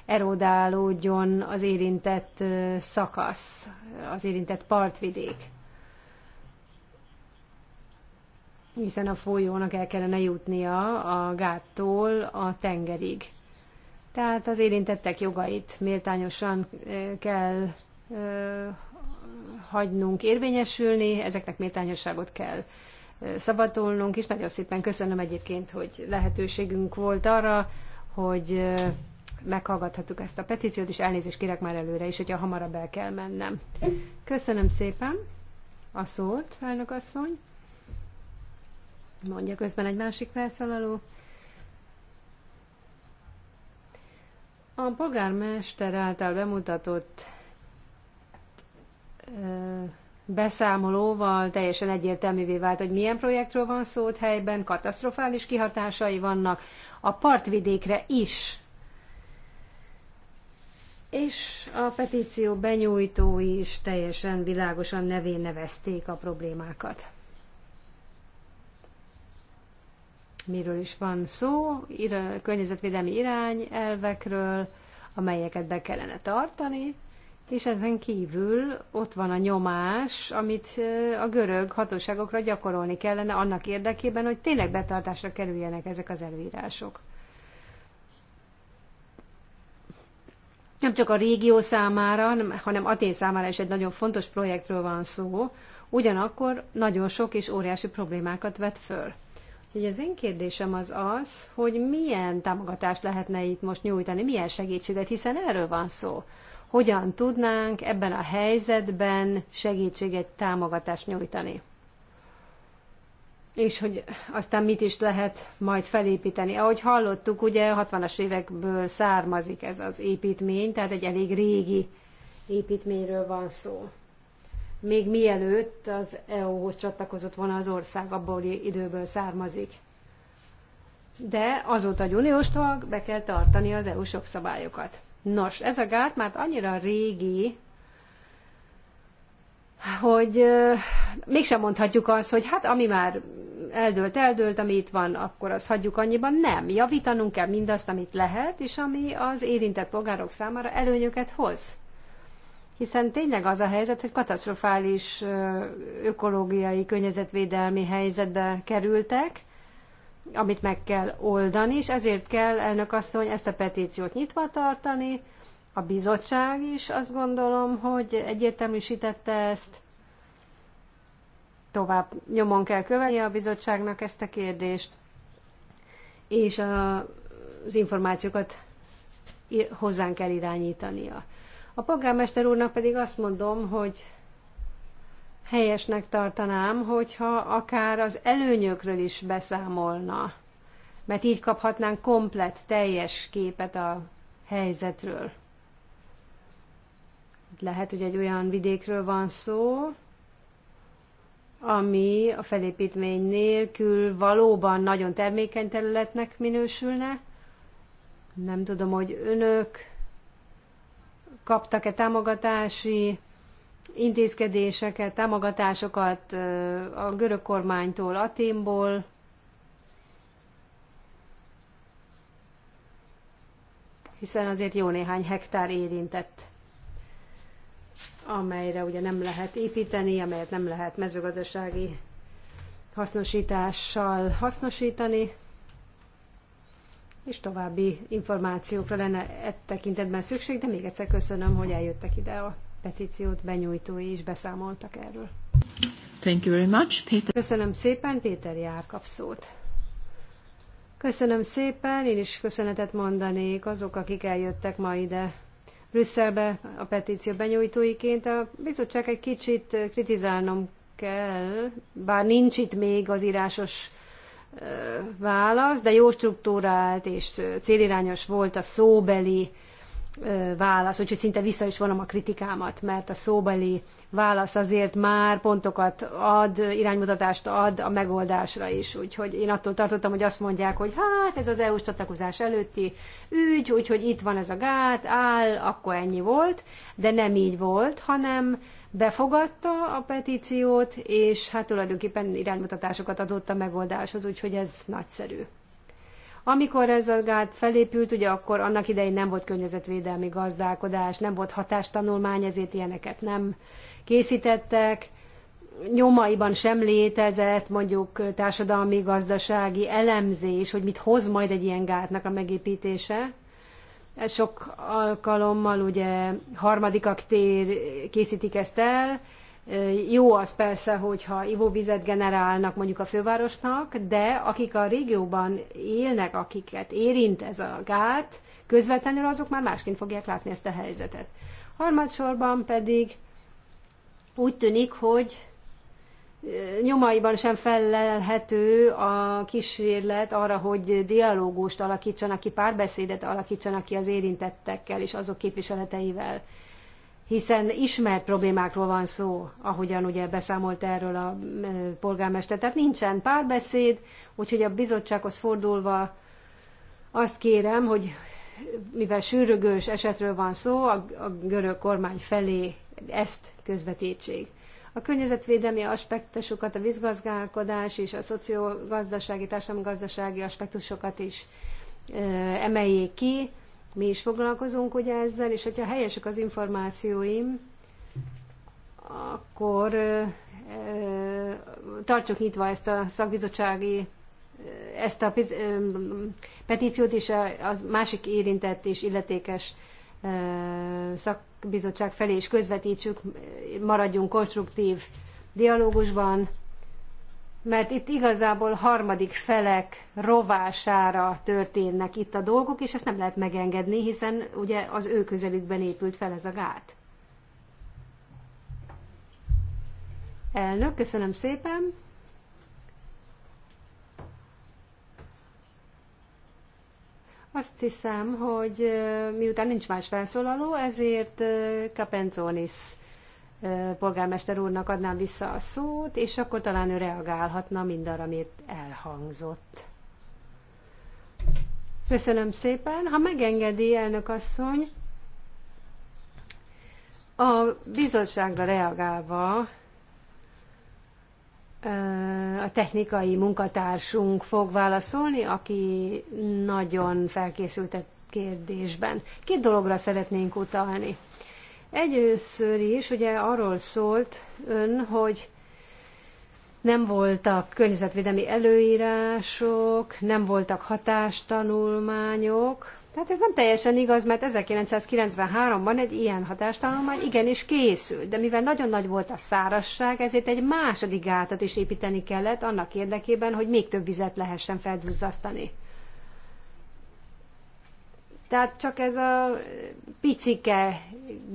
erodálódjon az érintett szakasz, az érintett partvidék. hiszen a folyónak el kellene jutnia a gáttól a tengerig. Tehát az érintettek jogait méltányosan eh, kell eh, hagynunk érvényesülni, ezeknek méltányosságot kell eh, szabadulnunk, és nagyon szépen köszönöm egyébként, hogy lehetőségünk volt arra, hogy meghallgathattuk ezt a petíciót, és elnézést kérek már előre is, hogyha hamarabb el kell mennem. Köszönöm szépen a szót, elnök asszony mondja közben egy másik felszólaló. A polgármester által bemutatott beszámolóval teljesen egyértelművé vált, hogy milyen projektről van szó helyben, katasztrofális kihatásai vannak a partvidékre is. És a petíció benyújtói is teljesen világosan nevén nevezték a problémákat. miről is van szó, ir- környezetvédelmi irányelvekről, amelyeket be kellene tartani, és ezen kívül ott van a nyomás, amit a görög hatóságokra gyakorolni kellene annak érdekében, hogy tényleg betartásra kerüljenek ezek az előírások. Nem csak a régió számára, hanem Atén számára is egy nagyon fontos projektről van szó, ugyanakkor nagyon sok és óriási problémákat vet föl. Ugye az én kérdésem az az, hogy milyen támogatást lehetne itt most nyújtani, milyen segítséget, hiszen erről van szó. Hogyan tudnánk ebben a helyzetben segítséget, támogatást nyújtani? És hogy aztán mit is lehet majd felépíteni. Ahogy hallottuk, ugye 60-as évekből származik ez az építmény, tehát egy elég régi építményről van szó még mielőtt az EU-hoz csatlakozott volna az ország, abból időből származik. De azóta a uniós tag, be kell tartani az EU sok szabályokat. Nos, ez a gát már annyira régi, hogy mégsem mondhatjuk azt, hogy hát ami már eldőlt, eldőlt, ami itt van, akkor azt hagyjuk annyiban. Nem, javítanunk kell mindazt, amit lehet, és ami az érintett polgárok számára előnyöket hoz hiszen tényleg az a helyzet, hogy katasztrofális ökológiai, környezetvédelmi helyzetbe kerültek, amit meg kell oldani, és ezért kell, elnök asszony, ezt a petíciót nyitva tartani. A bizottság is azt gondolom, hogy egyértelműsítette ezt. Tovább nyomon kell követni a bizottságnak ezt a kérdést, és a, az információkat hozzánk kell irányítania. A polgármester úrnak pedig azt mondom, hogy helyesnek tartanám, hogyha akár az előnyökről is beszámolna, mert így kaphatnánk komplet, teljes képet a helyzetről. Lehet, hogy egy olyan vidékről van szó, ami a felépítmény nélkül valóban nagyon termékeny területnek minősülne. Nem tudom, hogy önök kaptak-e támogatási intézkedéseket, támogatásokat a görög kormánytól, Aténból, hiszen azért jó néhány hektár érintett, amelyre ugye nem lehet építeni, amelyet nem lehet mezőgazdasági hasznosítással hasznosítani és további információkra lenne e tekintetben szükség, de még egyszer köszönöm, hogy eljöttek ide a petíciót benyújtói is beszámoltak erről. Thank you very much, Peter. Köszönöm szépen, Péter Jár kap szót. Köszönöm szépen, én is köszönetet mondanék azok, akik eljöttek ma ide Brüsszelbe a petíció benyújtóiként. A bizottság egy kicsit kritizálnom kell, bár nincs itt még az írásos válasz, de jó struktúrált és célirányos volt a szóbeli válasz, úgyhogy szinte vissza is vonom a kritikámat, mert a szóbeli válasz azért már pontokat ad, iránymutatást ad a megoldásra is. Úgyhogy én attól tartottam, hogy azt mondják, hogy hát ez az EU-s csatlakozás előtti ügy, úgyhogy itt van ez a gát, áll, akkor ennyi volt, de nem így volt, hanem befogadta a petíciót, és hát tulajdonképpen iránymutatásokat adott a megoldáshoz, úgyhogy ez nagyszerű. Amikor ez a gát felépült, ugye akkor annak idején nem volt környezetvédelmi gazdálkodás, nem volt hatástanulmány, ezért ilyeneket nem készítettek. Nyomaiban sem létezett mondjuk társadalmi, gazdasági elemzés, hogy mit hoz majd egy ilyen gátnak a megépítése. Sok alkalommal ugye harmadikak tér készítik ezt el, jó az persze, hogyha ivóvizet generálnak mondjuk a fővárosnak, de akik a régióban élnek, akiket érint ez a gát, közvetlenül azok már másként fogják látni ezt a helyzetet. Harmadsorban pedig úgy tűnik, hogy nyomaiban sem felelhető a kísérlet arra, hogy dialógust alakítsanak ki, párbeszédet alakítsanak ki az érintettekkel és azok képviseleteivel. Hiszen ismert problémákról van szó, ahogyan ugye beszámolt erről a polgármester. Tehát nincsen párbeszéd, úgyhogy a bizottsághoz fordulva azt kérem, hogy mivel sűrögős esetről van szó, a, a görög kormány felé ezt közvetítsék. A környezetvédelmi aspektusokat, a vízgazdálkodás és a szociogazdasági, társadalomgazdasági aspektusokat is emeljék ki. Mi is foglalkozunk ugye ezzel, és hogyha helyesek az információim, akkor tartsuk nyitva ezt a szakbizottsági ezt a petíciót is a, a másik érintett és illetékes szak, bizottság felé is közvetítsük, maradjunk konstruktív dialógusban, mert itt igazából harmadik felek rovására történnek itt a dolgok, és ezt nem lehet megengedni, hiszen ugye az ő közelükben épült fel ez a gát. Elnök, köszönöm szépen. Azt hiszem, hogy miután nincs más felszólaló, ezért Capenzonis polgármester úrnak adnám vissza a szót, és akkor talán ő reagálhatna mindarra, amit elhangzott. Köszönöm szépen. Ha megengedi, elnök asszony, a bizottságra reagálva a technikai munkatársunk fog válaszolni, aki nagyon felkészült a kérdésben. Két dologra szeretnénk utalni. Egyőször is ugye arról szólt ön, hogy nem voltak környezetvédelmi előírások, nem voltak hatástanulmányok, tehát ez nem teljesen igaz, mert 1993-ban egy ilyen hatástalanomány igenis készült, de mivel nagyon nagy volt a szárasság, ezért egy második gátat is építeni kellett annak érdekében, hogy még több vizet lehessen felduzzasztani. Tehát csak ez a picike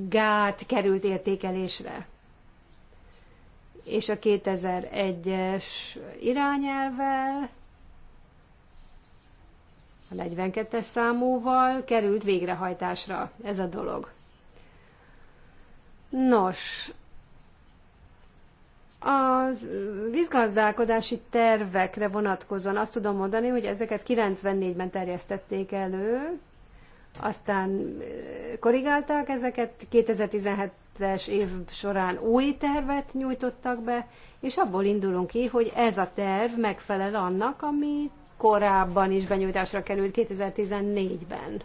gát került értékelésre. És a 2001-es irányelvel a 42-es számúval került végrehajtásra ez a dolog. Nos, a vízgazdálkodási tervekre vonatkozóan azt tudom mondani, hogy ezeket 94-ben terjesztették elő, aztán eh, korrigálták ezeket, 2017-es év során új tervet nyújtottak be, és abból indulunk ki, hogy ez a terv megfelel annak, amit korábban is benyújtásra került 2014-ben.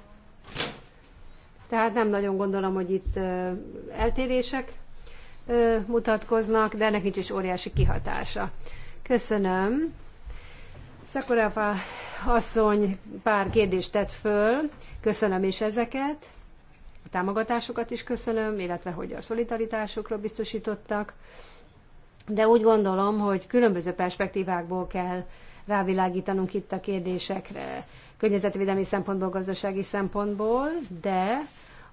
Tehát nem nagyon gondolom, hogy itt eltérések mutatkoznak, de ennek nincs is óriási kihatása. Köszönöm. Szakorafa, asszony pár kérdést tett föl, köszönöm is ezeket, a támogatásokat is köszönöm, illetve hogy a szolidaritásokról biztosítottak, de úgy gondolom, hogy különböző perspektívákból kell rávilágítanunk itt a kérdésekre környezetvédelmi szempontból, gazdasági szempontból, de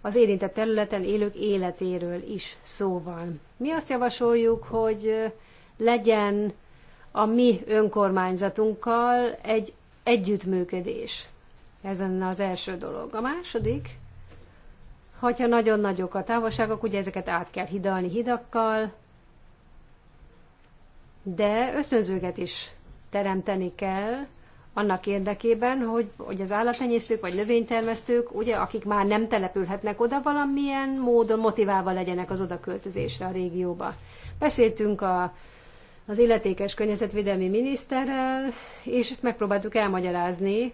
az érintett területen élők életéről is szó van. Mi azt javasoljuk, hogy legyen a mi önkormányzatunkkal egy együttműködés. Ez az első dolog. A második, hogyha nagyon nagyok a távolságok, ugye ezeket át kell hidalni hidakkal, de ösztönzőket is teremteni kell annak érdekében, hogy, hogy az állattenyésztők vagy növénytermesztők, ugye, akik már nem települhetnek oda, valamilyen módon motiválva legyenek az oda költözésre a régióba. Beszéltünk a, az illetékes környezetvédelmi miniszterrel, és megpróbáltuk elmagyarázni,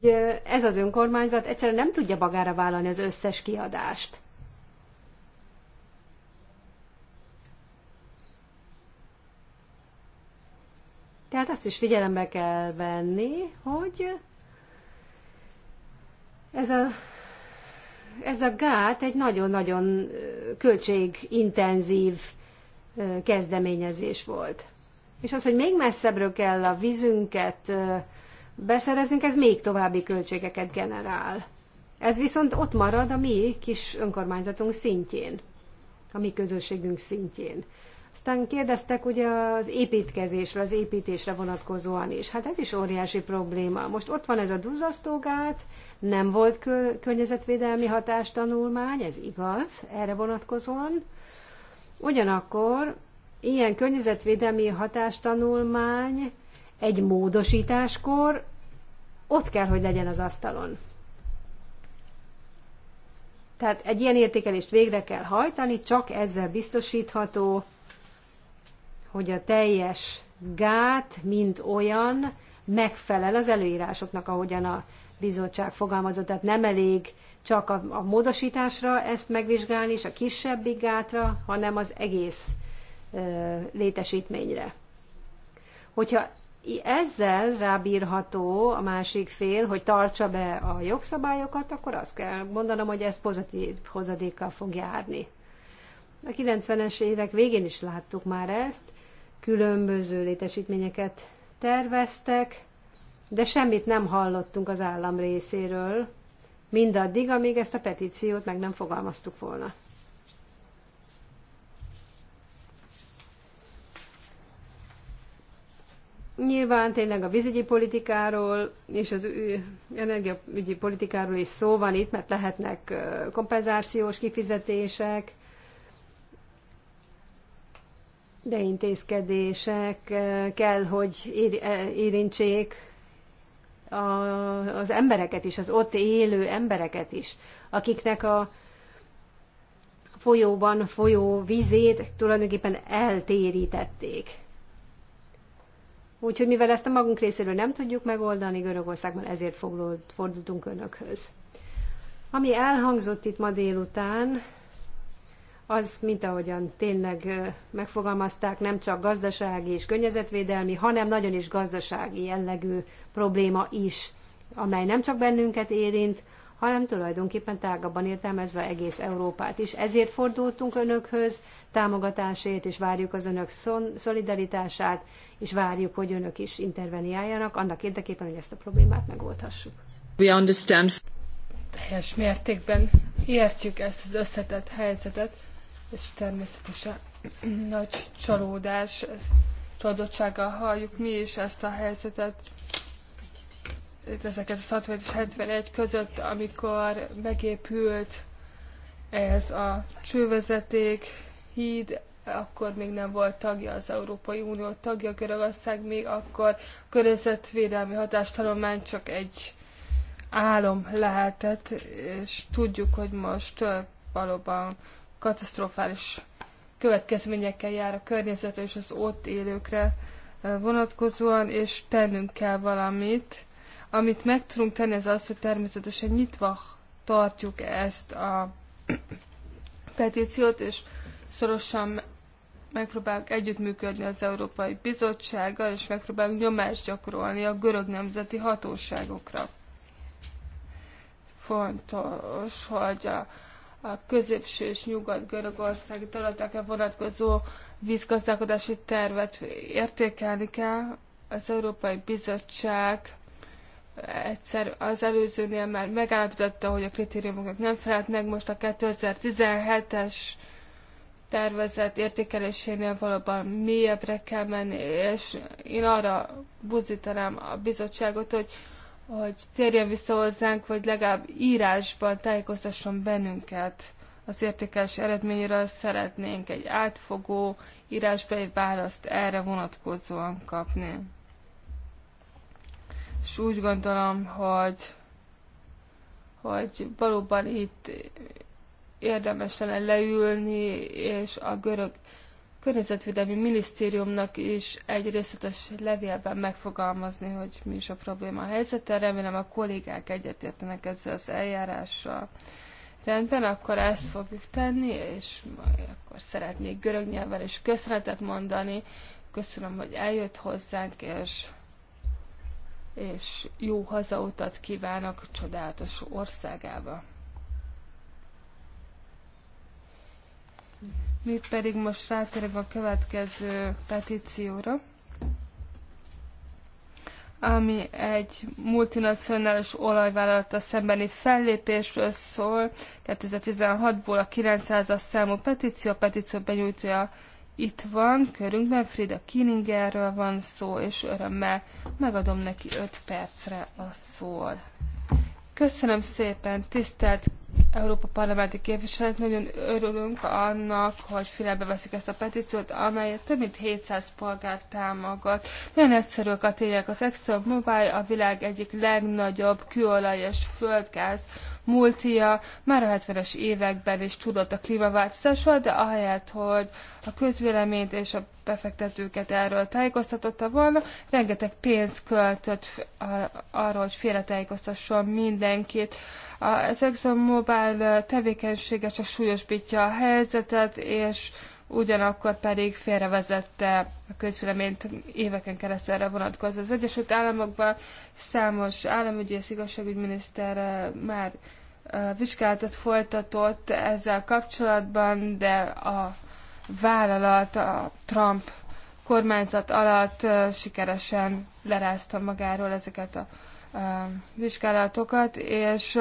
hogy ez az önkormányzat egyszerűen nem tudja magára vállalni az összes kiadást. Tehát azt is figyelembe kell venni, hogy ez a, ez a gát egy nagyon-nagyon költségintenzív kezdeményezés volt. És az, hogy még messzebbről kell a vízünket beszerezünk, ez még további költségeket generál. Ez viszont ott marad a mi kis önkormányzatunk szintjén, a mi közösségünk szintjén. Aztán kérdeztek ugye az építkezésre, az építésre vonatkozóan is. Hát ez is óriási probléma. Most ott van ez a duzzasztógát, nem volt környezetvédelmi hatástanulmány, ez igaz, erre vonatkozóan. Ugyanakkor ilyen környezetvédelmi hatástanulmány egy módosításkor ott kell, hogy legyen az asztalon. Tehát egy ilyen értékelést végre kell hajtani, csak ezzel biztosítható, hogy a teljes gát, mint olyan, megfelel az előírásoknak, ahogyan a bizottság fogalmazott. Tehát nem elég csak a, a módosításra ezt megvizsgálni, és a kisebbik gátra, hanem az egész ö, létesítményre. Hogyha ezzel rábírható a másik fél, hogy tartsa be a jogszabályokat, akkor azt kell mondanom, hogy ez pozitív hozadékkal fog járni. A 90-es évek végén is láttuk már ezt, különböző létesítményeket terveztek, de semmit nem hallottunk az állam részéről, mindaddig, amíg ezt a petíciót meg nem fogalmaztuk volna. Nyilván tényleg a vízügyi politikáról és az energiaügyi politikáról is szó van itt, mert lehetnek kompenzációs kifizetések, de intézkedések eh, kell, hogy eh, érintsék az embereket is, az ott élő embereket is, akiknek a folyóban folyó vizét tulajdonképpen eltérítették. Úgyhogy mivel ezt a magunk részéről nem tudjuk megoldani Görögországban, ezért fordultunk önökhöz. Ami elhangzott itt ma délután, az, mint ahogyan tényleg megfogalmazták, nem csak gazdasági és környezetvédelmi, hanem nagyon is gazdasági jellegű probléma is, amely nem csak bennünket érint, hanem tulajdonképpen tágabban értelmezve egész Európát is. Ezért fordultunk önökhöz támogatásért, és várjuk az önök szolidaritását, és várjuk, hogy önök is interveniáljanak, annak érdekében, hogy ezt a problémát megoldhassuk. We understand. Teljes mértékben értjük ezt az összetett helyzetet, és természetesen [CLEARS THROAT] nagy csalódás, csalódottsággal halljuk mi is ezt a helyzetet, ezeket a 60 és 71 között, amikor megépült ez a csővezeték, híd, akkor még nem volt tagja az Európai Unió tagja, Görögország még akkor környezetvédelmi hatástanulmány csak egy álom lehetett, és tudjuk, hogy most valóban katasztrofális következményekkel jár a környezetre és az ott élőkre vonatkozóan, és tennünk kell valamit. Amit meg tudunk tenni, ez az, hogy természetesen nyitva tartjuk ezt a [CLEARS THROAT] petíciót, és szorosan megpróbálunk együttműködni az Európai Bizottsággal, és megpróbálunk nyomást gyakorolni a görög nemzeti hatóságokra. Fontos, hogy a a középső és nyugat-görögországi területekre vonatkozó vízgazdálkodási tervet értékelni kell. Az Európai Bizottság egyszer az előzőnél már megállapította, hogy a kritériumoknak nem felelt meg, most a 2017-es tervezett értékelésénél valóban mélyebbre kell menni, és én arra buzdítanám a bizottságot, hogy hogy térjen vissza hozzánk, vagy legalább írásban tájékoztasson bennünket az értékelés eredményről szeretnénk egy átfogó írásbeli választ erre vonatkozóan kapni. És úgy gondolom, hogy, hogy valóban itt érdemes lenne leülni, és a görög környezetvédelmi minisztériumnak is egy részletes levélben megfogalmazni, hogy mi is a probléma a helyzete. Remélem a kollégák egyetértenek ezzel az eljárással. Rendben, akkor ezt fogjuk tenni, és akkor szeretnék görög nyelven is köszönetet mondani. Köszönöm, hogy eljött hozzánk, és, és jó hazautat kívánok csodálatos országába. Mm-hmm. Mi pedig most rátérünk a következő petícióra, ami egy multinacionális olajvállalata szembeni fellépésről szól. 2016-ból a 900-as számú petíció, a petíció benyújtója itt van, körünkben Frida Kiningerről van szó, és örömmel megadom neki 5 percre a szót. Köszönöm szépen, tisztelt Európa Parlamenti képviselőt. Nagyon örülünk annak, hogy filebe veszik ezt a petíciót, amelyet több mint 700 polgár támogat. Milyen egyszerűek a tények. Az Exxon Mobile a világ egyik legnagyobb kőolaj és földgáz múltja már a 70-es években is tudott a klímaváltozásról, de ahelyett, hogy a közvéleményt és a befektetőket erről tájékoztatotta volna, rengeteg pénzt költött arra, hogy félretájékoztasson mindenkit. Az ExxonMobil tevékenysége csak súlyosbítja a helyzetet, és ugyanakkor pedig félrevezette a közvéleményt éveken keresztül erre vonatkozva. Az Egyesült Államokban számos államügyi és igazságügyminiszter már vizsgálatot folytatott ezzel kapcsolatban, de a vállalat a Trump kormányzat alatt sikeresen lerázta magáról ezeket a vizsgálatokat, és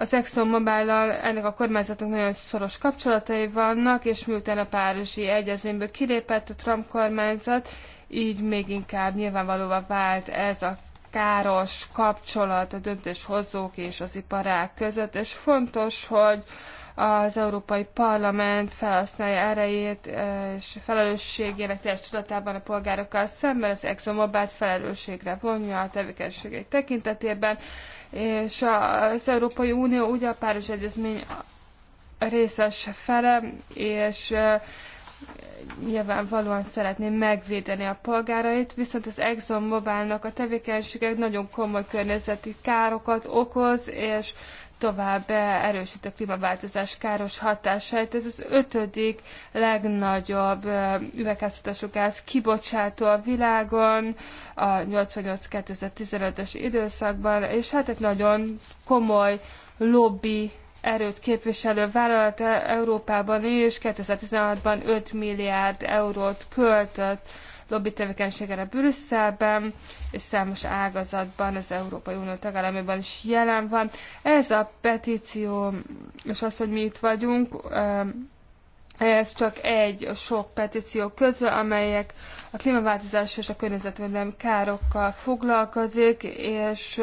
az Exxon mobile al ennek a kormányzatnak nagyon szoros kapcsolatai vannak, és miután a Párizsi egyezményből kilépett a Trump kormányzat, így még inkább nyilvánvalóan vált ez a káros kapcsolat a döntéshozók és az iparák között, és fontos, hogy az Európai Parlament felhasználja erejét és felelősségének teljes tudatában a polgárokkal szemben az exxonmobil felelősségre vonja a tevékenységei tekintetében, és az Európai Unió ugye a Páros Egyezmény részes fele, és nyilvánvalóan szeretném megvédeni a polgárait, viszont az ExxonMobilnak a tevékenységek nagyon komoly környezeti károkat okoz, és tovább erősít a klímaváltozás káros hatásait. Ez az ötödik legnagyobb üvegházhatású gáz kibocsátó a világon a 88-2015-es időszakban, és hát egy nagyon komoly lobby erőt képviselő vállalat Európában is 2016-ban 5 milliárd eurót költött lobby tevékenységére Brüsszelben és számos ágazatban, az Európai Unió tagállamában is jelen van. Ez a petíció, és az, hogy mi itt vagyunk, ez csak egy sok petíció közül, amelyek a klímaváltozás és a környezetvédelmi károkkal foglalkozik, és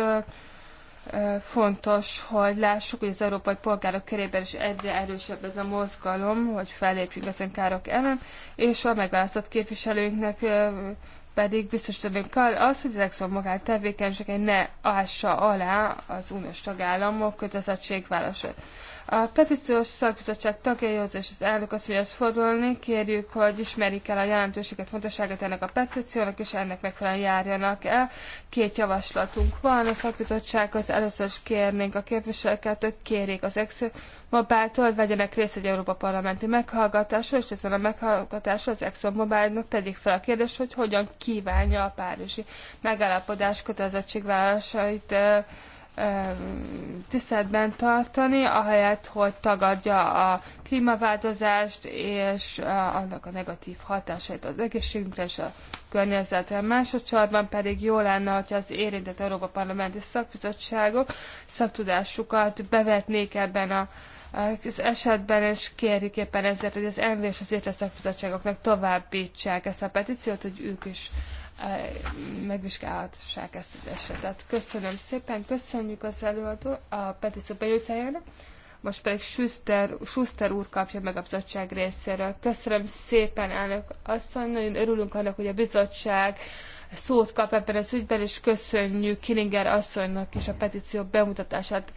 fontos, hogy lássuk, hogy az európai polgárok körében is egyre erősebb ez a mozgalom, hogy fellépjünk ezen károk ellen, és a megválasztott képviselőinknek pedig biztos kell az, hogy az szóval Exxon magán tevékenységei ne ássa alá az uniós tagállamok kötelezettségvállalását. A petíciós szakbizottság tagjaihoz és az elnökhoz fordulni kérjük, hogy ismerik el a jelentőséget, fontosságát ennek a petíciónak, és ennek megfelelően járjanak el. Két javaslatunk van. A szakbizottsághoz először is kérnénk a képviselőket, hogy kérjék az ex Mobiltól vegyenek részt egy Európa Parlamenti meghallgatáson, és ezen a meghallgatáson az Exxon Mobilnak tegyék fel a kérdést, hogy hogyan kívánja a párizsi megállapodás kötelezettségvállalásait tiszteletben tartani, ahelyett, hogy tagadja a klímaváltozást és annak a negatív hatásait az egészségünkre és a környezetre. Másodszorban pedig jó lenne, hogyha az érintett Európa Parlamenti szakbizottságok szaktudásukat bevetnék ebben a az esetben, is kérjük éppen ezért, hogy az MV és az Értelszakbizottságoknak továbbítsák ezt a petíciót, hogy ők is megvizsgálhassák ezt az esetet. Köszönöm szépen, köszönjük az előadó, a petíció bejutájának. Most pedig Schuster, Schuster úr kapja meg a bizottság részéről. Köszönöm szépen, elnök asszony, nagyon örülünk annak, hogy a bizottság szót kap ebben az ügyben, és köszönjük Killinger asszonynak is a petíció bemutatását.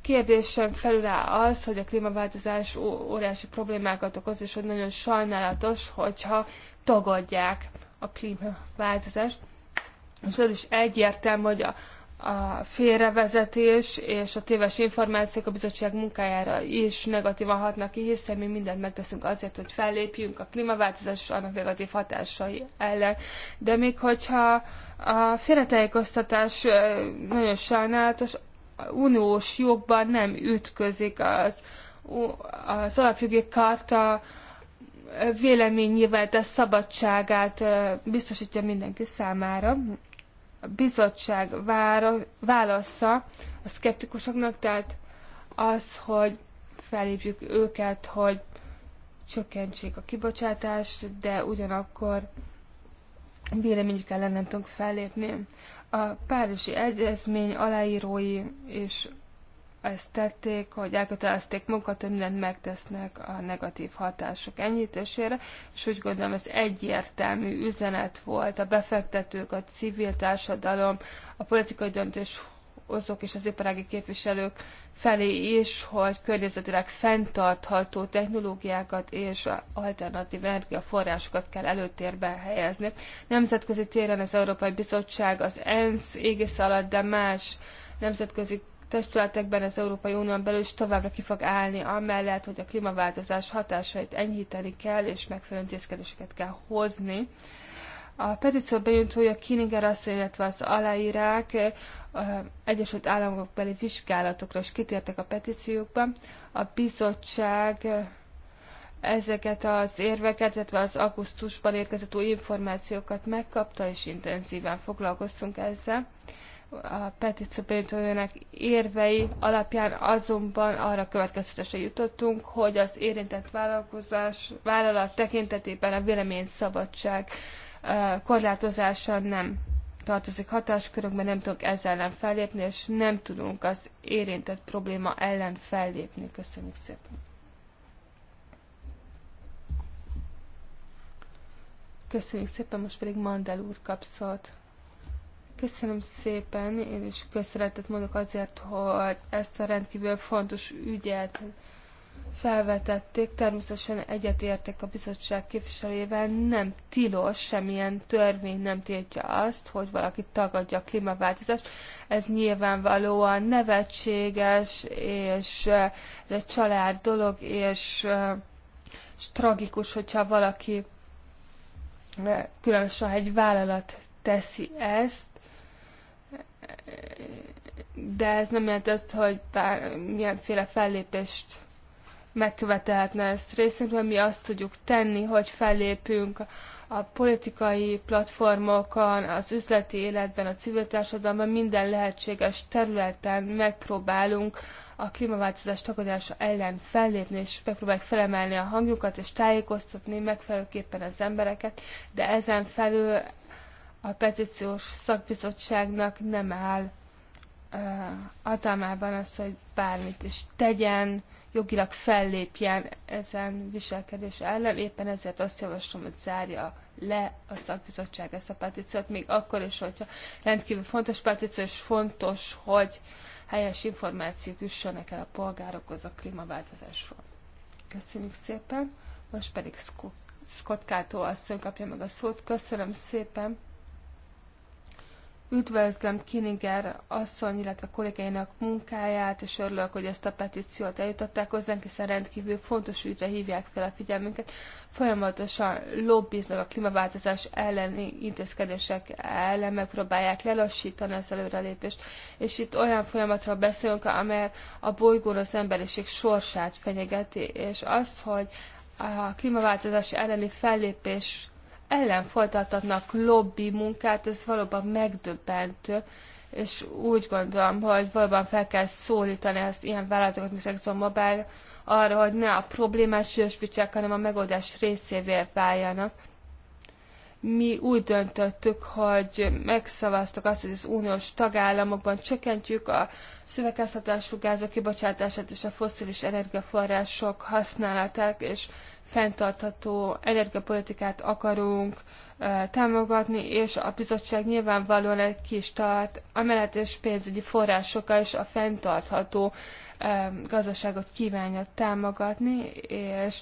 Kérdésem felül áll az, hogy a klímaváltozás óriási problémákat okoz, és hogy nagyon sajnálatos, hogyha tagadják a klímaváltozást. És az is egyértelmű, hogy a, a félrevezetés és a téves információk a bizottság munkájára is negatívan hatnak ki, hiszen mi mindent megteszünk azért, hogy fellépjünk a klímaváltozás és annak negatív hatásai ellen. De még hogyha a félretájékoztatás nagyon sajnálatos, uniós jogban nem ütközik az, az alapjogi karta véleménynyilvánítás szabadságát biztosítja mindenki számára. A bizottság vára, válasza a szkeptikusoknak, tehát az, hogy felhívjuk őket, hogy csökkentsék a kibocsátást, de ugyanakkor véleményük ellen nem tudunk fellépni. A Párizsi Egyezmény aláírói és ezt tették, hogy elkötelezték magukat, hogy mindent megtesznek a negatív hatások enyhítésére, és úgy gondolom ez egyértelmű üzenet volt a befektetők, a civil társadalom, a politikai döntés azok és az iparági képviselők felé is, hogy környezetileg fenntartható technológiákat és alternatív energiaforrásokat kell előtérbe helyezni. Nemzetközi téren az Európai Bizottság, az ENSZ égész alatt, de más nemzetközi testületekben az Európai Unión belül is továbbra ki fog állni, amellett, hogy a klímaváltozás hatásait enyhíteni kell, és megfelelő intézkedéseket kell hozni. A petíció bejöntője Kininger asszony, illetve az aláírák Egyesült Államok beli vizsgálatokra is kitértek a petíciókban. A bizottság ezeket az érveket, illetve az augusztusban érkezett új információkat megkapta, és intenzíven foglalkoztunk ezzel a petíció érvei alapján azonban arra következtetésre jutottunk, hogy az érintett vállalkozás vállalat tekintetében a véleményszabadság korlátozása nem tartozik hatáskörökben, nem tudunk ezzel ellen fellépni, és nem tudunk az érintett probléma ellen fellépni. Köszönjük szépen! Köszönjük szépen, most pedig Mandel úr kapszott. Köszönöm szépen, én is köszönetet mondok azért, hogy ezt a rendkívül fontos ügyet felvetették. Természetesen egyetértek a bizottság képviselőjével, nem tilos, semmilyen törvény nem tiltja azt, hogy valaki tagadja a klímaváltozást. Ez nyilvánvalóan nevetséges, és eh, ez egy család dolog, és, eh, és tragikus, hogyha valaki, eh, különösen egy vállalat teszi ezt, de ez nem jelenti azt, hogy bár milyenféle fellépést megkövetelhetne ezt mert Mi azt tudjuk tenni, hogy fellépünk a politikai platformokon, az üzleti életben, a civil társadalomban, minden lehetséges területen megpróbálunk a klímaváltozás tagadása ellen fellépni, és megpróbáljuk felemelni a hangjukat, és tájékoztatni megfelelőképpen az embereket, de ezen felül a petíciós szakbizottságnak nem áll hatalmában az, hogy bármit is tegyen, jogilag fellépjen ezen viselkedés ellen. Éppen ezért azt javaslom, hogy zárja le a szakbizottság ezt a petíciót, még akkor is, hogyha rendkívül fontos petíció, és fontos, hogy helyes információk jussanak el a polgárokhoz a klímaváltozásról. Köszönjük szépen. Most pedig Scott Kátó asszony kapja meg a szót. Köszönöm szépen. Üdvözlöm Kininger asszony, illetve kollégáinak munkáját, és örülök, hogy ezt a petíciót eljutották hozzánk, hiszen rendkívül fontos ügyre hívják fel a figyelmünket. Folyamatosan lobbiznak a klímaváltozás elleni intézkedések ellen, megpróbálják lelassítani az előrelépést, és itt olyan folyamatról beszélünk, amely a bolygón az emberiség sorsát fenyegeti, és az, hogy a klímaváltozás elleni fellépés ellen folytatnak lobby munkát, ez valóban megdöbbentő, és úgy gondolom, hogy valóban fel kell szólítani ezt ilyen vállalatokat, mint Exxon Mobil, arra, hogy ne a problémás sősbicsek, hanem a megoldás részévé váljanak. Mi úgy döntöttük, hogy megszavaztuk azt, hogy az uniós tagállamokban csökkentjük a szövegházhatású gázok kibocsátását és a foszilis energiaforrások használatát, és fenntartható energiapolitikát akarunk támogatni, és a bizottság nyilvánvalóan egy kis tart, amellett és pénzügyi forrásokkal is a fenntartható gazdaságot kívánja támogatni, és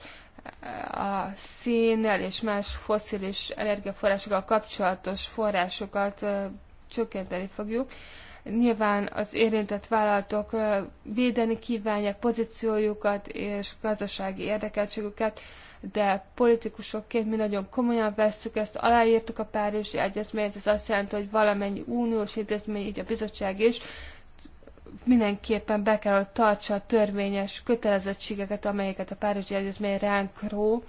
a szénnel és más foszilis energiaforrásokkal kapcsolatos forrásokat csökkenteni fogjuk. Nyilván az érintett vállalatok védeni kívánják pozíciójukat és gazdasági érdekeltségüket, de politikusokként mi nagyon komolyan vesszük ezt, aláírtuk a Párizsi Egyezményt, ez azt jelenti, hogy valamennyi uniós intézmény, így a bizottság is, mindenképpen be kell, hogy tartsa a törvényes kötelezettségeket, amelyeket a Párizsi Egyezmény ránk ró,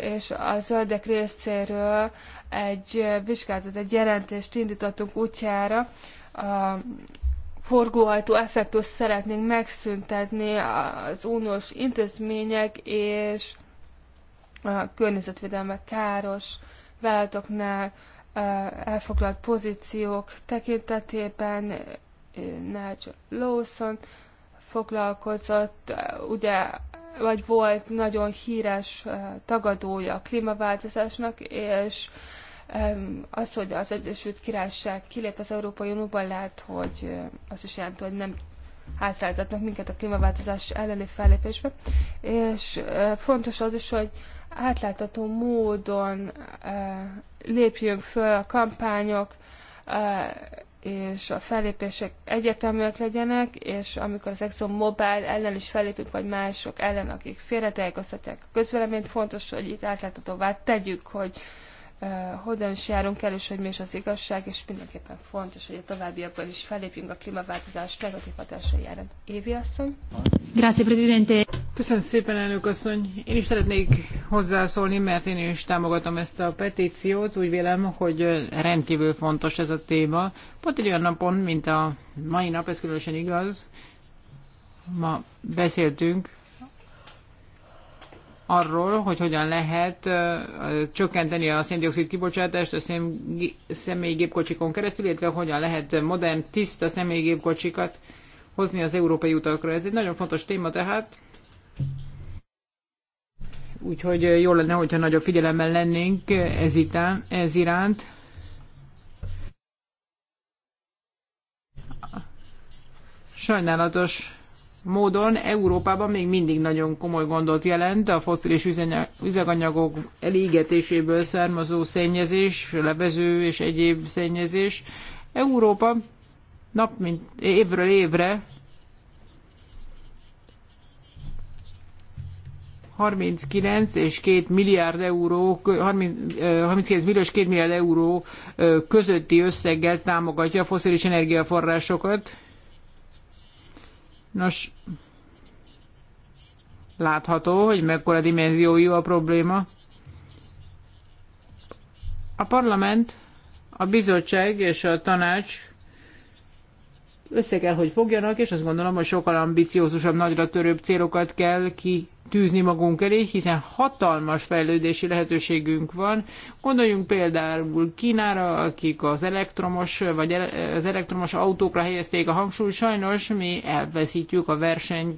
és a zöldek részéről egy vizsgálatot, egy jelentést indítottunk útjára, a forgóajtó effektust szeretnénk megszüntetni az uniós intézmények és a környezetvédelme káros vállalatoknál elfoglalt pozíciók tekintetében Nigel Lawson foglalkozott, ugye, vagy volt nagyon híres tagadója a klímaváltozásnak, és az, hogy az Egyesült Királyság kilép az Európai Unióban, lehet, hogy az is jelenti, hogy nem hátráltatnak minket a klímaváltozás elleni fellépésbe. És fontos az is, hogy átlátható módon lépjünk föl a kampányok, és a fellépések egyeteműek legyenek, és amikor az Exxon Mobile ellen is fellépünk, vagy mások ellen, akik félretelkoztatják a közvéleményt, fontos, hogy itt átláthatóvá tegyük, hogy hogyan is járunk el, és hogy mi is az igazság, és mindenképpen fontos, hogy a továbbiakban is felépjünk a klímaváltozás negatív hatásai jelent Évi asszony. Grazie, Presidente. Köszönöm szépen, elnök asszony. Én is szeretnék hozzászólni, mert én is támogatom ezt a petíciót. Úgy vélem, hogy rendkívül fontos ez a téma. Pont egy olyan napon, mint a mai nap, ez különösen igaz, ma beszéltünk arról, hogy hogyan lehet csökkenteni a széndiokszid kibocsátást a szém, személygépkocsikon keresztül, illetve hogyan lehet modern, tiszta személygépkocsikat hozni az európai utakra. Ez egy nagyon fontos téma tehát, úgyhogy jó lenne, hogyha nagyobb figyelemmel lennénk ez, itán, ez iránt. Sajnálatos módon Európában még mindig nagyon komoly gondot jelent a fosszilis üzeganyagok elégetéséből származó szennyezés, levező és egyéb szennyezés. Európa nap mint évről évre 39 és 2 milliárd euró, 39 millió és 2 milliárd euró közötti összeggel támogatja a foszilis energiaforrásokat, Nos, látható, hogy mekkora dimenziójú a probléma. A parlament, a bizottság és a tanács össze kell, hogy fogjanak, és azt gondolom, hogy sokkal ambiciózusabb, nagyra törőbb célokat kell ki tűzni magunk elé, hiszen hatalmas fejlődési lehetőségünk van. Gondoljunk például Kínára, akik az elektromos, vagy az elektromos autókra helyezték a hangsúlyt. Sajnos mi elveszítjük a verseny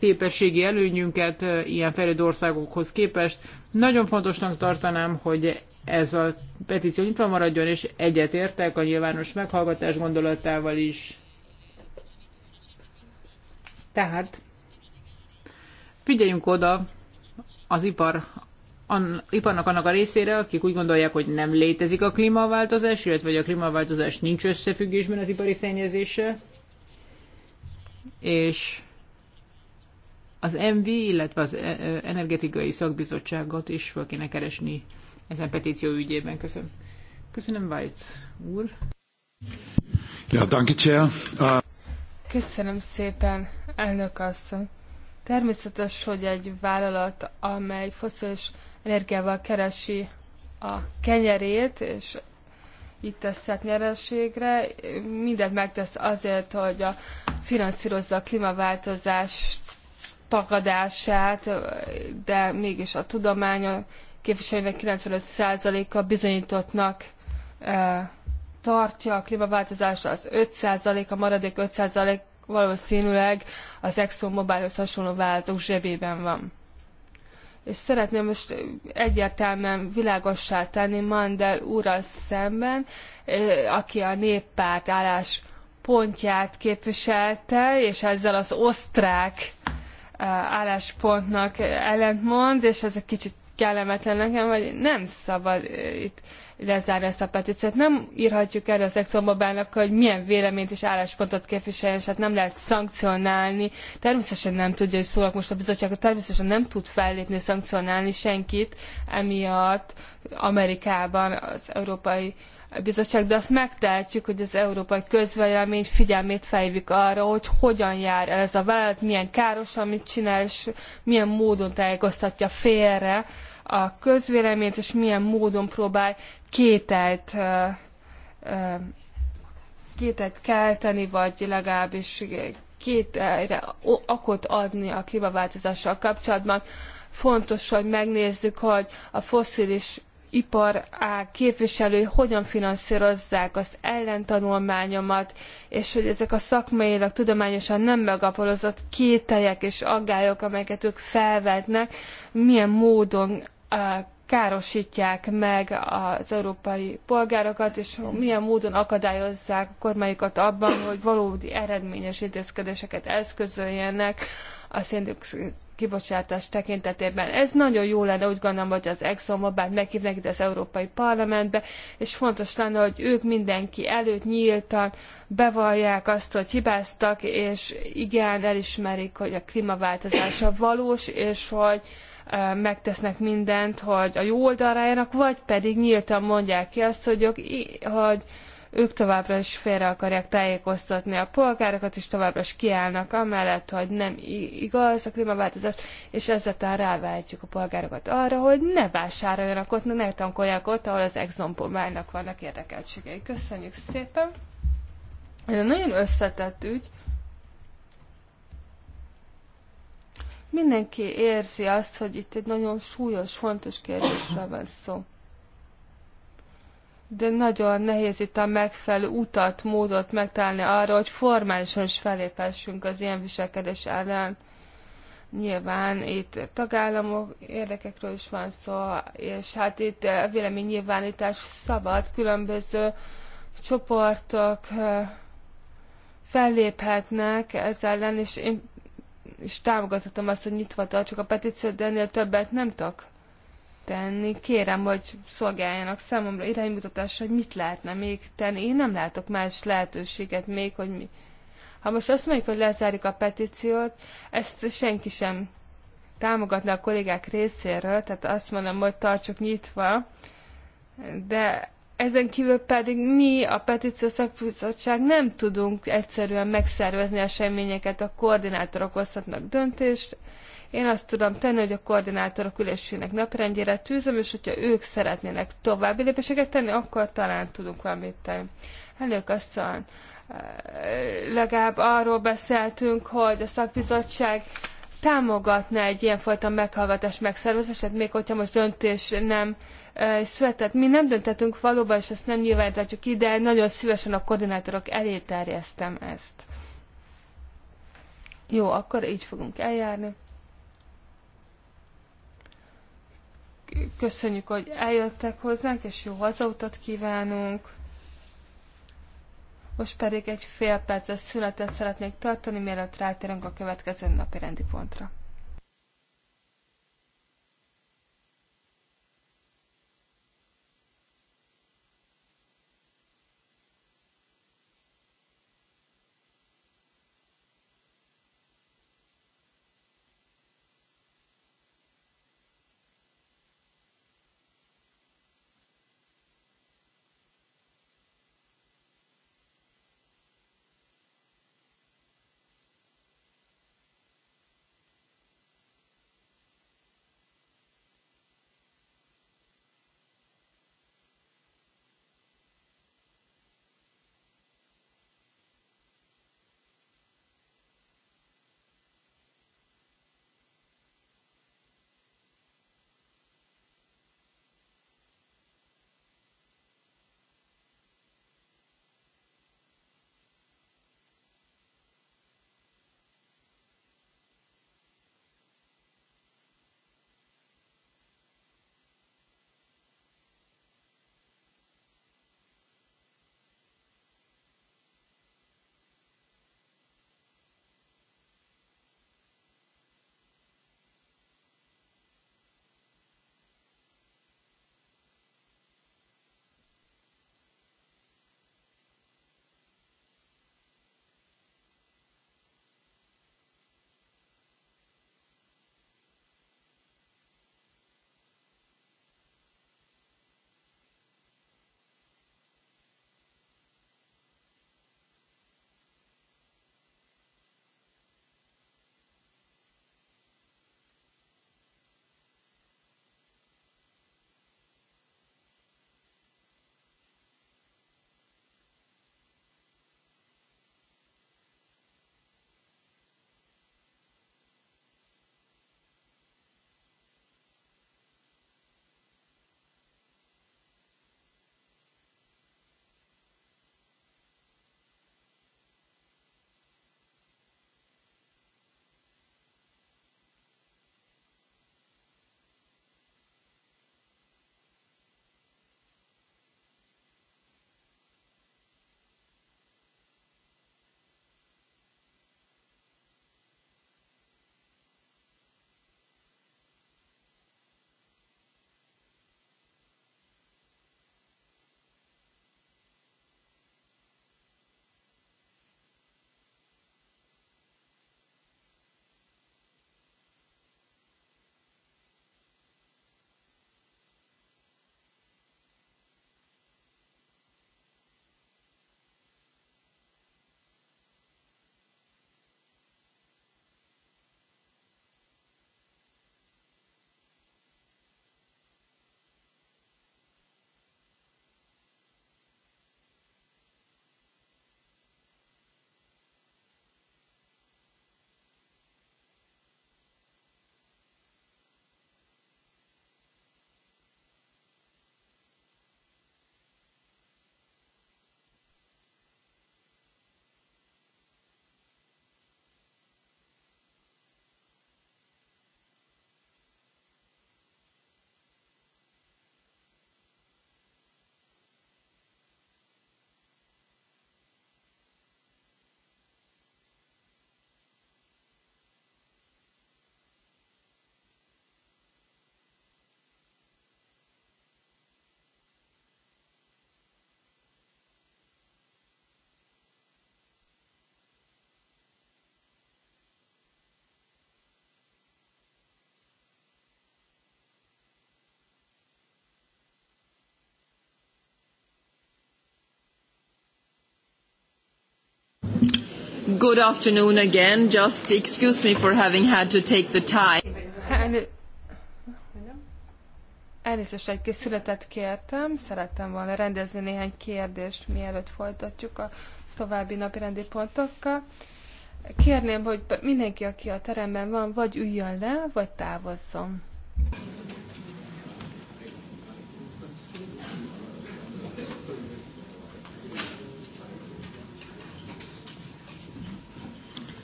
képességi előnyünket ilyen fejlődő országokhoz képest. Nagyon fontosnak tartanám, hogy ez a petíció nyitva maradjon, és egyetértek a nyilvános meghallgatás gondolatával is. Tehát Figyeljünk oda az ipar, an, iparnak annak a részére, akik úgy gondolják, hogy nem létezik a klímaváltozás, illetve a klímaváltozás nincs összefüggésben az ipari szennyezése. És az MV, illetve az e- e- Energetikai Szakbizottságot is fel kéne keresni ezen petíció ügyében. Köszönöm. Köszönöm, Weitz úr. Ja, danke, Uh... Köszönöm szépen, elnök asszony. Természetes, hogy egy vállalat, amely foszilis energiával keresi a kenyerét, és itt teszett nyereségre, mindent megtesz azért, hogy a finanszírozza a klímaváltozás tagadását, de mégis a tudomány képviselőnek 95%-a bizonyítottnak e, tartja a klímaváltozást, az 5%, a maradék 5% valószínűleg az Exxon Mobilhoz hasonló vállalatok zsebében van. És szeretném most egyértelműen világossá tenni Mandel úrral szemben, aki a néppárt állás pontját képviselte, és ezzel az osztrák álláspontnak ellentmond, és ez egy kicsit kellemetlen nekem, vagy nem szabad itt lezárni ezt a petíciót. Nem írhatjuk erre az exomobának, hogy milyen véleményt és álláspontot képviseljen, és hát nem lehet szankcionálni. Természetesen nem tudja, hogy szólok most a bizottság, természetesen nem tud fellépni, szankcionálni senkit, emiatt Amerikában az Európai bizottság, de azt megtehetjük, hogy az európai közvélemény figyelmét fejvik arra, hogy hogyan jár el ez a vállalat, milyen káros, amit csinál, és milyen módon tájékoztatja félre a közvéleményt, és milyen módon próbál kételt kételt kelteni, vagy legalábbis kételre okot adni a klímaváltozással kapcsolatban. Fontos, hogy megnézzük, hogy a fosszilis ipar képviselői hogyan finanszírozzák az ellentanulmányomat, és hogy ezek a szakmailag tudományosan nem megapolozott kételyek és aggályok, amelyeket ők felvetnek, milyen módon károsítják meg az európai polgárokat, és milyen módon akadályozzák a kormányokat abban, hogy valódi eredményes intézkedéseket eszközöljenek a széndiokszid kibocsátás tekintetében. Ez nagyon jó lenne, úgy gondolom, hogy az Exxon, t meghívnak ide az Európai Parlamentbe, és fontos lenne, hogy ők mindenki előtt nyíltan bevallják azt, hogy hibáztak, és igen, elismerik, hogy a klímaváltozása valós, és hogy megtesznek mindent, hogy a jó oldalra álljanak, vagy pedig nyíltan mondják ki azt, hogy, ők, hogy ők továbbra is félre akarják tájékoztatni a polgárokat, és továbbra is kiállnak amellett, hogy nem igaz a klímaváltozás, és ezzel ráváltjuk a polgárokat arra, hogy ne vásároljanak ott, ne tankolják ott, ahol az exompomának vannak érdekeltségei. Köszönjük szépen! Ez egy nagyon összetett ügy, mindenki érzi azt, hogy itt egy nagyon súlyos, fontos kérdésről van szó. De nagyon nehéz itt a megfelelő utat, módot megtalálni arra, hogy formálisan is felépessünk az ilyen viselkedés ellen. Nyilván itt tagállamok érdekekről is van szó, és hát itt a véleménynyilvánítás szabad, különböző csoportok felléphetnek ezzel ellen, és én és támogathatom azt, hogy nyitva tartsuk a petíciót, de ennél többet nem tudok tenni. Kérem, hogy szolgáljanak számomra iránymutatásra, hogy mit lehetne még tenni. Én nem látok más lehetőséget még, hogy mi. Ha most azt mondjuk, hogy lezárjuk a petíciót, ezt senki sem támogatna a kollégák részéről, tehát azt mondom, hogy tartsuk nyitva, de ezen kívül pedig mi, a petíció szakbizottság nem tudunk egyszerűen megszervezni eseményeket, a koordinátorok hozhatnak döntést. Én azt tudom tenni, hogy a koordinátorok ülésének naprendjére tűzöm, és hogyha ők szeretnének további lépéseket tenni, akkor talán tudunk valamit tenni. azt asszony, eh, legalább arról beszéltünk, hogy a szakbizottság támogatná egy ilyenfajta meghallgatás megszervezését, még hogyha most döntés nem született. Mi nem döntetünk valóban, és ezt nem nyilvánítatjuk ide, de nagyon szívesen a koordinátorok elé terjesztem ezt. Jó, akkor így fogunk eljárni. Köszönjük, hogy eljöttek hozzánk, és jó hazautat kívánunk. Most pedig egy fél perces szünetet szeretnék tartani, mielőtt rátérünk a következő napi rendi pontra. Good afternoon again. Just excuse me for having had to take the time. elnézést, egy kis születet kértem. Szerettem volna rendezni néhány kérdést, mielőtt folytatjuk a további napirendi pontokkal. Kérném, hogy mindenki, aki a teremben van, vagy üljön le, vagy távozzon.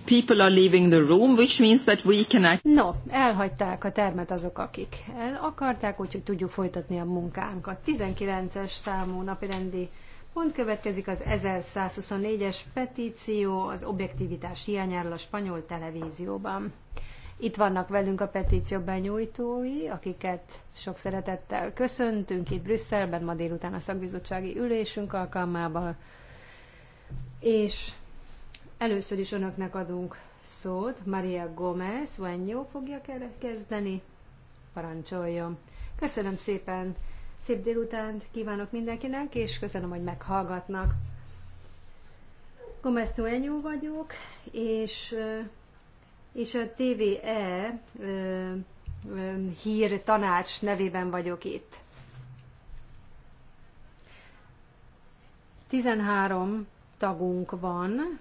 people are leaving the room, which means that we can... No, elhagyták a termet azok, akik el akarták, úgyhogy tudjuk folytatni a munkánkat. 19-es számú napirendi pont következik az 1124-es petíció az objektivitás hiányáról a spanyol televízióban. Itt vannak velünk a petíció benyújtói, akiket sok szeretettel köszöntünk itt Brüsszelben ma délután a szakbizottsági ülésünk alkalmával, és Először is önöknek adunk szót. Maria Gomez, Vanyó fogja kezdeni. Parancsoljon. Köszönöm szépen. Szép délutánt kívánok mindenkinek, és köszönöm, hogy meghallgatnak. Gomez Suenyó vagyok, és, és a TVE hír tanács nevében vagyok itt. 13 tagunk van,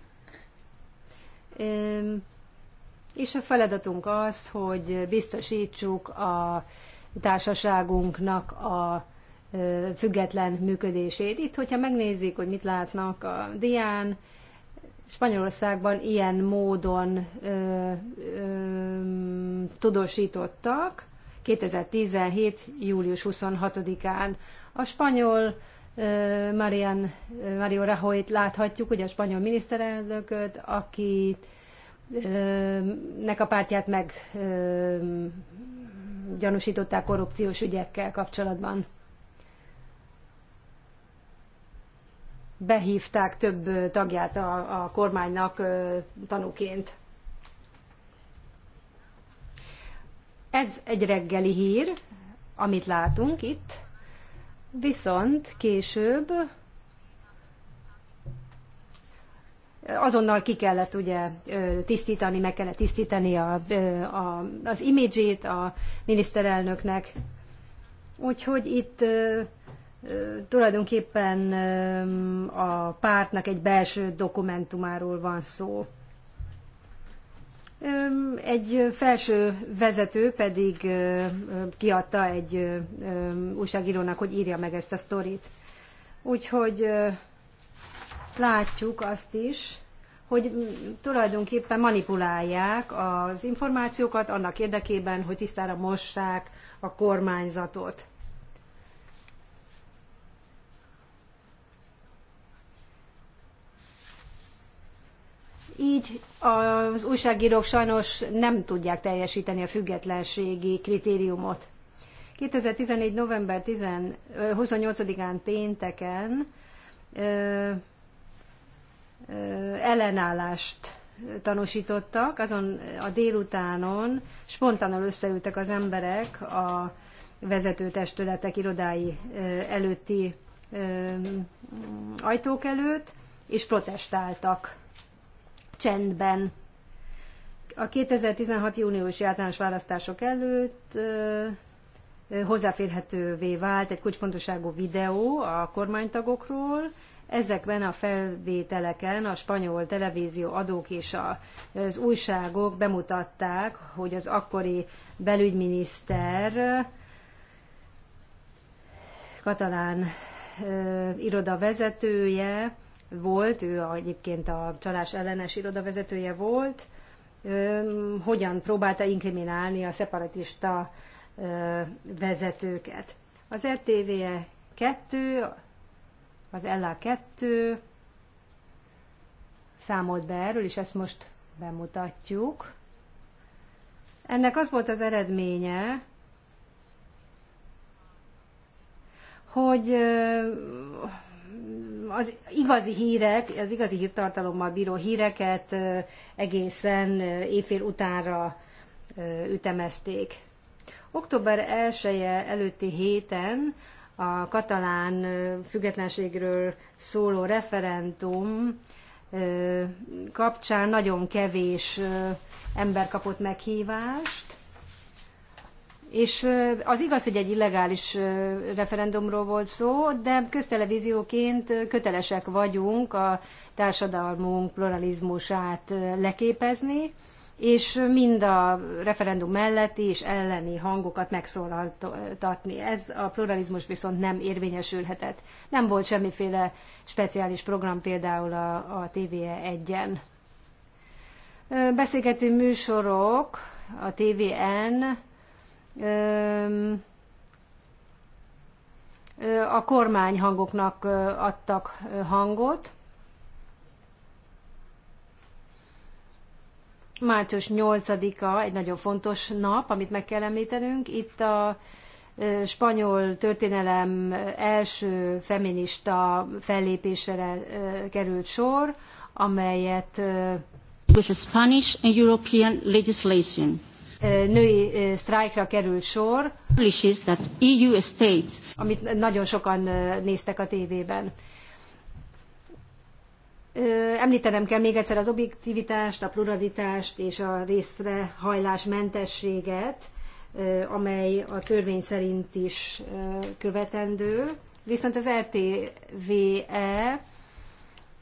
és a feladatunk az, hogy biztosítsuk a társaságunknak a független működését. Itt, hogyha megnézzük, hogy mit látnak a dián, Spanyolországban ilyen módon ö, ö, tudósítottak 2017. július 26-án. A spanyol Marian, Mario Rahoyt láthatjuk, ugye a spanyol miniszterelnököt, aki nek a pártját meg gyanúsították korrupciós ügyekkel kapcsolatban. Behívták több tagját a, a kormánynak tanúként. Ez egy reggeli hír, amit látunk itt. Viszont később azonnal ki kellett ugye tisztítani, meg kellett tisztítani a, a, az imidzsét a miniszterelnöknek. Úgyhogy itt tulajdonképpen a pártnak egy belső dokumentumáról van szó. Egy felső vezető pedig kiadta egy újságírónak, hogy írja meg ezt a sztorit. Úgyhogy látjuk azt is, hogy tulajdonképpen manipulálják az információkat annak érdekében, hogy tisztára mossák a kormányzatot. Így az újságírók sajnos nem tudják teljesíteni a függetlenségi kritériumot. 2014. november 10, 28-án pénteken ö, ö, ellenállást tanúsítottak, azon a délutánon spontánul összeültek az emberek a vezetőtestületek irodái előtti ajtók előtt, és protestáltak csendben. A 2016. júniusi általános választások előtt hozzáférhetővé vált egy kulcsfontosságú videó a kormánytagokról, Ezekben a felvételeken a spanyol televízió adók és az újságok bemutatták, hogy az akkori belügyminiszter katalán ö, iroda vezetője volt, ő egyébként a csalás ellenes irodavezetője volt, hogyan próbálta inkriminálni a szeparatista vezetőket. Az RTV 2, az LA 2 számolt be erről, és ezt most bemutatjuk. Ennek az volt az eredménye, hogy az igazi hírek, az igazi hírtartalommal bíró híreket egészen éjfél utánra ütemezték. Október 1 -e előtti héten a katalán függetlenségről szóló referendum kapcsán nagyon kevés ember kapott meghívást, és az igaz, hogy egy illegális referendumról volt szó, de köztelevízióként kötelesek vagyunk a társadalmunk pluralizmusát leképezni, és mind a referendum melletti és elleni hangokat megszólaltatni. Ez a pluralizmus viszont nem érvényesülhetett. Nem volt semmiféle speciális program például a, a TVE 1-en. Beszélgető műsorok a TVN a kormányhangoknak adtak hangot. Március 8-a egy nagyon fontos nap, amit meg kell említenünk. Itt a spanyol történelem első feminista fellépésére került sor, amelyet with a Spanish and European legislation női sztrájkra került sor, e amit nagyon sokan néztek a tévében. Említenem kell még egyszer az objektivitást, a pluralitást és a részre hajlás mentességet, amely a törvény szerint is követendő. Viszont az RTVE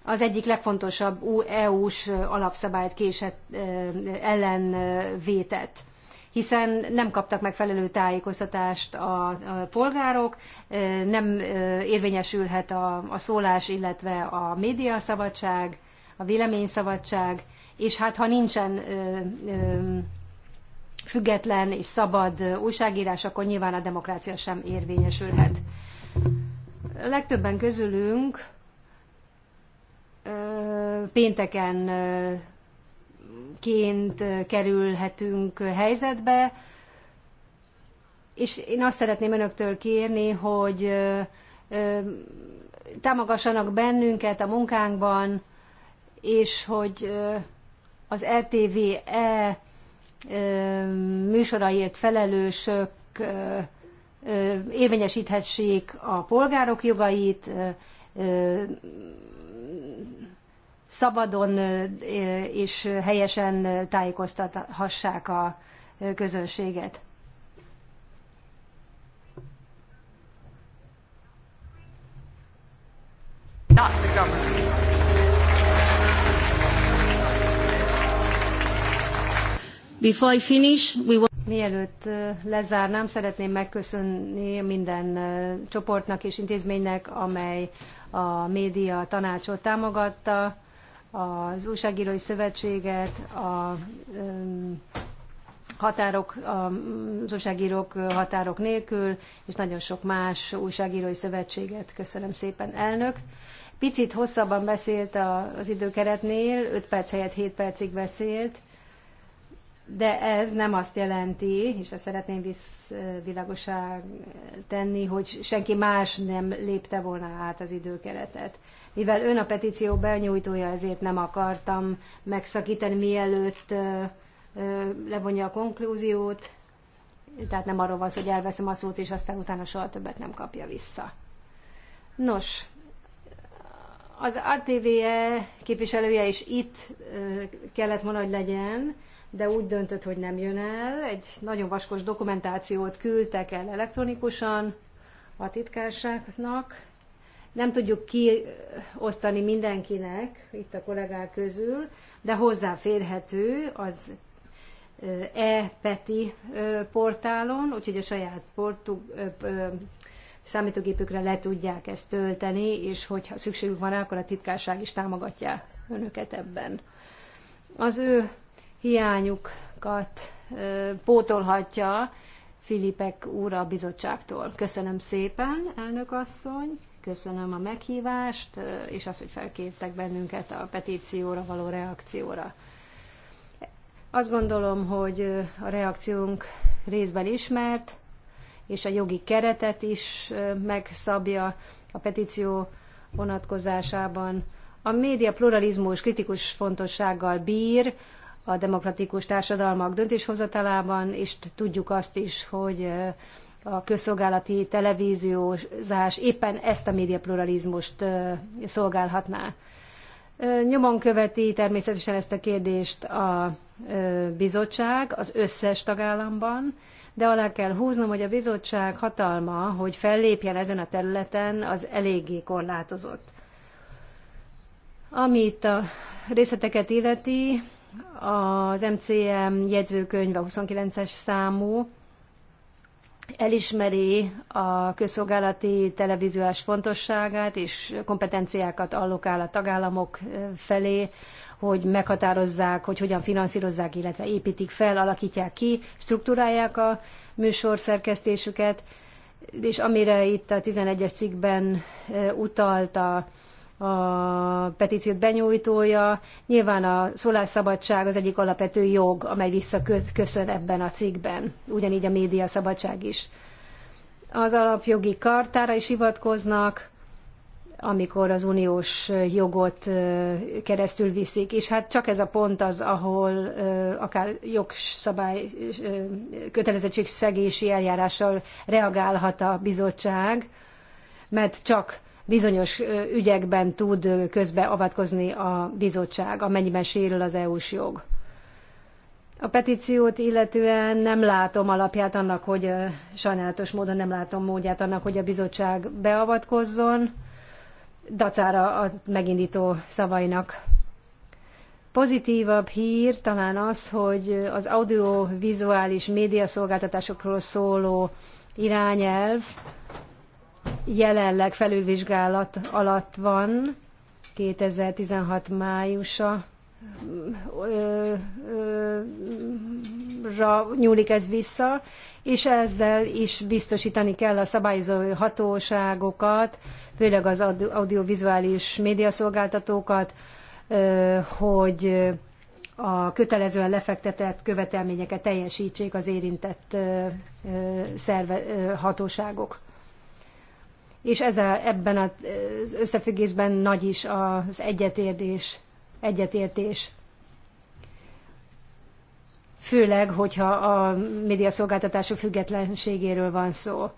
az egyik legfontosabb EU-s alapszabályt késett ellen hiszen nem kaptak megfelelő tájékoztatást a, polgárok, nem érvényesülhet a, a szólás, illetve a médiaszabadság, a véleményszabadság, és hát ha nincsen ö, ö, független és szabad újságírás, akkor nyilván a demokrácia sem érvényesülhet. legtöbben közülünk pénteken ként kerülhetünk helyzetbe, és én azt szeretném önöktől kérni, hogy támogassanak bennünket a munkánkban, és hogy az LTVE műsoraiért felelősök érvényesíthessék a polgárok jogait, szabadon és helyesen tájékoztathassák a közönséget. Before I finish, we will... Mielőtt lezárnám, szeretném megköszönni minden csoportnak és intézménynek, amely a média tanácsot támogatta az újságírói szövetséget, a határok, az újságírók határok nélkül, és nagyon sok más újságírói szövetséget. Köszönöm szépen, elnök. Picit hosszabban beszélt az időkeretnél, 5 perc helyett 7 percig beszélt de ez nem azt jelenti, és ezt szeretném visszvilágosá tenni, hogy senki más nem lépte volna át az időkeretet. Mivel ön a petíció benyújtója, ezért nem akartam megszakítani, mielőtt levonja a konklúziót, tehát nem arról van szó, hogy elveszem a szót, és aztán utána soha többet nem kapja vissza. Nos, az ATV-e képviselője is itt kellett volna, hogy legyen, de úgy döntött, hogy nem jön el. Egy nagyon vaskos dokumentációt küldtek el elektronikusan a titkárságnak. Nem tudjuk kiosztani mindenkinek itt a kollégák közül, de hozzáférhető az e-peti portálon, úgyhogy a saját portug, számítógépükre le tudják ezt tölteni, és hogyha szükségük van rá, akkor a titkárság is támogatja önöket ebben. Az ő hiányukat pótolhatja Filipek úr a bizottságtól. Köszönöm szépen, elnök asszony, köszönöm a meghívást, és azt, hogy felkértek bennünket a petícióra való reakcióra. Azt gondolom, hogy a reakciónk részben ismert, és a jogi keretet is megszabja a petíció vonatkozásában. A média pluralizmus kritikus fontossággal bír, a demokratikus társadalmak döntéshozatalában, és tudjuk azt is, hogy a közszolgálati televíziózás éppen ezt a médiapluralizmust szolgálhatná. Nyomon követi természetesen ezt a kérdést a bizottság az összes tagállamban, de alá kell húznom, hogy a bizottság hatalma, hogy fellépjen ezen a területen, az eléggé korlátozott. Amit a részleteket illeti, az MCM jegyzőkönyve 29-es számú elismeri a közszolgálati televíziós fontosságát és kompetenciákat allokál a tagállamok felé, hogy meghatározzák, hogy hogyan finanszírozzák, illetve építik fel, alakítják ki, struktúrálják a szerkesztésüket, és amire itt a 11-es cikkben utalt a a petíciót benyújtója. Nyilván a szólásszabadság az egyik alapvető jog, amely visszaköszön ebben a cikkben, ugyanígy a média szabadság is. Az alapjogi kartára is hivatkoznak, amikor az uniós jogot keresztül viszik. És hát csak ez a pont az, ahol akár jogszabály kötelezettségszegési eljárással reagálhat a bizottság, mert csak bizonyos ügyekben tud közbeavatkozni a bizottság, amennyiben sérül az EU-s jog. A petíciót illetően nem látom alapját annak, hogy sajnálatos módon nem látom módját annak, hogy a bizottság beavatkozzon, dacára a megindító szavainak. Pozitívabb hír talán az, hogy az audiovizuális médiaszolgáltatásokról szóló irányelv jelenleg felülvizsgálat alatt van, 2016 májusa ö, ö, ra nyúlik ez vissza, és ezzel is biztosítani kell a szabályozó hatóságokat, főleg az audiovizuális médiaszolgáltatókat, ö, hogy a kötelezően lefektetett követelményeket teljesítsék az érintett szerve, hatóságok és ez a ebben az összefüggésben nagy is az egyetértés, egyetértés. Főleg, hogyha a médiaszolgáltatások függetlenségéről van szó.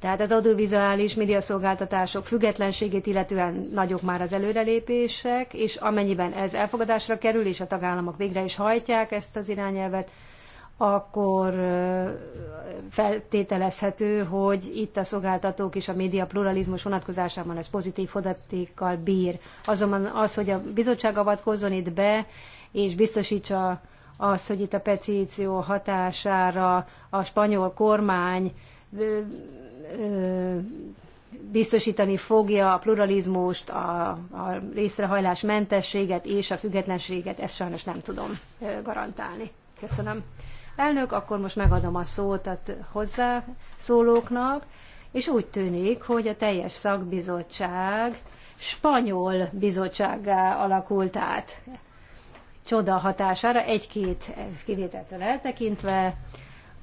Tehát az audiovizuális médiaszolgáltatások függetlenségét illetően nagyok már az előrelépések, és amennyiben ez elfogadásra kerül, és a tagállamok végre is hajtják ezt az irányelvet, akkor feltételezhető, hogy itt a szolgáltatók és a média pluralizmus vonatkozásában ez pozitív hodatékkal bír. Azonban az, hogy a bizottság avatkozzon itt be, és biztosítsa azt, hogy itt a petíció hatására a spanyol kormány biztosítani fogja a pluralizmust, a, a részrehajlás mentességet és a függetlenséget, ezt sajnos nem tudom garantálni. Köszönöm elnök, akkor most megadom a szót a hozzászólóknak, és úgy tűnik, hogy a teljes szakbizottság spanyol bizottsággá alakult át. Csoda hatására, egy-két kivételtől eltekintve,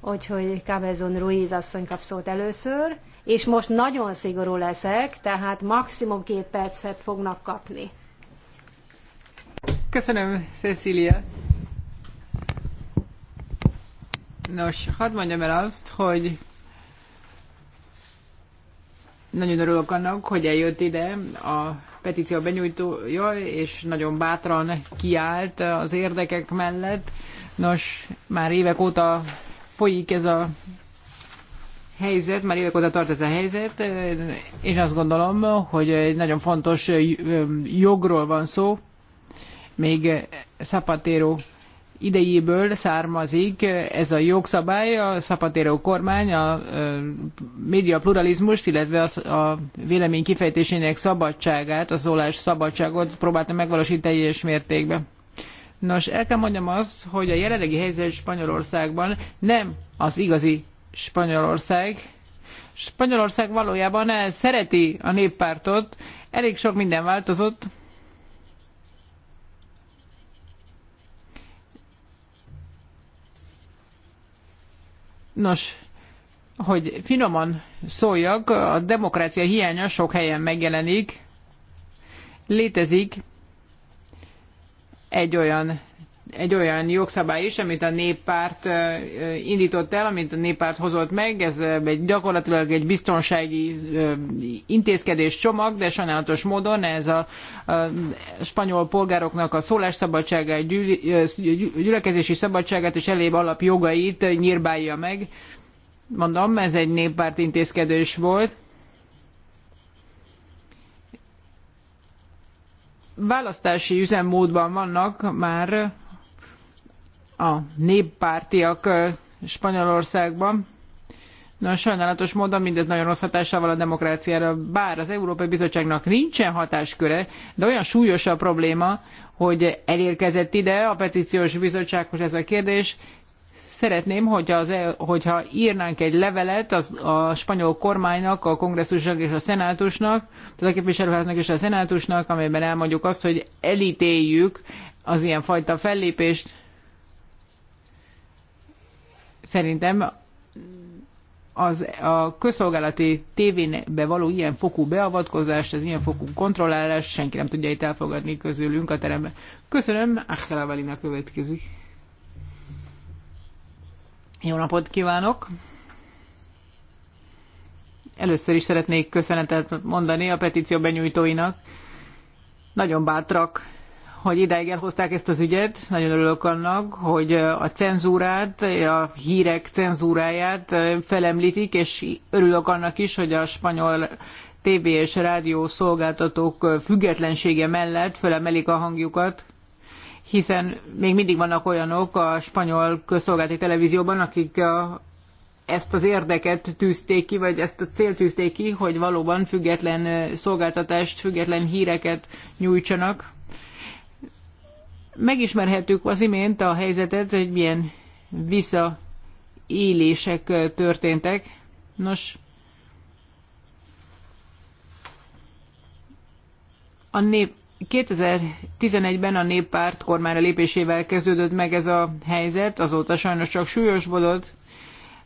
úgyhogy Cabezon Ruiz asszony kap szót először, és most nagyon szigorú leszek, tehát maximum két percet fognak kapni. Köszönöm, Cecilia. Nos, hadd mondjam el azt, hogy nagyon örülök annak, hogy eljött ide a petíció benyújtója, és nagyon bátran kiállt az érdekek mellett. Nos, már évek óta folyik ez a helyzet, már évek óta tart ez a helyzet. Én azt gondolom, hogy egy nagyon fontos jogról van szó. Még Zapatero idejéből származik ez a jogszabály, a Zapatero kormány a média pluralizmust, illetve a vélemény kifejtésének szabadságát, a szólás szabadságot próbálta megvalósítani teljes mértékben. Nos, el kell mondjam azt, hogy a jelenlegi helyzet Spanyolországban nem az igazi Spanyolország. Spanyolország valójában szereti a néppártot, elég sok minden változott, Nos, hogy finoman szóljak, a demokrácia hiánya sok helyen megjelenik. Létezik egy olyan egy olyan jogszabály is, amit a néppárt indított el, amit a néppárt hozott meg, ez egy, gyakorlatilag egy biztonsági intézkedés csomag, de sajnálatos módon ez a, a spanyol polgároknak a szólásszabadságát, gyűl, gyülekezési szabadságát és elébb alapjogait nyírbálja meg. Mondom, ez egy néppárt intézkedés volt, választási üzemmódban vannak már a néppártiak Spanyolországban. Nos, sajnálatos módon mindez nagyon rossz hatással van a demokráciára, bár az Európai Bizottságnak nincsen hatásköre, de olyan súlyos a probléma, hogy elérkezett ide a petíciós bizottsághoz ez a kérdés. Szeretném, hogyha, az, e hogyha írnánk egy levelet az, a spanyol kormánynak, a kongresszusnak és a szenátusnak, tehát a képviselőháznak és a szenátusnak, amelyben elmondjuk azt, hogy elítéljük az ilyen fajta fellépést, szerintem az, a közszolgálati tévébe való ilyen fokú beavatkozást, az ilyen fokú kontrollálást senki nem tudja itt elfogadni közülünk a teremben. Köszönöm, Achel Valina következik. Jó napot kívánok! Először is szeretnék köszönetet mondani a petíció benyújtóinak. Nagyon bátrak hogy idáig elhozták ezt az ügyet. Nagyon örülök annak, hogy a cenzúrát, a hírek cenzúráját felemlítik, és örülök annak is, hogy a spanyol TV és rádió szolgáltatók függetlensége mellett felemelik a hangjukat, hiszen még mindig vannak olyanok a spanyol közszolgálati televízióban, akik a, ezt az érdeket tűzték ki, vagy ezt a célt tűzték ki, hogy valóban független szolgáltatást, független híreket nyújtsanak. Megismerhettük az imént a helyzetet, hogy milyen visszaélések történtek. Nos, a nép 2011-ben a néppárt kormányra lépésével kezdődött meg ez a helyzet, azóta sajnos csak súlyosbodott.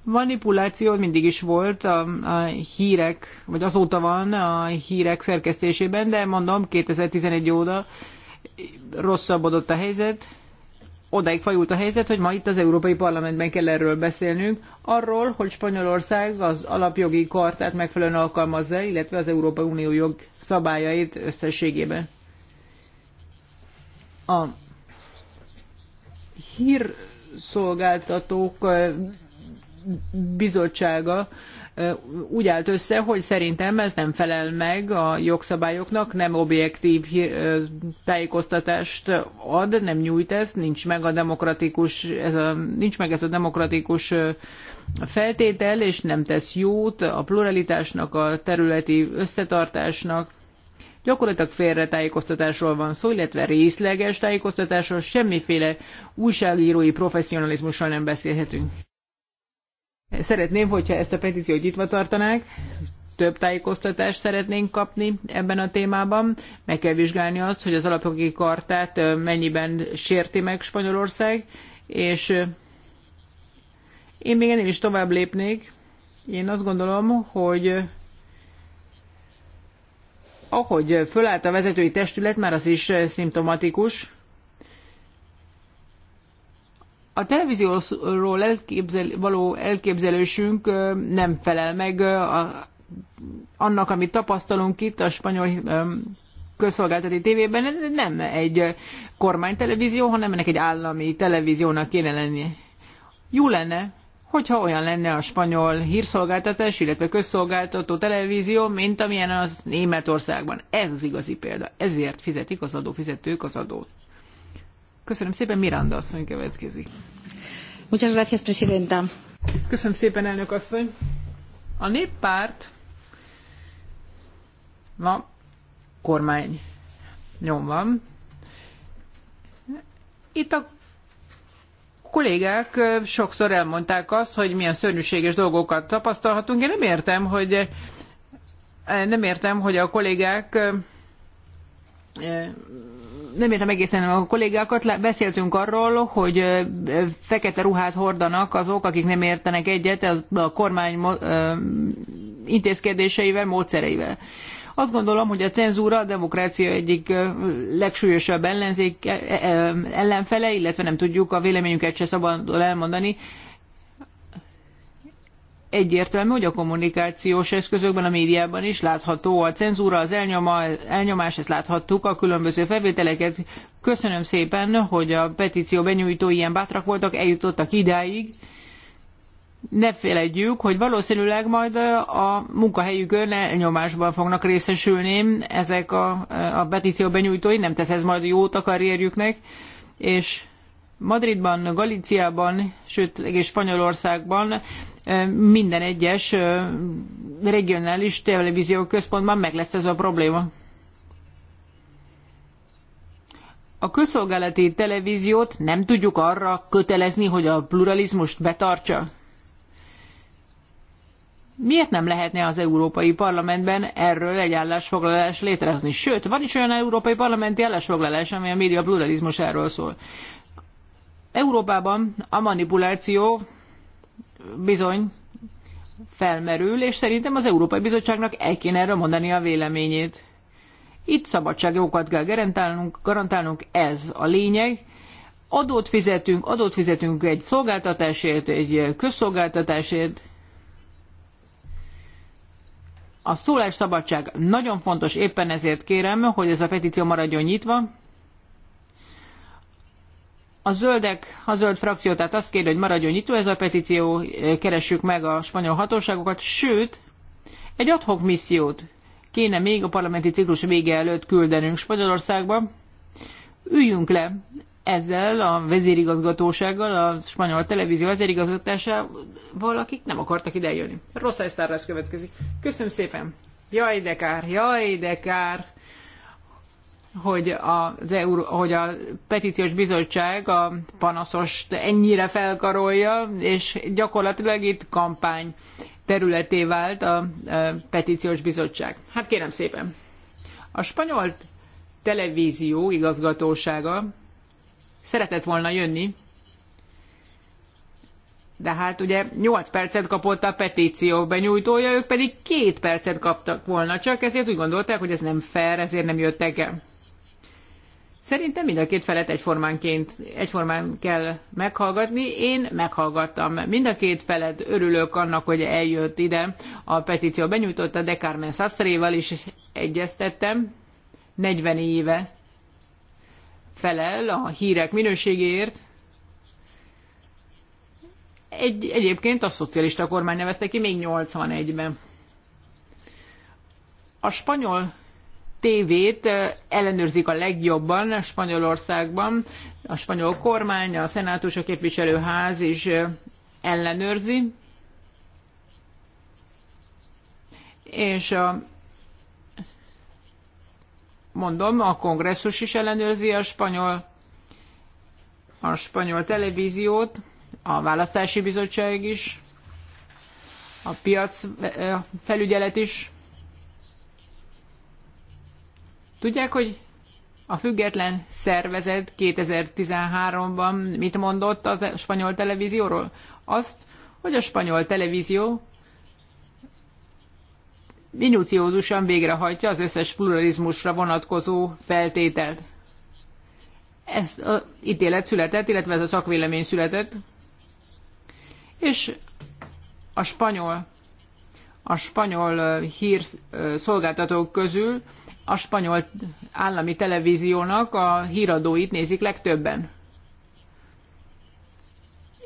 Manipuláció mindig is volt a, a hírek, vagy azóta van a hírek szerkesztésében, de mondom, 2011 óta rosszabbodott a helyzet, odáig fajult a helyzet, hogy ma itt az Európai Parlamentben kell erről beszélnünk, arról, hogy Spanyolország az alapjogi kartát megfelelően alkalmazza, illetve az Európai Unió jog szabályait összességében. A hírszolgáltatók eh, bizottsága úgy állt össze, hogy szerintem ez nem felel meg a jogszabályoknak, nem objektív tájékoztatást ad, nem nyújt ez, nincs meg a demokratikus, ez a, nincs meg ez a demokratikus feltétel, és nem tesz jót a pluralitásnak, a területi összetartásnak. Gyakorlatilag félretájékoztatásról van szó, illetve részleges tájékoztatásról, semmiféle újságírói professzionalizmusról nem beszélhetünk. Szeretném, hogyha ezt a petíciót nyitva tartanák, több tájékoztatást szeretnénk kapni ebben a témában. Meg kell vizsgálni azt, hogy az alapjogi kartát mennyiben sérti meg Spanyolország, és én még ennél is tovább lépnék. Én azt gondolom, hogy ahogy fölállt a vezetői testület, már az is szimptomatikus, a televízióról elképzel, való elképzelésünk nem felel meg a, annak, amit tapasztalunk itt a spanyol közszolgáltati tévében. Nem egy kormánytelevízió, hanem ennek egy állami televíziónak kéne lenni. Jó lenne, hogyha olyan lenne a spanyol hírszolgáltatás, illetve közszolgáltató televízió, mint amilyen az Németországban. Ez az igazi példa. Ezért fizetik az adófizetők az adót. Köszönöm szépen, Miranda asszony következik. Muchas gracias, presidenta. Köszönöm szépen, elnök asszony. A néppárt ma kormány nyom van. Itt a kollégák sokszor elmondták azt, hogy milyen szörnyűséges dolgokat tapasztalhatunk. Én nem értem, hogy nem értem, hogy a kollégák nem értem egészen a kollégákat, beszéltünk arról, hogy fekete ruhát hordanak azok, akik nem értenek egyet a kormány intézkedéseivel, módszereivel. Azt gondolom, hogy a cenzúra a demokrácia egyik legsúlyosabb ellenzék, e- e- ellenfele, illetve nem tudjuk a véleményünket se szabadon elmondani egyértelmű, hogy a kommunikációs eszközökben, a médiában is látható a cenzúra, az elnyoma, elnyomás, ezt láthattuk, a különböző felvételeket. Köszönöm szépen, hogy a petíció benyújtói ilyen bátrak voltak, eljutottak idáig. Ne feledjük, hogy valószínűleg majd a munkahelyükön elnyomásban fognak részesülni ezek a, a petíció benyújtói, nem tesz ez majd jót a karrierjüknek, és Madridban, Galíciában, sőt egész Spanyolországban minden egyes regionális televízió központban meg lesz ez a probléma. A közszolgálati televíziót nem tudjuk arra kötelezni, hogy a pluralizmust betartsa. Miért nem lehetne az Európai Parlamentben erről egy állásfoglalás létrehozni? Sőt, van is olyan európai parlamenti állásfoglalás, ami a média pluralizmusáról szól. Európában a manipuláció bizony felmerül, és szerintem az Európai Bizottságnak el kéne erről mondani a véleményét. Itt szabadságokat kell garantálnunk, garantálnunk, ez a lényeg. Adót fizetünk, adót fizetünk egy szolgáltatásért, egy közszolgáltatásért. A szólásszabadság nagyon fontos, éppen ezért kérem, hogy ez a petíció maradjon nyitva, a zöldek, a zöld frakció tehát azt kéri, hogy maradjon nyitva ez a petíció, eh, keressük meg a spanyol hatóságokat, sőt, egy adhok missziót kéne még a parlamenti ciklus vége előtt küldenünk Spanyolországba. Üljünk le ezzel a vezérigazgatósággal, a spanyol televízió vezérigazgatásával, akik nem akartak idejönni. Rossz Esztárlás következik. Köszönöm szépen. Jaj, de kár, jaj, de kár hogy, az Euró, hogy a petíciós bizottság a panaszost ennyire felkarolja, és gyakorlatilag itt kampány területé vált a e, petíciós bizottság. Hát kérem szépen. A spanyol televízió igazgatósága szeretett volna jönni, de hát ugye 8 percet kapott a petíció benyújtója, ők pedig 2 percet kaptak volna, csak ezért úgy gondolták, hogy ez nem fair, ezért nem jöttek el. Szerintem mind a két felet egyformánként, egyformán kell meghallgatni. Én meghallgattam mind a két felet, örülök annak, hogy eljött ide a petíció benyújtotta, de Carmen Sastréval is egyeztettem. 40 éve felel a hírek minőségéért. Egy, egyébként a szocialista kormány nevezte ki még 81-ben. A spanyol tévét ellenőrzik a legjobban a Spanyolországban. A spanyol kormány, a szenátus, a képviselőház is ellenőrzi. És a mondom, a kongresszus is ellenőrzi a spanyol, a spanyol televíziót, a választási bizottság is, a piac felügyelet is. Tudják, hogy a független szervezet 2013-ban mit mondott a spanyol televízióról? Azt, hogy a spanyol televízió minuciózusan végrehajtja az összes pluralizmusra vonatkozó feltételt. Ez a ítélet született, illetve ez a szakvélemény született, és a spanyol, a spanyol hírszolgáltatók közül a spanyol állami televíziónak a híradóit nézik legtöbben.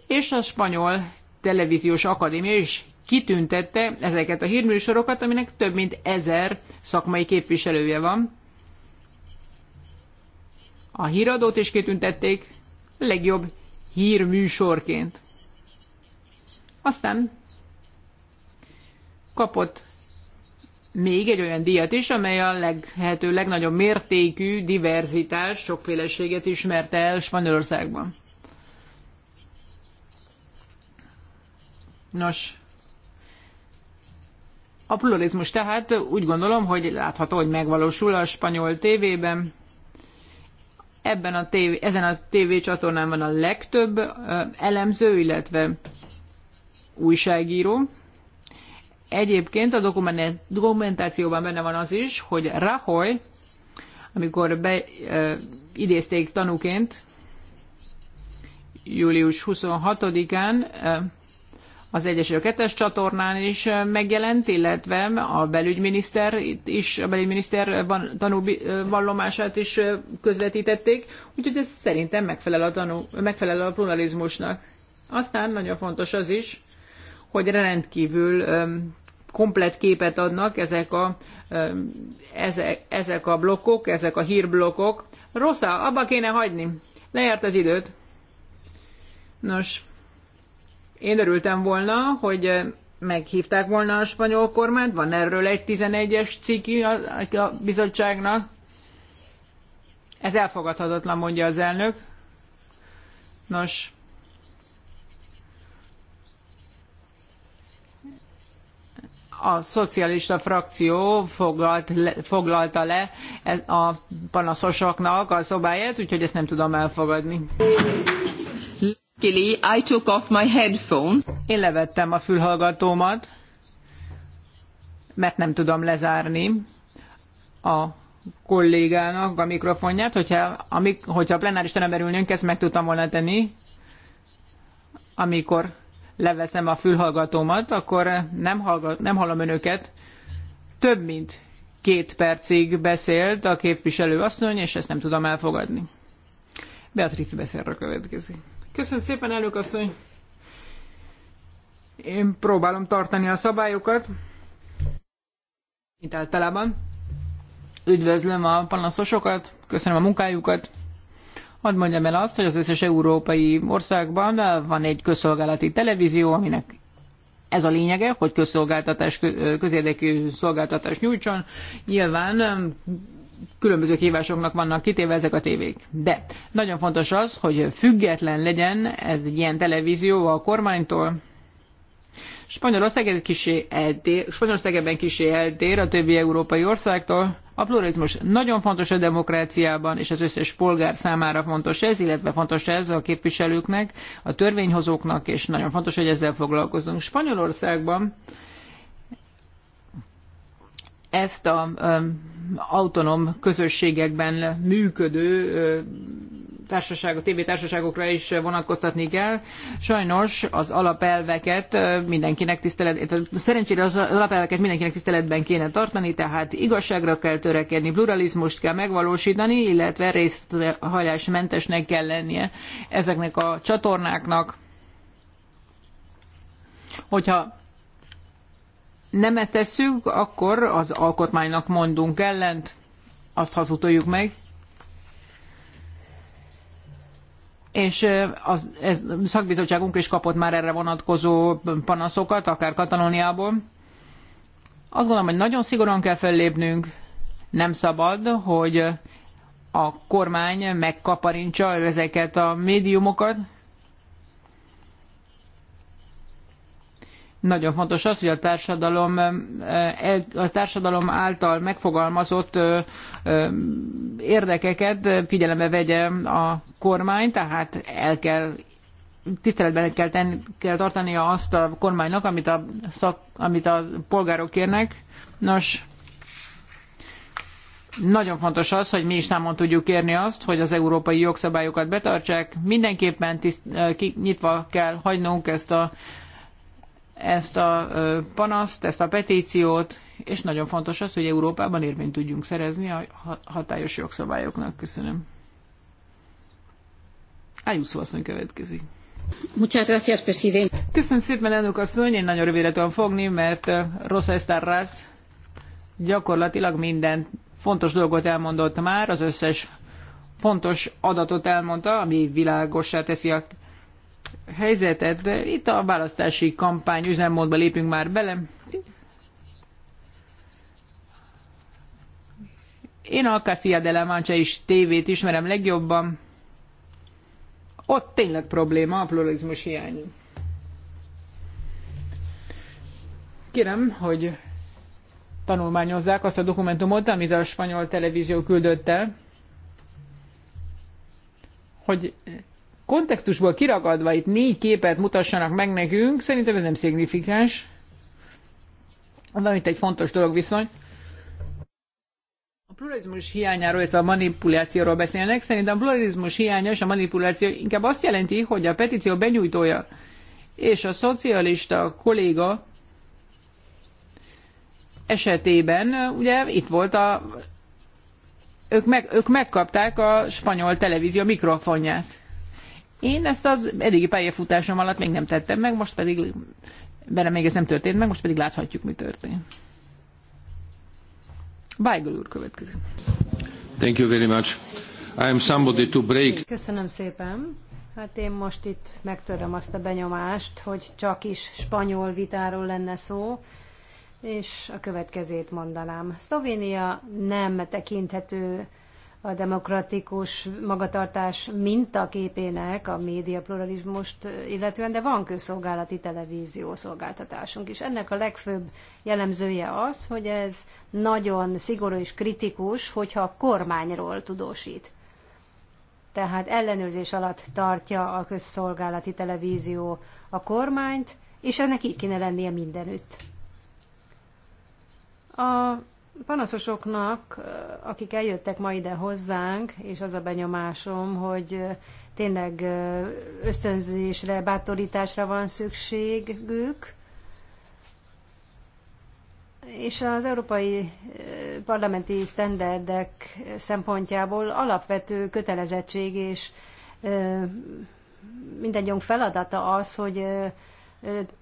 És a spanyol televíziós akadémia is kitüntette ezeket a hírműsorokat, aminek több mint ezer szakmai képviselője van. A híradót is kitüntették legjobb hírműsorként. Aztán kapott még egy olyan díjat is, amely a leghető legnagyobb mértékű diverzitás, sokféleséget ismerte el Spanyolországban. Nos, a pluralizmus tehát úgy gondolom, hogy látható, hogy megvalósul a spanyol tévében. Ebben a tév, ezen a TV csatornán van a legtöbb elemző, illetve újságíró. Egyébként a dokumentációban benne van az is, hogy Rahoy, amikor beidézték e, tanúként, július 26-án e, az Egyesült Kettes csatornán is megjelent, illetve a belügyminiszter is, a belügyminiszter van, vallomását is közvetítették, úgyhogy ez szerintem megfelel a, tanú, megfelel a pluralizmusnak. Aztán nagyon fontos az is, hogy rendkívül öm, komplet képet adnak ezek a, ezek, ezek a blokkok, ezek a hírblokkok. Rossz, abba kéne hagyni. Lejárt az időt. Nos, én örültem volna, hogy meghívták volna a spanyol kormányt, van erről egy 11-es cikki a, a bizottságnak. Ez elfogadhatatlan, mondja az elnök. Nos, a szocialista frakció foglalt, le, foglalta le e, a panaszosoknak a szobáját, úgyhogy ezt nem tudom elfogadni. Luckily, I took off my headphones. Én levettem a fülhallgatómat, mert nem tudom lezárni a kollégának a mikrofonját, hogyha, amik, hogyha plenáris teremben ülnénk, ezt meg tudtam volna tenni, amikor leveszem a fülhallgatómat, akkor nem, hallgat, nem hallom önöket. Több mint két percig beszélt a képviselő asszony, és ezt nem tudom elfogadni. Beatrice a következik. Köszönöm szépen, elnök asszony! Én próbálom tartani a szabályokat, mint általában. Üdvözlöm a panaszosokat, köszönöm a munkájukat, Hadd mondjam el azt, hogy az összes európai országban van egy közszolgálati televízió, aminek ez a lényege, hogy közszolgáltatás, közérdekű szolgáltatást nyújtson. Nyilván um, különböző kívásoknak vannak kitéve ezek a tévék. De nagyon fontos az, hogy független legyen ez egy ilyen televízió a kormánytól, Spanyolország, egy kisé eltér, Spanyolország ebben kisé eltér a többi európai országtól. A pluralizmus nagyon fontos a demokráciában, és az összes polgár számára fontos ez, illetve fontos ez a képviselőknek, a törvényhozóknak, és nagyon fontos, hogy ezzel foglalkozunk. Spanyolországban ezt a autonóm közösségekben működő társaságok, tévétársaságokra is vonatkoztatni kell. Sajnos az alapelveket mindenkinek tiszteletben, szerencsére az alapelveket mindenkinek tiszteletben kéne tartani, tehát igazságra kell törekedni, pluralizmust kell megvalósítani, illetve részhajlásmentesnek kell lennie ezeknek a csatornáknak. Hogyha nem ezt tesszük, akkor az alkotmánynak mondunk ellent, azt hazudoljuk meg, és az, ez, szakbizottságunk is kapott már erre vonatkozó panaszokat, akár Katalóniából. Azt gondolom, hogy nagyon szigorúan kell fellépnünk, nem szabad, hogy a kormány megkaparintsa ezeket a médiumokat, Nagyon fontos az, hogy a társadalom, a társadalom által megfogalmazott érdekeket figyelembe vegye a kormány, tehát el kell tiszteletben kell, tenni, kell tartania azt a kormánynak, amit a, szak, amit a polgárok kérnek. Nos, nagyon fontos az, hogy mi is számon tudjuk kérni azt, hogy az európai jogszabályokat betartsák. Mindenképpen tiszt, nyitva kell hagynunk ezt a ezt a panaszt, ezt a petíciót, és nagyon fontos az, hogy Európában érvényt tudjunk szerezni a hatályos jogszabályoknak. Köszönöm. Ájuszó asszony következik. Muchas gracias, presidente. Köszönöm szépen, elnök asszony, én nagyon rövidre tudom fogni, mert Rosa Estarras gyakorlatilag minden fontos dolgot elmondott már, az összes fontos adatot elmondta, ami világosá teszi a helyzetet. Itt a választási kampány üzemmódba lépünk már bele. Én a Cassia de la Mancha is tévét ismerem legjobban. Ott tényleg probléma a pluralizmus hiány. Kérem, hogy tanulmányozzák azt a dokumentumot, amit a spanyol televízió küldött el, hogy kontextusból kiragadva itt négy képet mutassanak meg nekünk, szerintem ez nem szignifikáns. Van itt egy fontos dolog viszont. A pluralizmus hiányáról, illetve a manipulációról beszélnek. Szerintem a pluralizmus hiánya és a manipuláció inkább azt jelenti, hogy a petíció benyújtója és a szocialista kolléga esetében, ugye itt volt a... Ők, meg, ők megkapták a spanyol televízió mikrofonját. Én ezt az eddigi pályafutásom alatt még nem tettem meg, most pedig bele még ez nem történt meg, most pedig láthatjuk, mi történt. Weigel úr következik. Thank you very much. I am somebody to break. Köszönöm szépen. Hát én most itt megtöröm azt a benyomást, hogy csak is spanyol vitáról lenne szó, és a következét mondanám. Szlovénia nem tekinthető a demokratikus magatartás mintaképének a média pluralizmust illetően, de van közszolgálati televízió szolgáltatásunk is. Ennek a legfőbb jellemzője az, hogy ez nagyon szigorú és kritikus, hogyha a kormányról tudósít. Tehát ellenőrzés alatt tartja a közszolgálati televízió a kormányt, és ennek így kéne lennie mindenütt. A panaszosoknak, eh, akik eljöttek ma ide hozzánk, és az a benyomásom, hogy eh, tényleg eh, ösztönzésre, bátorításra van szükségük, és az európai parlamenti standardek szempontjából alapvető kötelezettség és gyong feladata az, hogy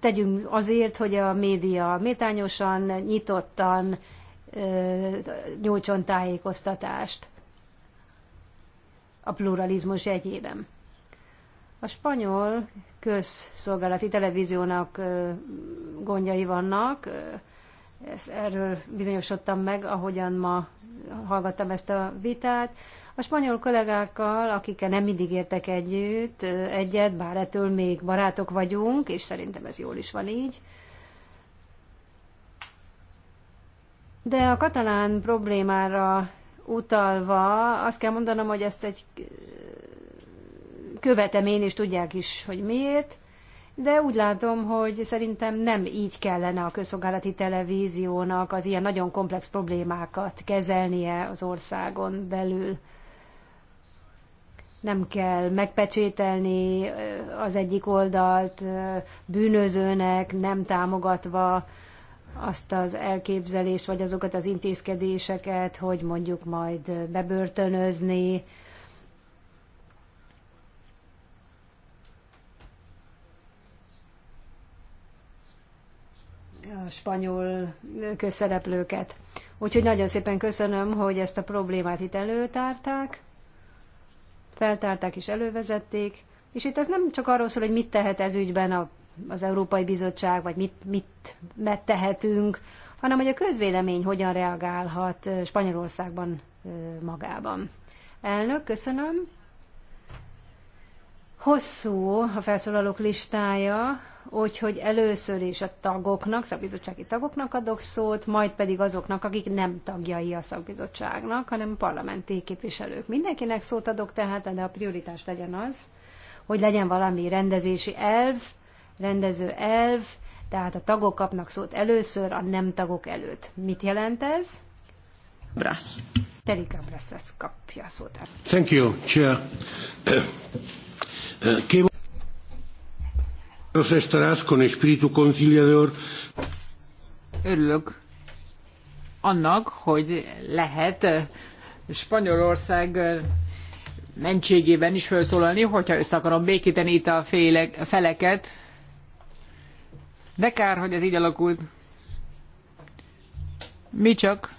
tegyünk azért, hogy a média méltányosan, nyitottan nyújtson tájékoztatást a pluralizmus egyében. A spanyol közszolgálati televíziónak gondjai vannak, ezt erről bizonyosodtam meg, ahogyan ma hallgattam ezt a vitát. A spanyol kollégákkal, akikkel nem mindig értek együtt, egyet, bár ettől még barátok vagyunk, és szerintem ez jól is van így, De a katalán problémára utalva azt kell mondanom, hogy ezt egy eh, követem én, és tudják is, hogy miért, de úgy látom, hogy szerintem nem így kellene a közszolgálati televíziónak az ilyen nagyon komplex problémákat kezelnie az országon belül. Nem kell megpecsételni eh, az egyik oldalt eh, bűnözőnek, nem támogatva azt az elképzelést, vagy azokat az intézkedéseket, hogy mondjuk majd bebörtönözni, a spanyol közszereplőket. Úgyhogy nagyon szépen köszönöm, hogy ezt a problémát itt előtárták, feltárták és elővezették, és itt ez nem csak arról szól, hogy mit tehet ez ügyben a az Európai Bizottság, vagy mit, mit tehetünk, hanem hogy a közvélemény hogyan reagálhat Spanyolországban magában. Elnök, köszönöm. Hosszú a felszólalók listája, úgyhogy először is a tagoknak, szakbizottsági tagoknak adok szót, majd pedig azoknak, akik nem tagjai a szakbizottságnak, hanem parlamenti képviselők. Mindenkinek szót adok tehát, de a prioritás legyen az, hogy legyen valami rendezési elv, rendező elv, tehát a tagok kapnak szót először, a nem tagok előtt. Mit jelent ez? Brász. Terika Brász kapja a szót. Thank you, Chair. Estarás con espíritu conciliador. Örülök annak, hogy lehet Spanyolország mentségében is felszólalni, hogyha össze akarom békíteni itt a, a feleket, de kár, hogy ez így alakult. Mi csak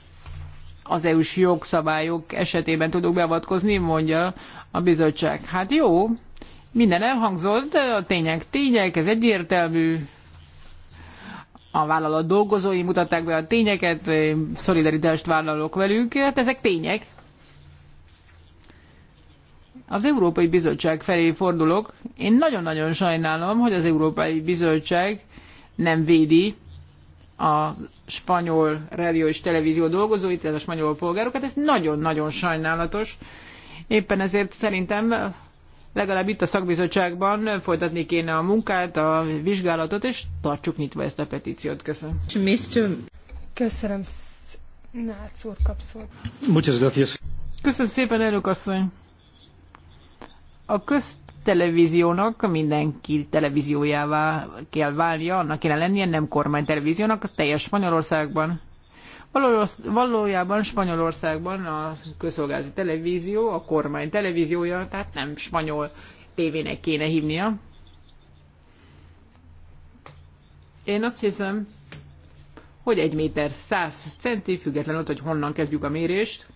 az EU-s jogszabályok esetében tudunk beavatkozni, mondja a bizottság. Hát jó, minden elhangzott, de a tények tények, ez egyértelmű. A vállalat dolgozói mutatták be a tényeket, szolidaritást vállalok velük, hát ezek tények. Az Európai Bizottság felé fordulok. Én nagyon-nagyon sajnálom, hogy az Európai Bizottság nem védi a spanyol rádió és televízió dolgozóit, tehát a spanyol polgárokat. Ez nagyon-nagyon sajnálatos. Éppen ezért szerintem legalább itt a szakbizottságban folytatni kéne a munkát, a vizsgálatot, és tartsuk nyitva ezt a petíciót. Köszönöm. Köszönöm. Nácz kapszol. Köszönöm szépen, elnök asszony. A közt televíziónak, mindenki televíziójává kell válnia, annak kéne lennie, nem kormány televíziónak, teljes Spanyolországban. Valójában Spanyolországban a közszolgálati televízió a kormány televíziója, tehát nem spanyol tévének kéne hívnia. Én azt hiszem, hogy egy méter 100 centi, függetlenül, hogy honnan kezdjük a mérést,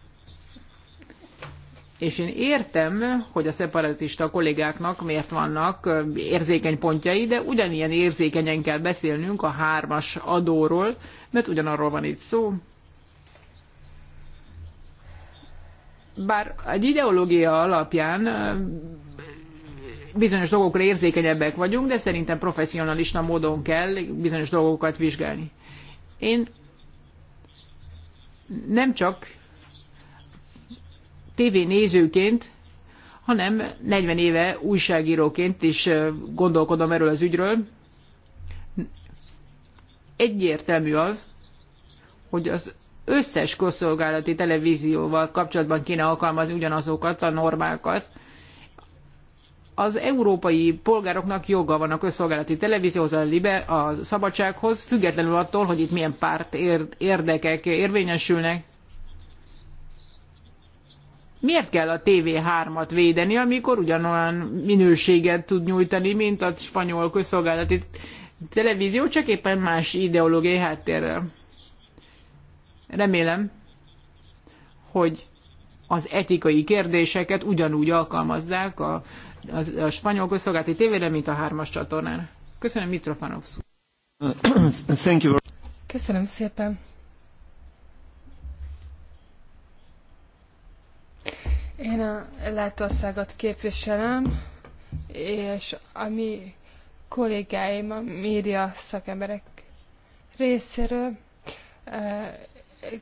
és én értem, hogy a szeparatista kollégáknak miért vannak érzékeny pontjai, de ugyanilyen érzékenyen kell beszélnünk a hármas adóról, mert ugyanarról van itt szó. Bár egy ideológia alapján bizonyos dolgokra érzékenyebbek vagyunk, de szerintem professzionalista módon kell bizonyos dolgokat vizsgálni. Én nem csak tévénézőként, hanem 40 éve újságíróként is gondolkodom erről az ügyről. Egyértelmű az, hogy az összes közszolgálati televízióval kapcsolatban kéne alkalmazni ugyanazokat a normákat. Az európai polgároknak joga van a közszolgálati televízióhoz, a, libe, a szabadsághoz, függetlenül attól, hogy itt milyen párt érdekek érvényesülnek. Miért kell a TV3-at védeni, amikor ugyanolyan minőséget tud nyújtani, mint a spanyol közszolgálati televízió, csak éppen más ideológiai háttérrel? Remélem, hogy az etikai kérdéseket ugyanúgy alkalmazzák a, a, a spanyol közszolgálati tévére, mint a hármas csatornán. Köszönöm, Mitrofanov Köszönöm szépen. Én a Lettországot képviselem, és a mi kollégáim, a média szakemberek részéről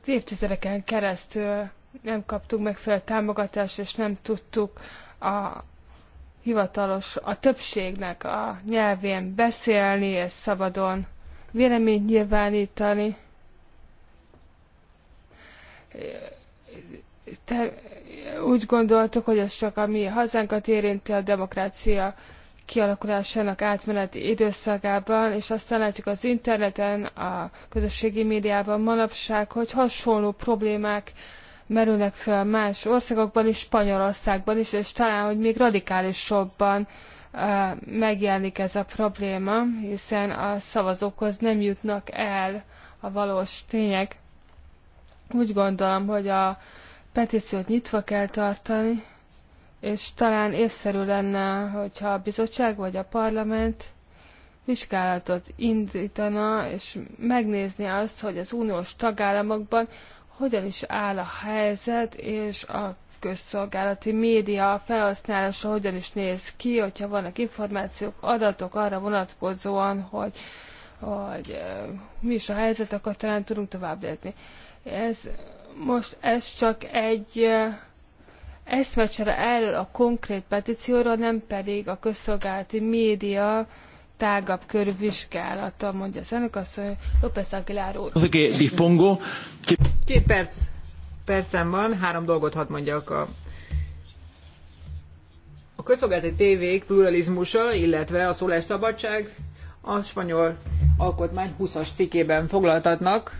évtizedeken keresztül nem kaptuk megfelelő támogatást, és nem tudtuk a hivatalos, a többségnek a nyelvén beszélni, és szabadon véleményt nyilvánítani. Te, úgy gondoltuk, hogy ez csak a mi hazánkat érinti a demokrácia kialakulásának átmeneti időszakában, és aztán látjuk az interneten, a közösségi médiában manapság, hogy hasonló problémák merülnek fel más országokban is, Spanyolországban is, és talán, hogy még radikálisabban megjelenik ez a probléma, hiszen a szavazókhoz nem jutnak el a valós tények. Úgy gondolom, hogy a petíciót nyitva kell tartani, és talán észszerű lenne, hogyha a bizottság vagy a parlament vizsgálatot indítana, és megnézni azt, hogy az uniós tagállamokban hogyan is áll a helyzet, és a közszolgálati média felhasználása hogyan is néz ki, hogyha vannak információk, adatok arra vonatkozóan, hogy, hogy mi is a helyzet, akkor talán tudunk tovább lépni. Ez most ez csak egy eszmecsere erről a konkrét petícióról, nem pedig a közszolgálati média tágabb körű vizsgálata, mondja az elnök asszony, López Aguilar úr. Két perc, percem van, három dolgot hadd mondjak a a közszolgálati tévék pluralizmusa, illetve a szólásszabadság a spanyol alkotmány 20-as cikkében foglaltatnak,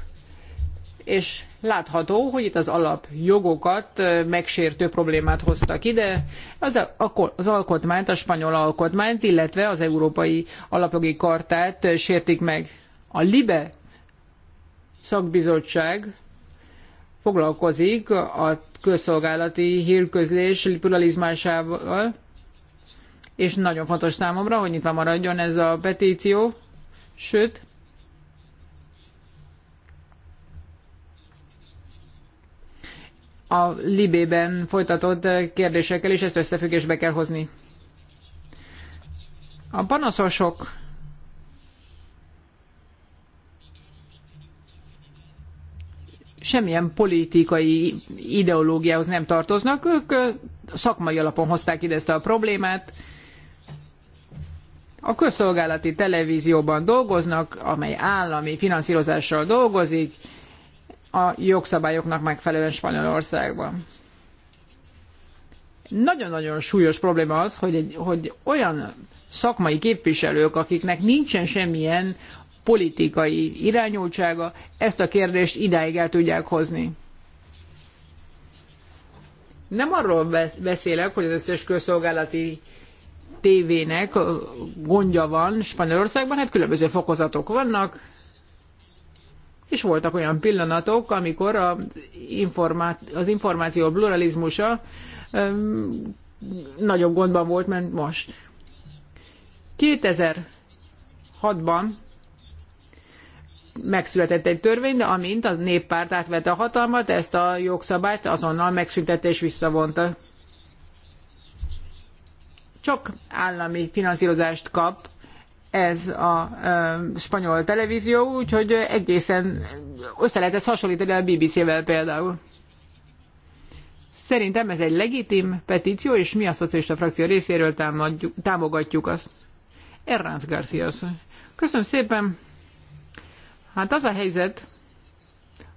és látható, hogy itt az alapjogokat megsértő problémát hoztak ide, az, a, az alkotmányt, a spanyol alkotmányt, illetve az európai alapjogi kartát sértik meg. A LIBE szakbizottság foglalkozik a közszolgálati hírközlés pluralizmásával, és nagyon fontos számomra, hogy nyitva maradjon ez a petíció, sőt, a Libében folytatott kérdésekkel, és ezt összefüggésbe kell hozni. A panaszosok semmilyen politikai ideológiához nem tartoznak, ők szakmai alapon hozták ide ezt a problémát. A közszolgálati televízióban dolgoznak, amely állami finanszírozással dolgozik, a jogszabályoknak megfelelően Spanyolországban. Nagyon-nagyon súlyos probléma az, hogy, egy, hogy olyan szakmai képviselők, akiknek nincsen semmilyen politikai irányultsága, ezt a kérdést idáig el tudják hozni. Nem arról beszélek, hogy az összes közszolgálati tévének gondja van Spanyolországban, hát különböző fokozatok vannak, és voltak olyan pillanatok, amikor a informá- az információ pluralizmusa öm, nagyobb gondban volt, mint most. 2006-ban megszületett egy törvény, de amint a néppárt átvette a hatalmat, ezt a jogszabályt azonnal megszüntette és visszavonta. Csak állami finanszírozást kap ez a ö, spanyol televízió, úgyhogy egészen össze lehet ezt hasonlítani a BBC-vel például. Szerintem ez egy legitim petíció, és mi a szocialista frakció részéről támadjuk, támogatjuk azt. Erránc García Köszönöm szépen. Hát az a helyzet,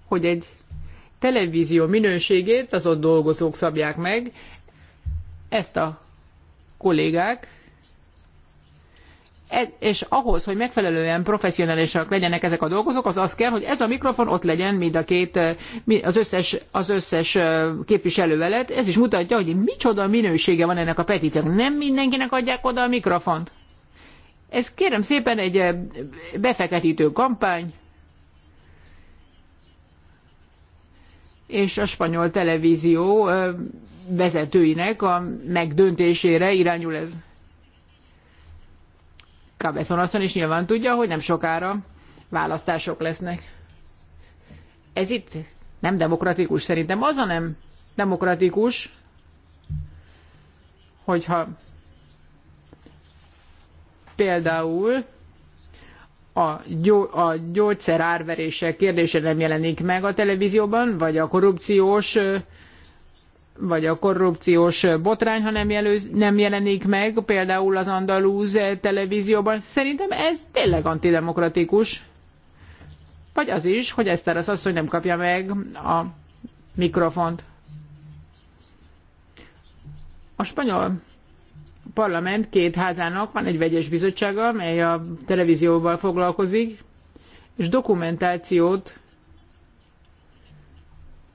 hogy egy televízió minőségét az ott dolgozók szabják meg, ezt a kollégák E- és ahhoz, hogy megfelelően professzionálisak legyenek ezek a dolgozók, az az kell, hogy ez a mikrofon ott legyen mind a két, az összes, az összes képviselő veled. Ez is mutatja, hogy micsoda minősége van ennek a petíciónak. Nem mindenkinek adják oda a mikrofont. Ez kérem szépen egy befeketítő kampány, és a spanyol televízió vezetőinek a megdöntésére irányul ez. Cabezon asszony is nyilván tudja, hogy nem sokára választások lesznek. Ez itt nem demokratikus szerintem. Az a nem demokratikus, hogyha például a, gyó, a gyógyszer árverések kérdése nem jelenik meg a televízióban, vagy a korrupciós vagy a korrupciós botrány, ha nem, jelöz, nem jelenik meg, például az andalúz televízióban. Szerintem ez tényleg antidemokratikus. Vagy az is, hogy ezt az asszony nem kapja meg a mikrofont. A spanyol parlament két házának van egy vegyes bizottsága, mely a televízióval foglalkozik, és dokumentációt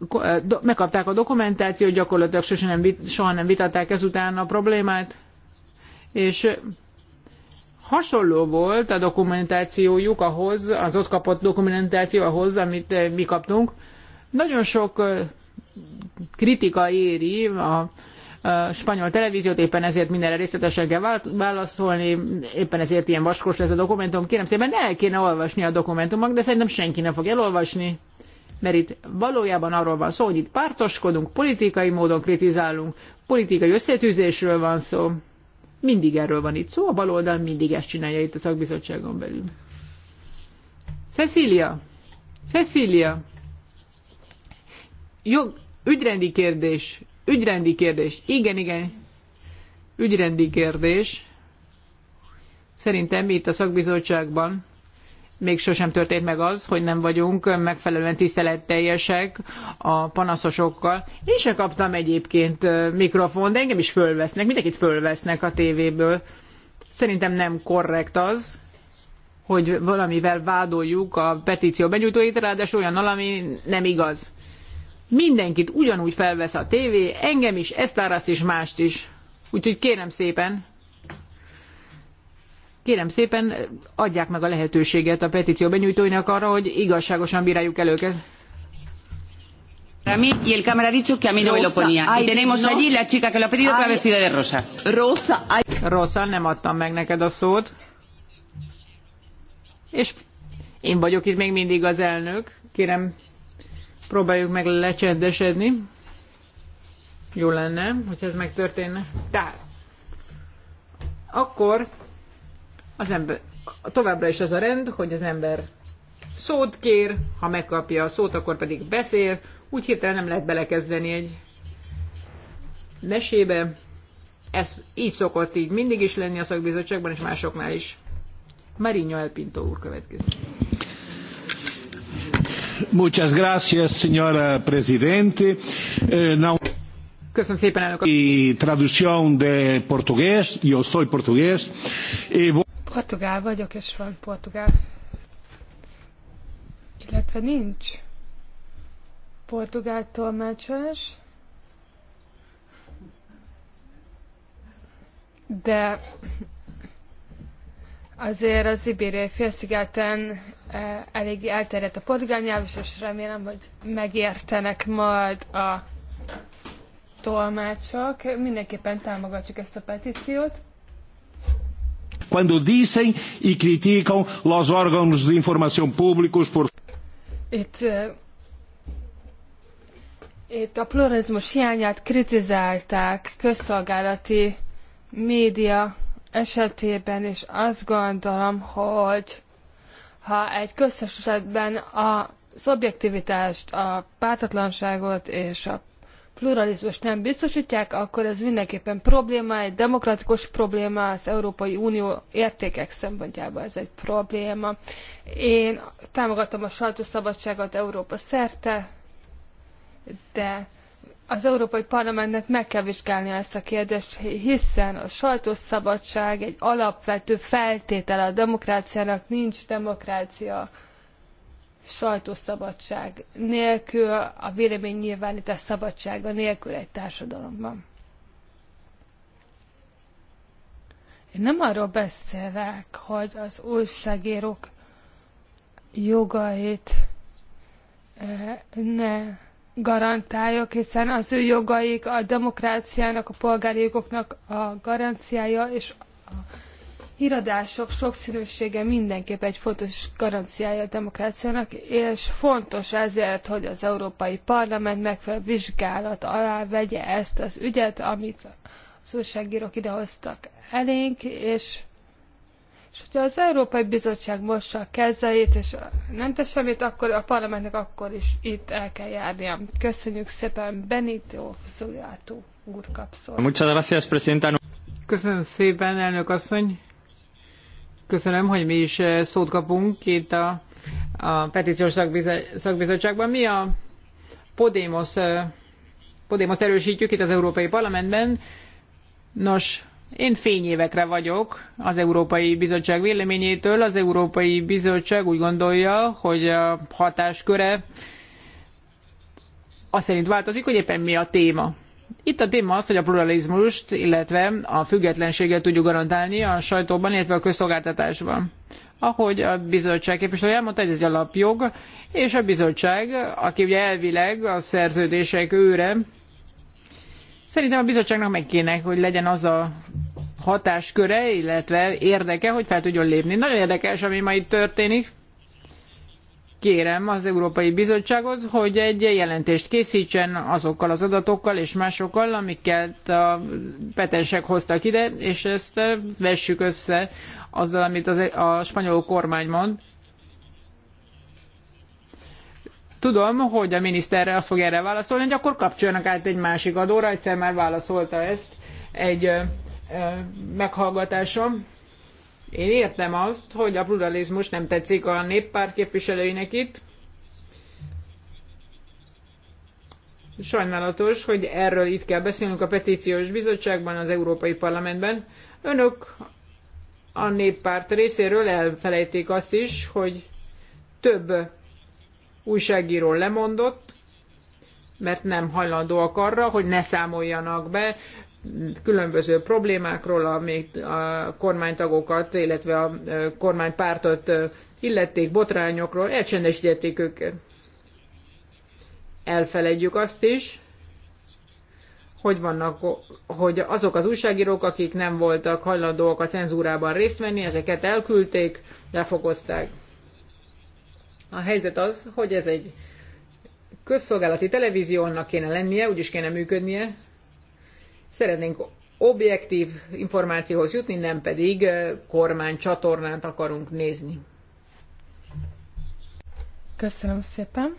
Eh, megkapták a dokumentációt, gyakorlatilag sose nem, soha nem vitatták ezután a problémát, és eh, hasonló volt a dokumentációjuk ahhoz, az ott kapott dokumentáció ahhoz, amit eh, mi kaptunk. Nagyon sok kritika éri a, a spanyol televíziót, éppen ezért mindenre részletesen kell válaszolni, éppen ezért ilyen vaskos ez a dokumentum. Kérem szépen, el kéne olvasni a dokumentumok, de szerintem senki nem fog elolvasni mert itt valójában arról van szó, hogy itt pártoskodunk, politikai módon kritizálunk, politikai összetűzésről van szó. Mindig erről van itt szó, a baloldal mindig ezt csinálja itt a szakbizottságon belül. Cecília! Cecília! Jog, ügyrendi kérdés, ügyrendi kérdés, igen, igen, ügyrendi kérdés. Szerintem mi itt a szakbizottságban még sosem történt meg az, hogy nem vagyunk megfelelően tiszteletteljesek a panaszosokkal. Én sem kaptam egyébként mikrofon, de engem is fölvesznek, mindenkit fölvesznek a tévéből. Szerintem nem korrekt az, hogy valamivel vádoljuk a petíció benyújtóit, ráadásul olyan ami nem igaz. Mindenkit ugyanúgy felvesz a tévé, engem is, ezt is, mást is. Úgyhogy kérem szépen, Kérem szépen, adják meg a lehetőséget a petíció benyújtóinak arra, hogy igazságosan bíráljuk el őket. mí, y el cámara ha dicho que a mí no me lo ponía. Y tenemos allí la chica que lo ha pedido que vestida de rosa. Rosa, ay. Rosa, nem adtam meg neked a szót. És én vagyok itt még mindig az elnök. Kérem, próbáljuk meg lecsendesedni. Jó lenne, hogy ez megtörténne. Tehát, akkor az ember, továbbra is az a rend, hogy az ember szót kér, ha megkapja a szót, akkor pedig beszél, úgy hirtelen nem lehet belekezdeni egy mesébe. Ez így szokott így mindig is lenni a szakbizottságban, és másoknál is. Marinho Pinto úr következik. Muchas gracias, señora presidente. Eh, Não... Köszönöm szépen, elnök. Y traducción de portugués. Yo soy portugués. E eh, vou... Portugál vagyok, és van portugál. Illetve nincs portugál tolmácsolás. De azért az ibériai félszigeten eh, elég elterjedt a portugál nyelv, és remélem, hogy megértenek majd a tolmácsok. Mindenképpen támogatjuk ezt a petíciót. Quando dizem e criticam los órgãos de informação públicos por... Itt, eh, itt a pluralizmus hiányát kritizálták közszolgálati média esetében, és azt gondolom, hogy ha egy köztes esetben a szubjektivitást, a pártatlanságot és a pluralizmust nem biztostják akkor ez mindenképpen probléma, egy demokratikus probléma, az Európai Unió értékek szempontjából ez egy probléma. Én támogatom a sajtószabadságot Európa szerte, de az Európai Parlamentnek meg kell vizsgálnia ezt a kérdést, hiszen a sajtószabadság egy alapvető feltétele a demokráciának, nincs demokrácia sajtószabadság nélkül, a véleménynyilvánítás szabadsága nélkül egy társadalomban. Én nem arról beszélek, hogy az újságírók jogait eh, ne garantáljuk, hiszen az ő jogaik a demokráciának, a polgári jogoknak a garanciája, és a híradások sokszínűsége mindenképp egy fontos garanciája a demokráciának, és fontos ezért, hogy az Európai Parlament megfelelő vizsgálat alá vegye ezt az ügyet, amit az újságírók idehoztak elénk, és és hogyha az Európai Bizottság mossa a kezeit, és nem tesz semmit, akkor a parlamentnek akkor is itt el kell járnia. Köszönjük szépen, Benito Zuliato úr kapszol. Köszönöm szépen, elnök asszony. Köszönöm, hogy mi is eh, szót kapunk itt a, a petíciós szakbizottságban. Mi a Podemos, eh, Podemos erősítjük itt az Európai Parlamentben. Nos, én fényévekre vagyok az Európai Bizottság véleményétől. Az Európai Bizottság úgy gondolja, hogy a hatásköre azt szerint változik, hogy éppen mi a téma. Itt a téma az, hogy a pluralizmust, illetve a függetlenséget tudjuk garantálni a sajtóban, illetve a közszolgáltatásban. Ahogy a bizottság képviselője elmondta, ez egy alapjog, és a bizottság, aki ugye elvileg a szerződések őre, szerintem a bizottságnak meg kéne, hogy legyen az a hatásköre, illetve érdeke, hogy fel tudjon lépni. Nagyon érdekes, ami ma itt történik kérem az Európai Bizottságot, hogy egy jelentést készítsen azokkal az adatokkal és másokkal, amiket a petensek hoztak ide, és ezt vessük össze azzal, amit az, e- a spanyol kormány mond. Tudom, hogy a miniszter azt fog erre válaszolni, hogy akkor kapcsoljanak át egy másik adóra, egyszer már válaszolta ezt egy meghallgatásom. Én értem azt, hogy a pluralizmus nem tetszik a néppárt képviselőinek itt. Sajnálatos, hogy erről itt kell beszélnünk a petíciós bizottságban, az Európai Parlamentben. Önök a néppárt részéről elfelejték azt is, hogy több újságíró lemondott, mert nem hajlandóak arra, hogy ne számoljanak be különböző problémákról, amik a kormánytagokat, illetve a kormánypártot illették, botrányokról, elcsendesítették őket. Elfeledjük azt is, hogy vannak, hogy azok az újságírók, akik nem voltak hajlandóak a cenzúrában részt venni, ezeket elküldték, lefokozták. A helyzet az, hogy ez egy közszolgálati televíziónak kéne lennie, úgyis kéne működnie, Szeretnénk objektív információhoz jutni, nem pedig eh, kormány csatornát akarunk nézni. Köszönöm szépen.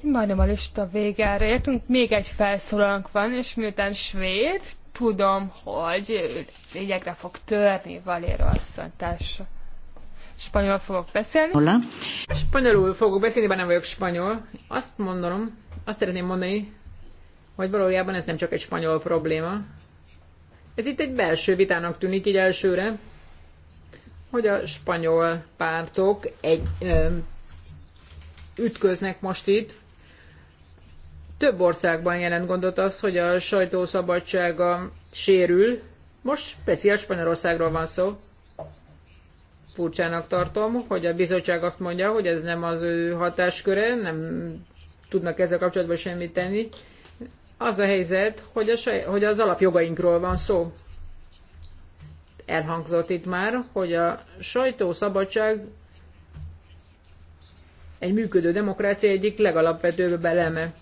Majdnem a lista végére értünk, még egy felszólalunk van, és miután svéd, tudom, hogy lényegre fog törni Valéro asszony társa. Spanyol fogok beszélni. Hola. Spanyolul fogok beszélni, bár nem vagyok spanyol. Azt mondom, azt szeretném mondani, hogy valójában ez nem csak egy spanyol probléma. Ez itt egy belső vitának tűnik így elsőre, hogy a spanyol pártok egy, ö, ütköznek most itt. Több országban jelent gondot az, hogy a sajtószabadsága sérül. Most speciális Spanyolországról van szó. Furcsának tartom, hogy a bizottság azt mondja, hogy ez nem az ő hatásköre, nem tudnak ezzel kapcsolatban semmit tenni. Az a helyzet, hogy, a saj, hogy az alapjogainkról van szó. Elhangzott itt már, hogy a sajtószabadság egy működő demokrácia egyik legalapvetőbb eleme.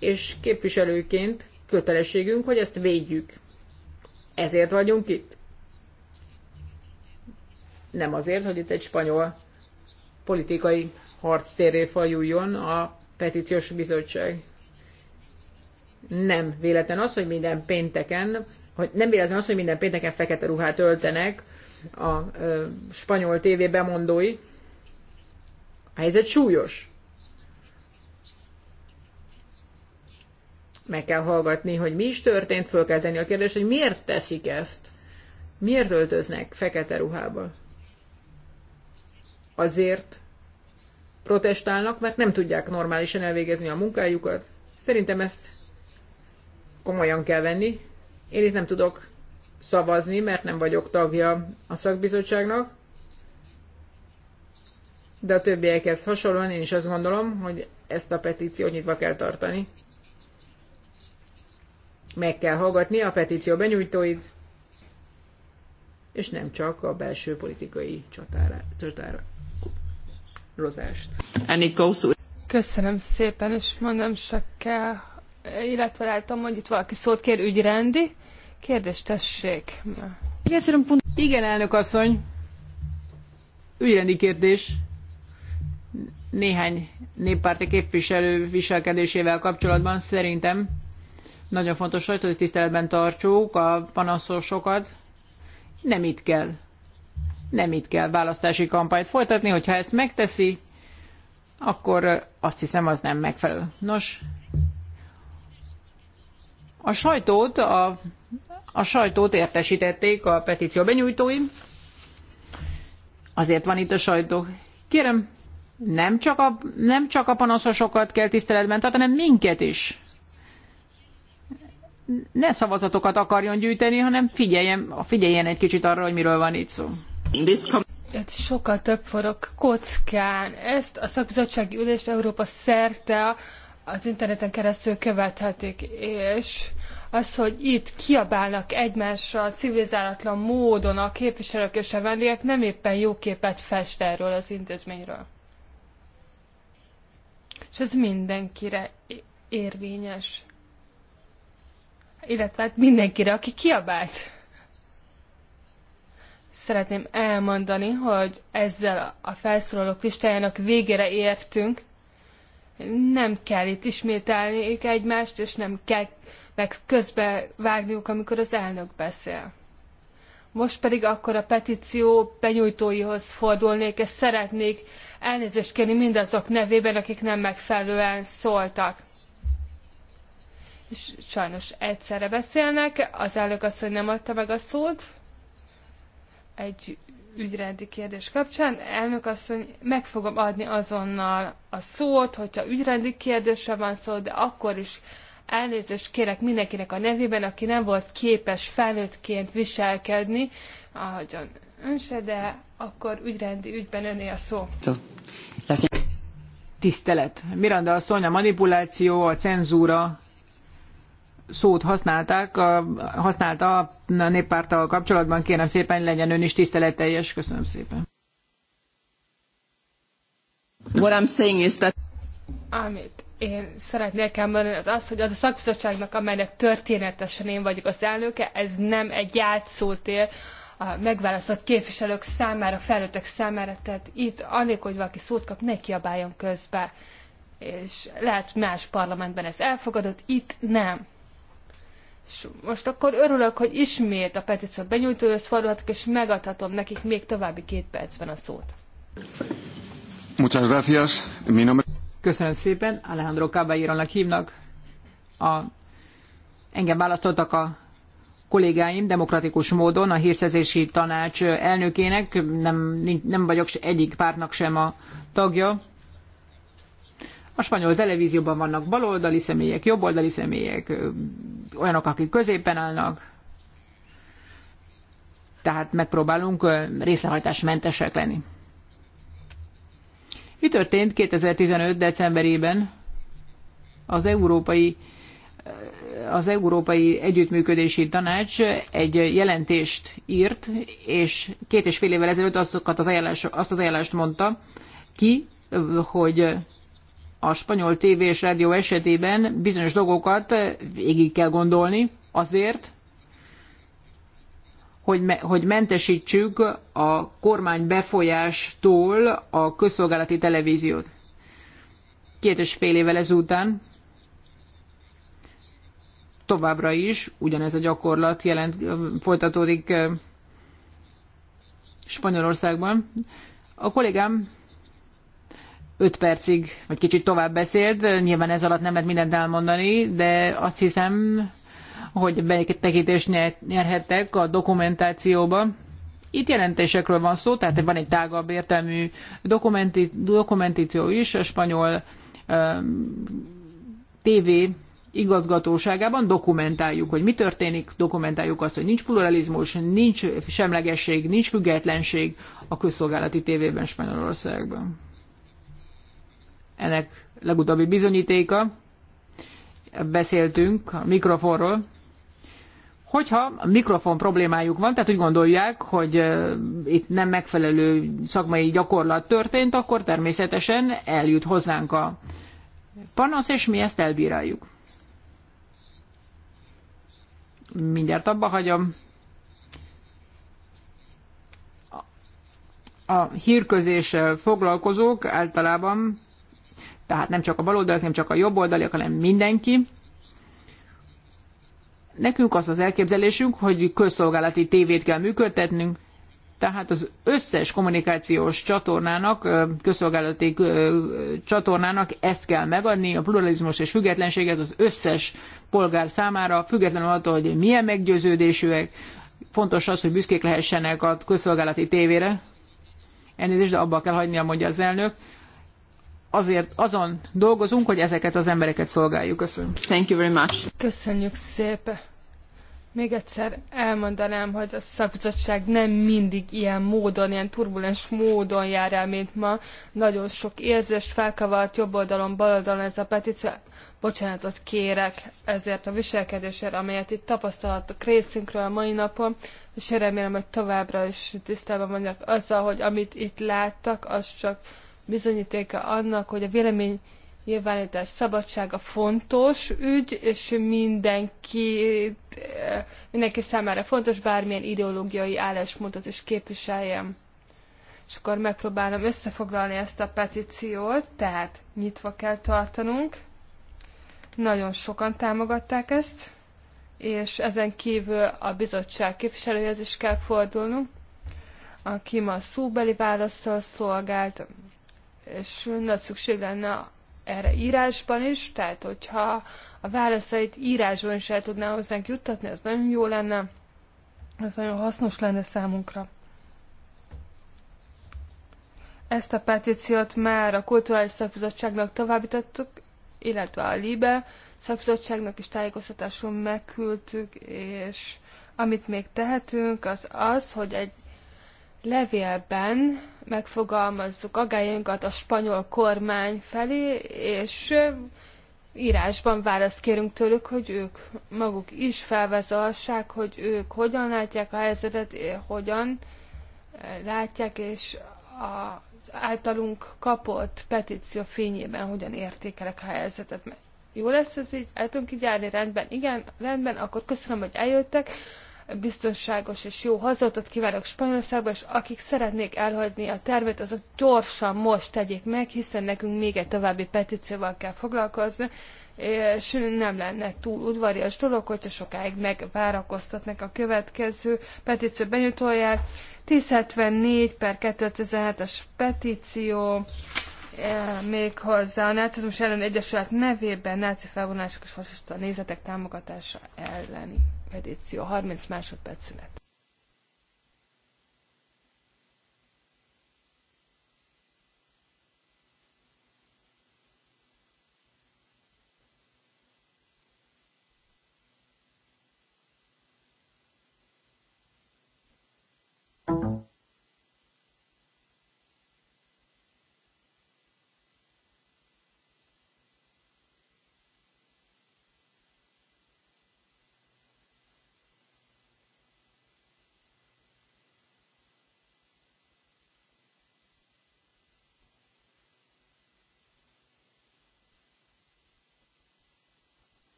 És képviselőként kötelességünk, hogy ezt védjük. Ezért vagyunk itt. Nem azért, hogy itt egy spanyol politikai harctérré fajuljon a petíciós bizottság nem véletlen az, hogy minden pénteken, hogy nem véletlen az, hogy minden pénteken fekete ruhát öltenek a ö, spanyol tévé bemondói. A helyzet súlyos. Meg kell hallgatni, hogy mi is történt, föl kell tenni a kérdést, hogy miért teszik ezt. Miért öltöznek fekete ruhába? Azért protestálnak, mert nem tudják normálisan elvégezni a munkájukat. Szerintem ezt komolyan kell venni. Én itt nem tudok szavazni, mert nem vagyok tagja a szakbizottságnak, de a többiekhez hasonlóan én is azt gondolom, hogy ezt a petíciót nyitva kell tartani. Meg kell hallgatni a petíció benyújtóit, és nem csak a belső politikai csatára, rozást. Köszönöm szépen, és mondom, csak kell, illetve láttam, hogy itt valaki szót kér ügyrendi. Kérdést tessék. Igen, elnök asszony. Ügyrendi kérdés. Néhány néppárti képviselő viselkedésével kapcsolatban szerintem nagyon fontos, hogy tiszteletben tartsuk a panaszosokat. Nem itt kell. Nem itt kell választási kampányt folytatni, hogyha ezt megteszi, akkor azt hiszem az nem megfelelő. Nos, a sajtót, a, a sajtót értesítették a petíció benyújtói, azért van itt a sajtó. Kérem, nem csak a, nem csak a panaszosokat kell tiszteletben tartani, hanem minket is. Ne szavazatokat akarjon gyűjteni, hanem figyeljen, figyeljen egy kicsit arra, hogy miről van itt szó. Ez sokkal több forog kockán. Ezt a szakbizottsági ülést Európa szerte az interneten keresztül követhetik, és az, hogy itt kiabálnak egymásra civilizálatlan módon a képviselők és a vendégek nem éppen jó képet fest erről az intézményről. És ez mindenkire érvényes. Illetve hát mindenkire, aki kiabált. Szeretném elmondani, hogy ezzel a felszólalók listájának végére értünk, nem kell itt ismételni egymást, és nem kell meg közbe vágniuk, amikor az elnök beszél. Most pedig akkor a petíció benyújtóihoz fordulnék, és szeretnék elnézést kérni mindazok nevében, akik nem megfelelően szóltak. És sajnos egyszerre beszélnek, az elnök asszony nem adta meg a szót. Egy ügyrendi kérdés kapcsán. Elnök asszony, meg fogom adni azonnal a szót, hogyha ügyrendi kérdésre van szó, de akkor is elnézést kérek mindenkinek a nevében, aki nem volt képes felnőttként viselkedni, ahogyan ön se, de akkor ügyrendi ügyben öné a szó. Tisztelet. Miranda asszony, a manipuláció, a cenzúra szót használták, a, használta a néppárttal kapcsolatban, kérem szépen legyen ön is tiszteletteljes. Köszönöm szépen. What I'm saying is that... Amit én szeretnék elmondani, az az, hogy az a szakbizottságnak, amelynek történetesen én vagyok az elnöke, ez nem egy játszótér a megválasztott képviselők számára, felnőttek számára, tehát itt, anélkül, hogy valaki szót kap, ne kiabáljon közbe és lehet más parlamentben ez elfogadott, itt nem és most akkor örülök, hogy ismét a petíciót benyújtóhoz fordulhatok, és megadhatom nekik még további két percben a szót. Muchas gracias. Mi nombre... Köszönöm szépen. Alejandro caballero hívnak. A... Engem választottak a kollégáim demokratikus módon a hírszerzési tanács elnökének, nem, nem vagyok egyik pártnak sem a tagja. A spanyol televízióban vannak baloldali személyek, jobboldali személyek, olyanok, akik középen állnak. Tehát megpróbálunk részlehajtásmentesek lenni. Mi történt 2015. decemberében az európai az Európai Együttműködési Tanács egy jelentést írt, és két és fél évvel ezelőtt azokat az ajánlás, azt az ajánlást mondta ki, hogy a spanyol tévé és rádió esetében bizonyos dolgokat végig kell gondolni azért, hogy, me, hogy mentesítsük a kormány befolyástól a közszolgálati televíziót. Két és fél évvel ezután továbbra is ugyanez a gyakorlat jelent, folytatódik Spanyolországban. A kollégám 5 percig, vagy kicsit tovább beszélt, nyilván ez alatt nem lehet mindent elmondani, de azt hiszem, hogy betekintést nyerhettek a dokumentációba. Itt jelentésekről van szó, tehát van egy tágabb értelmű dokumenti, dokumentáció is a spanyol um, TV igazgatóságában dokumentáljuk, hogy mi történik, dokumentáljuk azt, hogy nincs pluralizmus, nincs semlegesség, nincs függetlenség a közszolgálati tévében Spanyolországban ennek legutóbbi bizonyítéka, beszéltünk a mikrofonról, hogyha a mikrofon problémájuk van, tehát úgy gondolják, hogy itt nem megfelelő szakmai gyakorlat történt, akkor természetesen eljut hozzánk a panasz, és mi ezt elbíráljuk. Mindjárt abba hagyom. A hírközéssel foglalkozók általában tehát nem csak a baloldalak, nem csak a jobboldaliak, hanem mindenki. Nekünk az az elképzelésünk, hogy közszolgálati tévét kell működtetnünk, tehát az összes kommunikációs csatornának, közszolgálati csatornának ezt kell megadni, a pluralizmus és függetlenséget az összes polgár számára, függetlenül attól, hogy milyen meggyőződésűek, fontos az, hogy büszkék lehessenek a közszolgálati tévére. Elnézést, de abba kell hagynia, mondja az elnök azért azon dolgozunk, hogy ezeket az embereket szolgáljuk. Köszönöm. Thank you very much. Köszönjük szépen. Még egyszer elmondanám, hogy a szakbizottság nem mindig ilyen módon, ilyen turbulens módon jár el, mint ma. Nagyon sok érzést felkavart jobb oldalon, bal oldalon ez a petíció. Bocsánatot kérek ezért a viselkedésért, amelyet itt tapasztalhatok részünkről a mai napon, és remélem, hogy továbbra is tisztában vannak azzal, hogy amit itt láttak, az csak bizonyítéka annak, hogy a vélemény nyilvánítás szabadsága fontos ügy, és mindenki, mindenki számára fontos, bármilyen ideológiai álláspontot is képviseljem. És akkor megpróbálom összefoglalni ezt a petíciót, tehát nyitva kell tartanunk. Nagyon sokan támogatták ezt, és ezen kívül a bizottság képviselőhez is kell fordulnunk, aki Kima szóbeli válaszsal szolgált, és nagy szükség lenne erre írásban is, tehát hogyha a válaszait írásban is el tudná hozzánk juttatni, az nagyon jó lenne, ez nagyon hasznos lenne számunkra. Ezt a petíciót már a Kulturális Szakbizottságnak továbbítottuk, illetve a LIBE szakbizottságnak is tájékoztatáson megküldtük, és amit még tehetünk, az az, hogy egy levélben megfogalmazzuk aggájainkat a spanyol kormány felé, és írásban választ kérünk tőlük, hogy ők maguk is felvezalsák, hogy ők hogyan látják a helyzetet, eh, hogyan eh, látják, és az általunk kapott petíció fényében hogyan értékelek a helyzetet. Jó lesz ez így? El tudunk így járni? Rendben, igen, rendben, akkor köszönöm, hogy eljöttek biztonságos és jó hazatot kívánok Spanyolországba, és akik szeretnék elhagyni a tervet, azok gyorsan most tegyék meg, hiszen nekünk még egy további petícióval kell foglalkozni, és nem lenne túl udvarias dolog, hogyha sokáig megvárakoztatnak a következő petíció benyújtóját. 1074 per 2017 es petíció, eh, méghozzá a nácizmus ellen egyesület nevében náci felvonások és fasiszta nézetek támogatása elleni petíció. 30 másodperc szünet.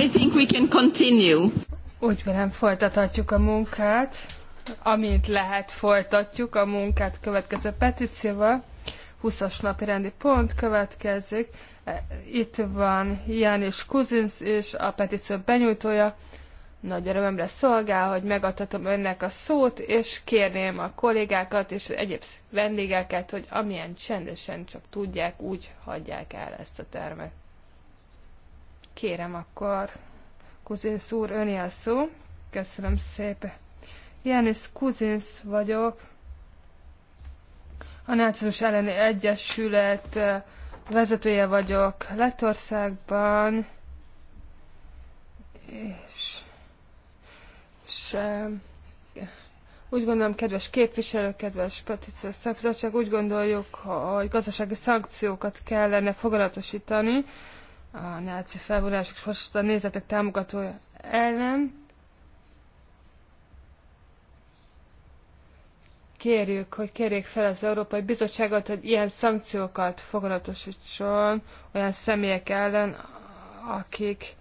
I think we can continue. Úgy vélem, folytathatjuk a munkát. Amint lehet, folytatjuk a munkát következő petícióval. 20-as napi rendi pont következik. E, itt van János Kuzinsz és a petíció benyújtója. Nagy örömömre szolgál, hogy megadhatom önnek a szót, és kérném a kollégákat és egyéb vendégeket, hogy amilyen csendesen csak tudják, úgy hagyják el ezt a termet. Kérem akkor, Kuzinsz úr, öné a szó. Köszönöm szépen. Jánisz Kuzinsz vagyok. A Nácius elleni egyesület vezetője vagyok Lettországban, és, és úgy gondolom, kedves képviselő kedves petíciós szakbizottság, úgy gondoljuk, hogy gazdasági szankciókat kellene foglalatosítani a náci felvonások fosztott a nézetek támogatója ellen. Kérjük, hogy kérjék fel az Európai Bizottságot, hogy ilyen szankciókat foganatosítson olyan személyek ellen, akik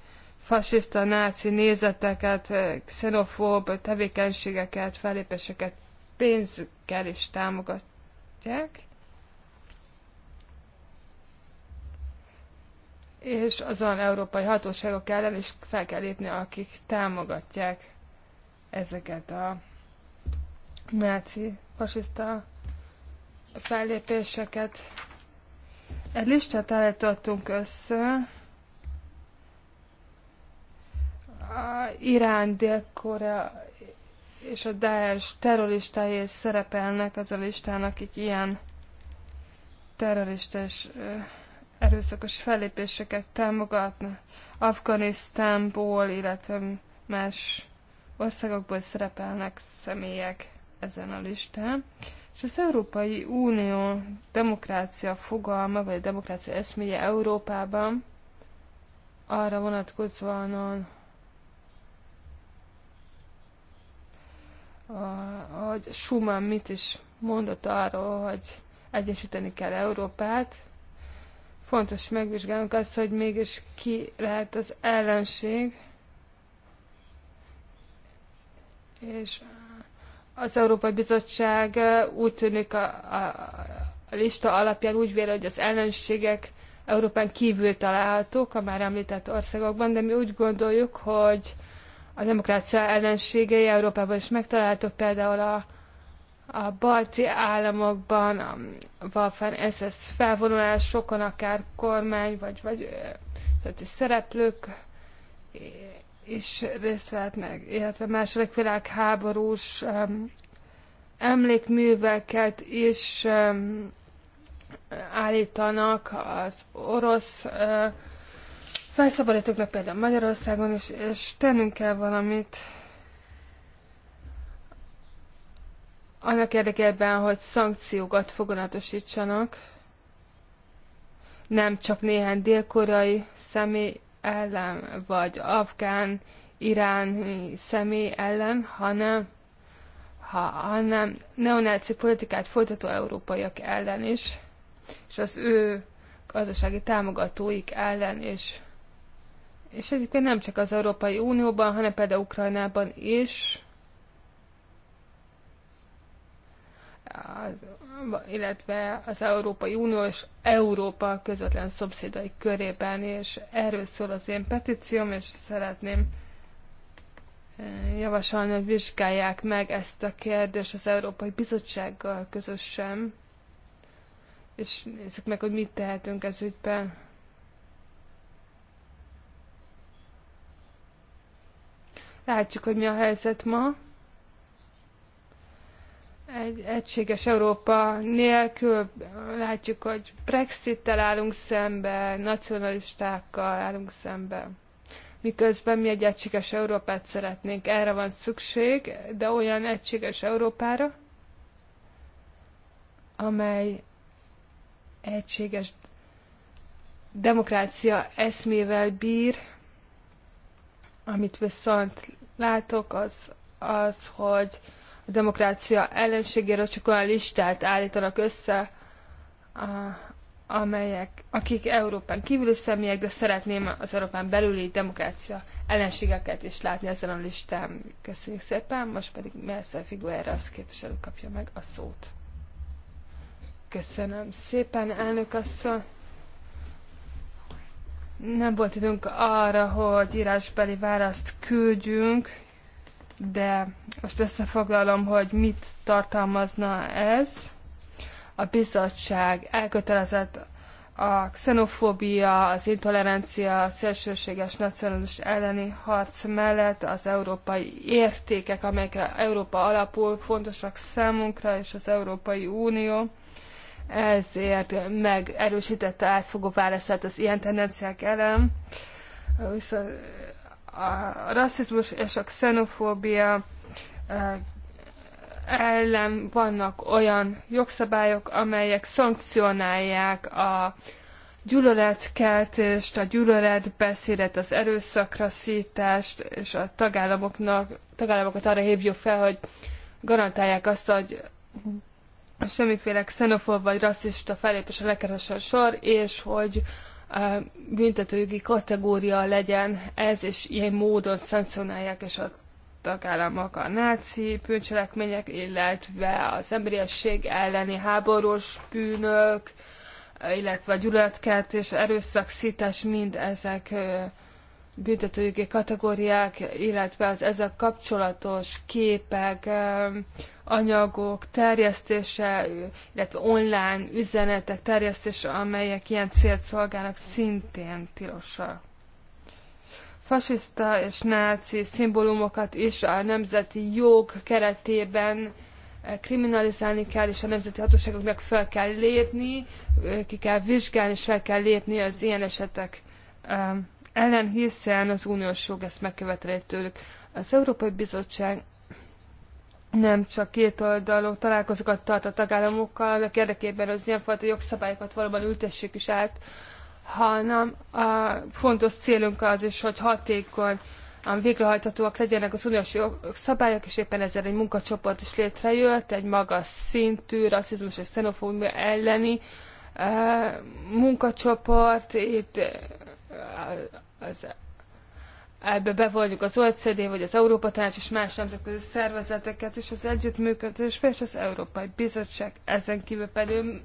fasiszta, náci nézeteket, xenofób tevékenységeket, felépéseket pénzükkel is támogatják. és az olyan európai hatóságok ellen is fel kell lépni, akik támogatják ezeket a náci fasiszta fellépéseket. Egy listát állítottunk össze, a Irán, Dél-Korea és a Daesh terroristái szerepelnek az a listán, akik ilyen terroristás erőszakos fellépéseket támogatnak Afganisztánból, illetve más országokból szerepelnek személyek ezen a listán. És az Európai Unió demokrácia fogalma, vagy demokrácia eszméje Európában arra vonatkozóan, hogy Schumann mit is mondott arról, hogy egyesíteni kell Európát, Fontos megvizsgálnunk azt, hogy mégis ki lehet az ellenség, és az Európai Bizottság úgy tűnik a, a, a lista alapján úgy véle, hogy az ellenségek Európán kívül találhatók a már említett országokban, de mi úgy gondoljuk, hogy a demokrácia ellenségei Európában is megtalálhatók, például a, a balti államokban a ez, SS felvonulás sokan akár kormány, vagy, vagy tehát szereplők is részt vehetnek, illetve második világháborús um, emlékműveket is um, állítanak az orosz uh, felszabadítóknak például Magyarországon is, és tennünk kell valamit annak érdekében, hogy szankciókat foganatosítsanak, nem csak néhány dél-koreai személy ellen, vagy afgán, iráni személy ellen, hanem, ha, hanem neonáci politikát folytató európaiak ellen is, és az ő gazdasági támogatóik ellen is. És egyébként nem csak az Európai Unióban, hanem például Ukrajnában is, illetve az Európai Unió és Európa közvetlen szomszédai körében, és erről szól az én petícióm, és szeretném eh, javasolni, hogy vizsgálják meg ezt a kérdést az Európai Bizottsággal közösen, és nézzük meg, hogy mit tehetünk ez ügyben. Látjuk, hogy mi a helyzet ma egy egységes Európa nélkül látjuk, hogy Brexit-tel állunk szembe, nacionalistákkal állunk szembe. Miközben mi egy egységes Európát szeretnénk, erre van szükség, de olyan egységes Európára, amely egységes demokrácia eszmével bír, amit viszont látok, az, az hogy demokrácia ellenségéről csak olyan listát állítanak össze, a, amelyek, akik Európán kívüli személyek, de szeretném az Európán belüli demokrácia ellenségeket is látni ezen a listán. Köszönjük szépen, most pedig Mercer Figuera, az képviselő kapja meg a szót. Köszönöm szépen, elnök asszony. Nem volt időnk arra, hogy írásbeli választ küldjünk, de most összefoglalom, hogy mit tartalmazna ez. A bizottság elkötelezett a xenofóbia, az intolerancia, a szélsőséges nacionalis elleni harc mellett az európai értékek, amelyekre Európa alapul fontosak számunkra és az Európai Unió, ezért megerősítette átfogó válaszát az ilyen tendenciák ellen. Viszont a rasszizmus és a xenofóbia ellen vannak olyan jogszabályok, amelyek szankcionálják a gyűlöletkeltést, a gyűlöletbeszédet, az erőszakra szítást, és a tagállamoknak, tagállamokat arra hívjuk fel, hogy garantálják azt, hogy semmiféle xenofób vagy rasszista felépésre lekerülhessen sor, és hogy büntetőjogi kategória legyen ez, és ilyen módon szankcionálják és a tagállamok a náci bűncselekmények, illetve az emberiesség elleni háborús bűnök, illetve a gyűlöletkeltés, erőszakszítás, mind ezek büntetőjogi kategóriák, illetve az ezzel kapcsolatos képek, anyagok terjesztése, illetve online üzenetek terjesztése, amelyek ilyen célt szolgálnak, szintén tilosak. Fasiszta és náci szimbólumokat is a nemzeti jog keretében eh, kriminalizálni kell, és a nemzeti hatóságoknak fel kell lépni, eh, ki kell vizsgálni, és fel kell lépni az ilyen esetek ellen, hiszen az uniós jog ezt megkövetelé tőlük. Az Európai Bizottság nem csak kétoldalú találkozókat tart a tagállamokkal, annak érdekében, az az ilyenfajta jogszabályokat valóban ültessék is át, hanem a fontos célunk az is, hogy hatékony um, végrehajthatóak legyenek az uniós jogszabályok, és éppen ezzel egy munkacsoport is létrejött, egy magas szintű rasszizmus és xenofóbia elleni uh, munkacsoport, itt az, ebbe bevonjuk az OECD, vagy az Európa Tanács és más nemzetközi szervezeteket és az együttműködés és az Európai Bizottság ezen kívül pedig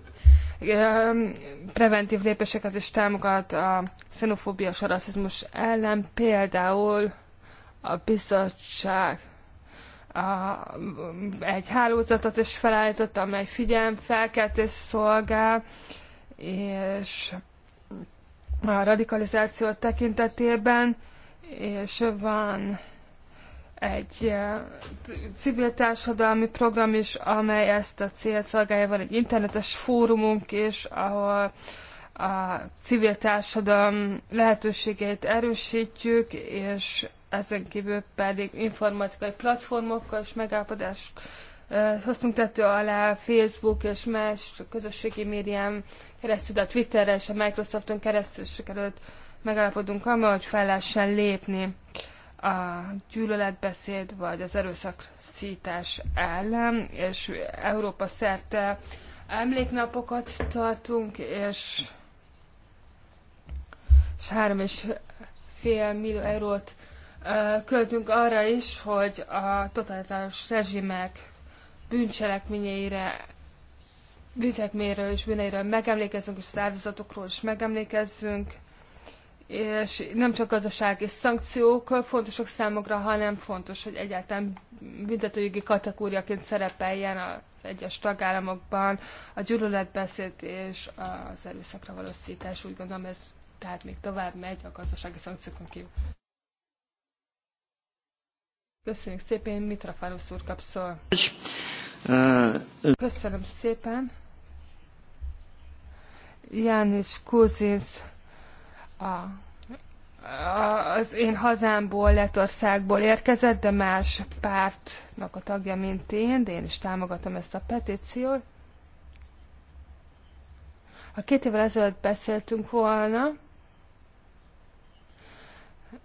um, preventív lépéseket is támogat a xenofóbia és a rasszizmus ellen, például a bizottság a, egy hálózatot is felállított, amely figyelmfelkeltés szolgál, és a radikalizáció tekintetében, és van egy eh, civil társadalmi program is, amely ezt a célt szolgálja. Van egy internetes fórumunk is, ahol a civil társadalom lehetőségeit erősítjük, és ezen kívül pedig informatikai platformokkal is megállapodást hoztunk tető alá Facebook és más közösségi médián keresztül, a Twitterre és a Microsofton keresztül sikerült megállapodunk amely hogy fel lehessen lépni a gyűlöletbeszéd vagy az szítás ellen, és Európa szerte emléknapokat tartunk, és, és három és fél millió eurót költünk arra is, hogy a totalitárius rezsimek bűncselekményeire, bűncselekményről és bűneiről megemlékezzünk, és az áldozatokról is megemlékezzünk, és nem csak és szankciók fontosak számokra, hanem fontos, hogy egyáltalán büntetőjogi kategóriaként szerepeljen az egyes tagállamokban a gyűlöletbeszéd és az erőszakra való szítás. Úgy gondolom, ez tehát még tovább megy a gazdasági szankciókon kívül. Köszönjük szépen, Mitra Fálusz úr kapszol. Köszönöm szépen. János Kuzinsz a az én hazámból, Letországból érkezett, de más pártnak a tagja, mint én, de én is támogatom ezt a petíciót. Ha két évvel ezelőtt beszéltünk volna,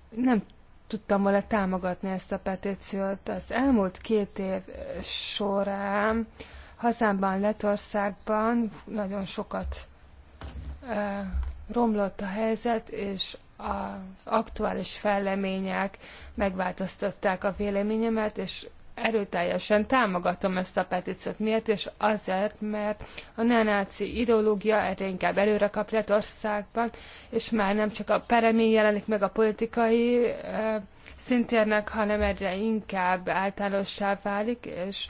nem tudtam volna támogatni ezt a petíciót. Az elmúlt két év során hazámban, Letországban nagyon sokat e, romlott a helyzet, és az aktuális fellemények megváltoztatták a véleményemet, és erőteljesen támogatom ezt a petíciót. Miért? És azért, mert a neonáci ideológia erre inkább előre kap országban, és már nem csak a peremén jelenik meg a politikai e, szintérnek, hanem egyre inkább általossá válik, és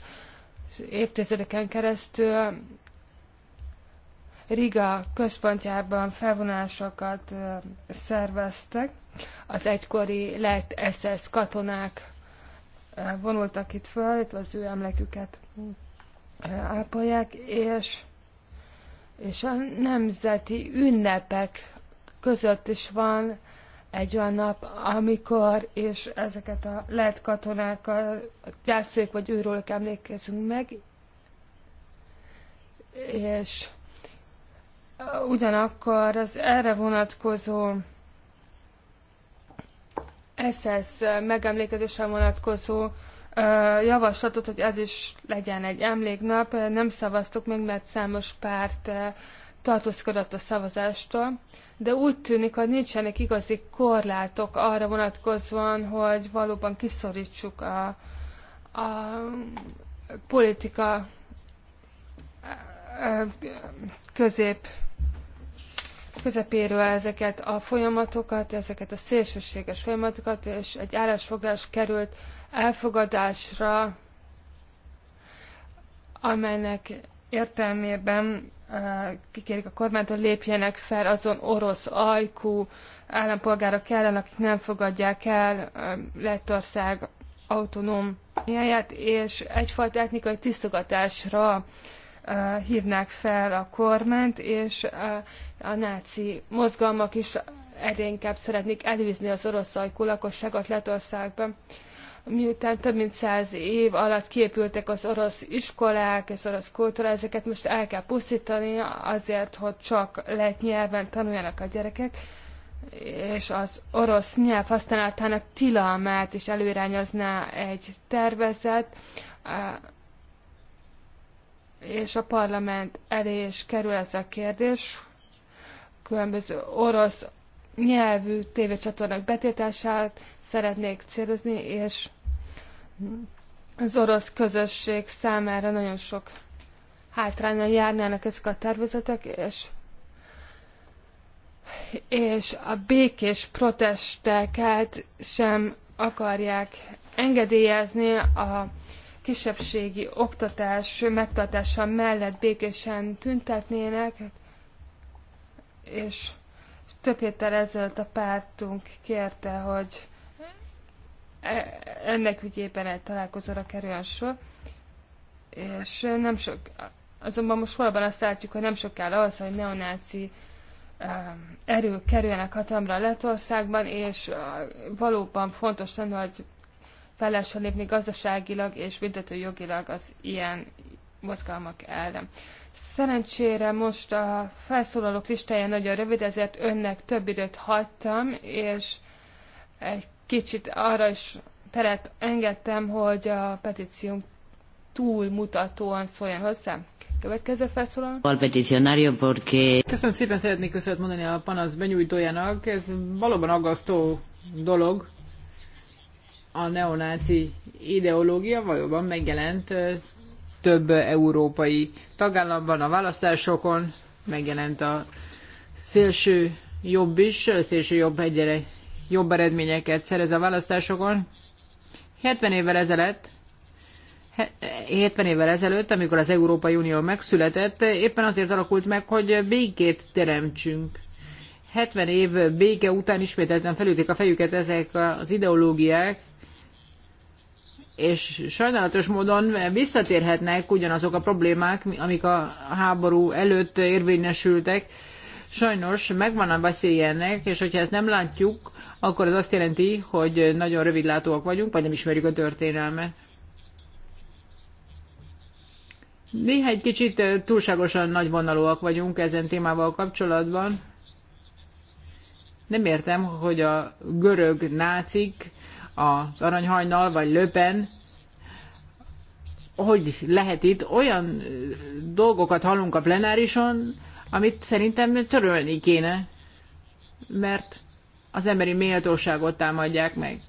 évtizedeken keresztül Riga központjában felvonásokat szerveztek az egykori lett SS katonák vonultak itt föl, itt az ő emléküket ápolják, és, és a nemzeti ünnepek között is van egy olyan nap, amikor és ezeket a lett katonákkal gyászoljuk, vagy őről emlékezünk meg, és ugyanakkor az erre vonatkozó SS megemlékezésre vonatkozó javaslatot, hogy ez is legyen egy emléknap. Nem szavaztuk meg, mert számos párt tartózkodott a szavazástól, de úgy tűnik, hogy nincsenek igazi korlátok arra vonatkozóan, hogy valóban kiszorítsuk a, a politika közép közepéről ezeket a folyamatokat, ezeket a szélsőséges folyamatokat, és egy állásfoglás került elfogadásra, amelynek értelmében eh, kikérik a kormányt, hogy lépjenek fel azon orosz ajkú állampolgárok ellen, akik nem fogadják el eh, Lettország autonómiáját, és egyfajta etnikai tisztogatásra hívnák fel a kormányt, és a, náci mozgalmak is egyre inkább szeretnék elűzni az orosz ajkú lakosságot Letországban. Miután több mint száz év alatt képültek az orosz iskolák és orosz kultúra, ezeket most el kell pusztítani azért, hogy csak lett nyelven tanuljanak a gyerekek, és az orosz nyelv használatának tilalmát is előirányozná egy tervezet és a parlament elé is kerül ez a kérdés. Különböző orosz nyelvű tévécsatornák betétását szeretnék célozni, és az orosz közösség számára nagyon sok hátrányan járnának ezek a tervezetek, és és a békés protesteket sem akarják engedélyezni a kisebbségi oktatás megtartása mellett békésen tüntetnének, hát, és több héttel ezelőtt a pártunk kérte, hogy e, ennek ügyében egy találkozóra kerüljön sor, és nem sok, azonban most valóban azt látjuk, hogy nem sok kell az, hogy neonáci erők kerüljenek hatalomra Letországban, és valóban fontos lenne, hogy fel lehessen lépni gazdaságilag és büntetőjogilag az ilyen mozgalmak ellen. Szerencsére most a felszólalók listája nagyon rövid, ezért önnek több időt hagytam, és egy kicsit arra is teret engedtem, hogy a túl túlmutatóan szóljon hozzám. Következő felszólaló. Al peticionario porque... Köszönöm szépen, szeretnék köszönet mondani a panasz benyújtójának. Ez valóban aggasztó dolog, a neonáci ideológia valóban megjelent több európai tagállamban a választásokon, megjelent a szélső jobb is, a szélső jobb egyre jobb eredményeket szerez a választásokon. 70 évvel ezelőtt 70 évvel ezelőtt, amikor az Európai Unió megszületett, éppen azért alakult meg, hogy békét teremtsünk. 70 év béke után ismételten felülték a fejüket ezek az ideológiák, és sajnálatos módon visszatérhetnek ugyanazok a problémák, amik a háború előtt érvényesültek. Sajnos megvan a veszély ennek, és hogyha ezt nem látjuk, akkor az azt jelenti, hogy nagyon rövidlátóak vagyunk, vagy nem ismerjük a történelmet. Néha egy kicsit túlságosan nagyvonalúak vagyunk ezen témával kapcsolatban. Nem értem, hogy a görög nácik az aranyhajnal, vagy Löpen, hogy lehet itt olyan dolgokat hallunk a plenárison, amit szerintem törölni kéne, mert az emberi méltóságot támadják meg.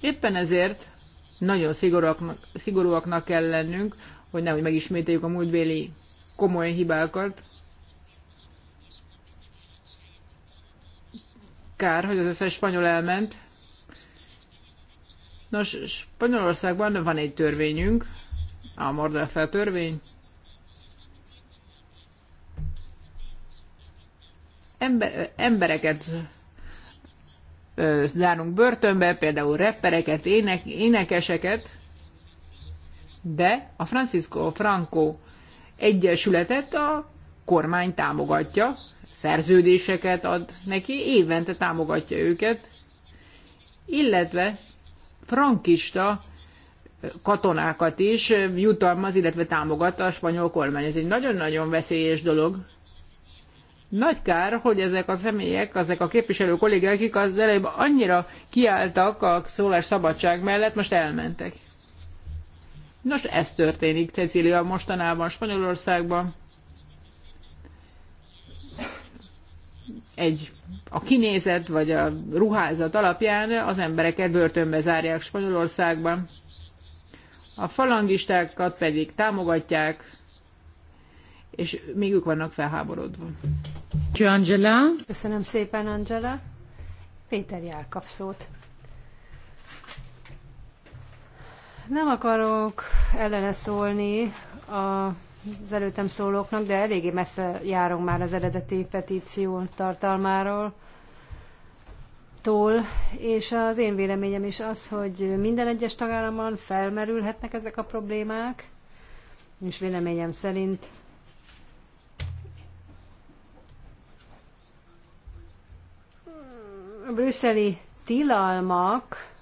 Éppen ezért nagyon szigorúaknak, szigorúaknak kell lennünk, hogy nehogy megismételjük a múltbéli komoly hibákat. Kár, hogy az összes spanyol elment. Nos, Spanyolországban van egy törvényünk, a Mordelfel törvény. Ember, embereket zárunk börtönbe, például repereket, ének, énekeseket, de a Francisco Franco Egyesületet a kormány támogatja, szerződéseket ad neki, évente támogatja őket, illetve frankista katonákat is jutalmaz, illetve támogat a spanyol kormány. Ez egy nagyon-nagyon veszélyes dolog. Nagy kár, hogy ezek a személyek, ezek a képviselő kollégák, akik az elejében annyira kiálltak a szólás szabadság mellett, most elmentek. Nos, ez történik Cecília mostanában Spanyolországban. egy a kinézet vagy a ruházat alapján az embereket börtönbe zárják Spanyolországban. A falangistákat pedig támogatják, és még ők vannak felháborodva. Angela. Köszönöm szépen, Angela. Péter Jár szót. Nem akarok ellene szólni a az előttem szólóknak, de eléggé messze járunk már az eredeti petíció tartalmáról. Tól, és az én véleményem is az, hogy minden egyes tagállamban felmerülhetnek ezek a problémák, és véleményem szerint a brüsszeli tilalmak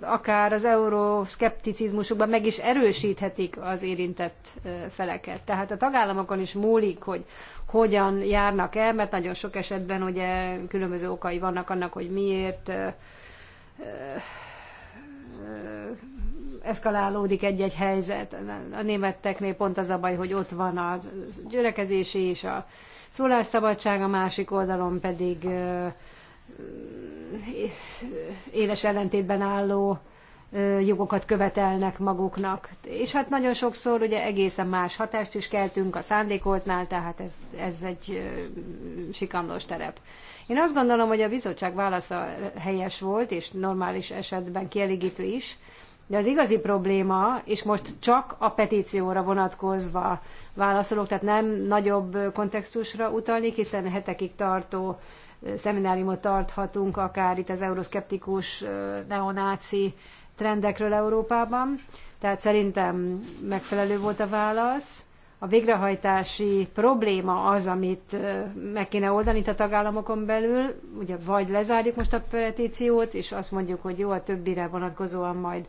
akár az euroszkepticizmusukban meg is erősíthetik az érintett feleket. Tehát a tagállamokon is múlik, hogy hogyan járnak el, mert nagyon sok esetben ugye különböző okai vannak annak, hogy miért eszkalálódik egy-egy helyzet. A németeknél pont az a baj, hogy ott van a gyülekezési és a szólásszabadság, a másik oldalon pedig éles ellentétben álló jogokat követelnek maguknak. És hát nagyon sokszor ugye egészen más hatást is keltünk a szándékoltnál, tehát ez, ez egy sikamlós terep. Én azt gondolom, hogy a bizottság válasza helyes volt, és normális esetben kielégítő is, de az igazi probléma, és most csak a petícióra vonatkozva válaszolok, tehát nem nagyobb kontextusra utalni, hiszen hetekig tartó szemináriumot tarthatunk, akár itt az euroszkeptikus neonáci trendekről Európában. Tehát szerintem megfelelő volt a válasz. A végrehajtási probléma az, amit meg kéne oldani itt a tagállamokon belül, ugye vagy lezárjuk most a petíciót, és azt mondjuk, hogy jó, a többire vonatkozóan majd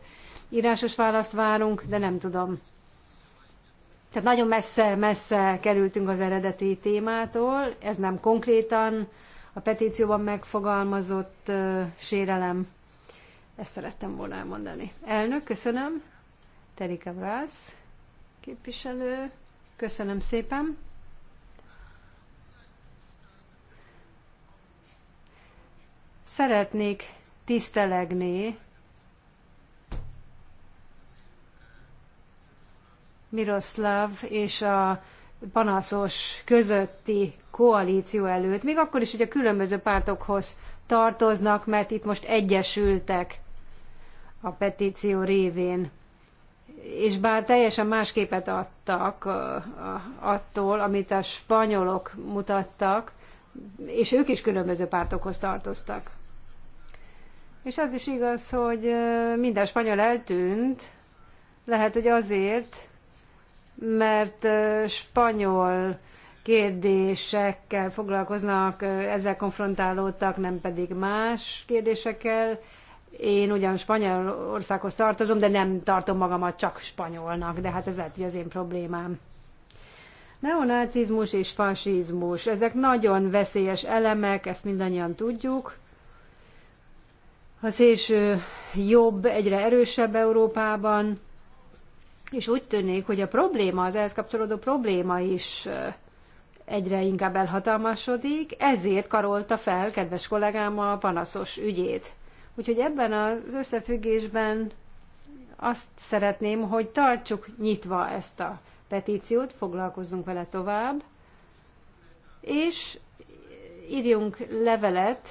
írásos választ várunk, de nem tudom. Tehát nagyon messze, messze kerültünk az eredeti témától, ez nem konkrétan a petícióban megfogalmazott sérelem. Ezt szerettem volna elmondani. Elnök, köszönöm. Terika Brász, képviselő. Köszönöm szépen. Szeretnék tisztelegni Miroslav és a panaszos közötti koalíció előtt, még akkor is, hogy a különböző pártokhoz tartoznak, mert itt most egyesültek a petíció révén. És bár teljesen más képet adtak attól, amit a spanyolok mutattak, és ők is különböző pártokhoz tartoztak. És az is igaz, hogy minden spanyol eltűnt, lehet, hogy azért, mert spanyol kérdésekkel foglalkoznak, ezzel konfrontálódtak, nem pedig más kérdésekkel. Én ugyan Spanyolországhoz tartozom, de nem tartom magamat csak spanyolnak, de hát ez lehet, hogy az én problémám. Neonácizmus és fasizmus, ezek nagyon veszélyes elemek, ezt mindannyian tudjuk. A szélső jobb egyre erősebb Európában, és úgy tűnik, hogy a probléma, az ehhez kapcsolódó probléma is egyre inkább elhatalmasodik, ezért karolta fel kedves kollégám a panaszos ügyét. Úgyhogy ebben az összefüggésben azt szeretném, hogy tartsuk nyitva ezt a petíciót, foglalkozzunk vele tovább, és írjunk levelet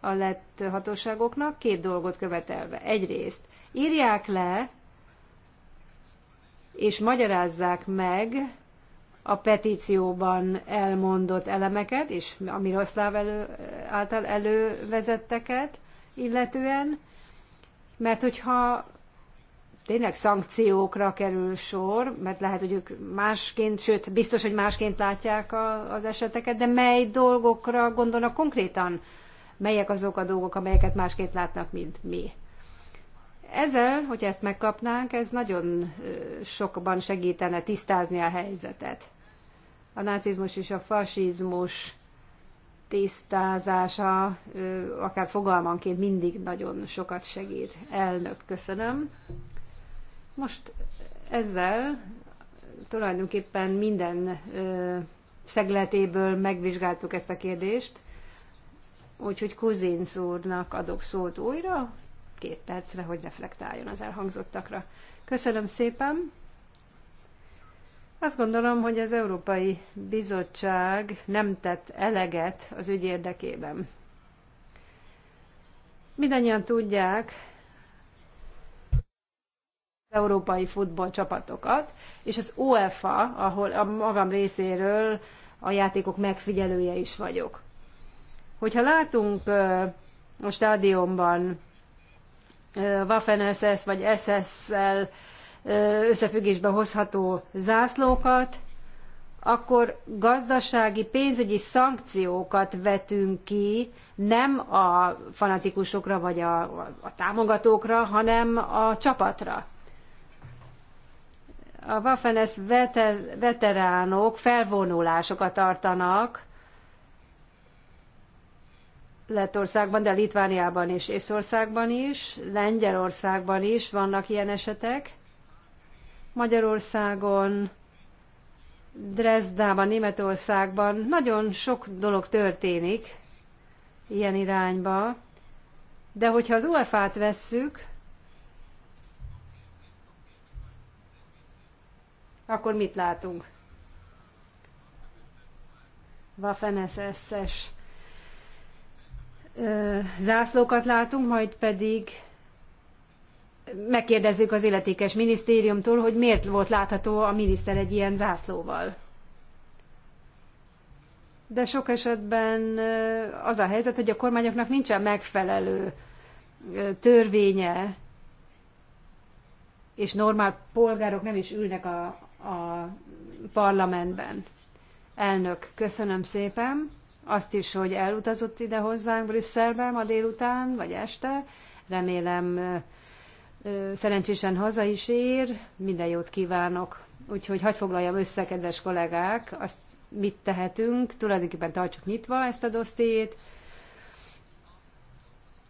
a lett hatóságoknak két dolgot követelve. Egyrészt írják le és magyarázzák meg a petícióban elmondott elemeket, és a Miroszláv elő, által elővezetteket illetően, mert hogyha tényleg szankciókra kerül sor, mert lehet, hogy ők másként, sőt, biztos, hogy másként látják a, az eseteket, de mely dolgokra gondolnak konkrétan? Melyek azok a dolgok, amelyeket másként látnak, mint mi? Ezzel, hogy ezt megkapnánk, ez nagyon sokban segítene tisztázni a helyzetet. A nácizmus és a fasizmus tisztázása, akár fogalmanként mindig nagyon sokat segít. Elnök, köszönöm. Most ezzel tulajdonképpen minden szegletéből megvizsgáltuk ezt a kérdést, úgyhogy Kuzinsz úrnak adok szót újra, két percre, hogy reflektáljon az elhangzottakra. Köszönöm szépen! Azt gondolom, hogy az Európai Bizottság nem tett eleget az ügy érdekében. Mindannyian tudják, európai futballcsapatokat, és az UEFA, ahol a magam részéről a játékok megfigyelője is vagyok. Hogyha látunk a stadionban Waffen-SS vagy SS-szel összefüggésbe hozható zászlókat, akkor gazdasági, pénzügyi szankciókat vetünk ki nem a fanatikusokra vagy a, a támogatókra, hanem a csapatra. A Waffen-SS veteránok felvonulásokat tartanak, Lettországban, de Litvániában és Észországban is, Lengyelországban is vannak ilyen esetek. Magyarországon, Dresdában, Németországban nagyon sok dolog történik ilyen irányba, de hogyha az UEFA-t vesszük, akkor mit látunk? Waffen SS-es zászlókat látunk, majd pedig megkérdezzük az illetékes minisztériumtól, hogy miért volt látható a miniszter egy ilyen zászlóval. De sok esetben az a helyzet, hogy a kormányoknak nincsen megfelelő törvénye, és normál polgárok nem is ülnek a, a parlamentben. Elnök, köszönöm szépen azt is, hogy elutazott ide hozzánk Brüsszelbe ma délután, vagy este. Remélem szerencsésen haza is ér. Minden jót kívánok. Úgyhogy hagyj foglaljam össze, kedves kollégák, azt mit tehetünk. Tulajdonképpen tartsuk nyitva ezt a dosztét,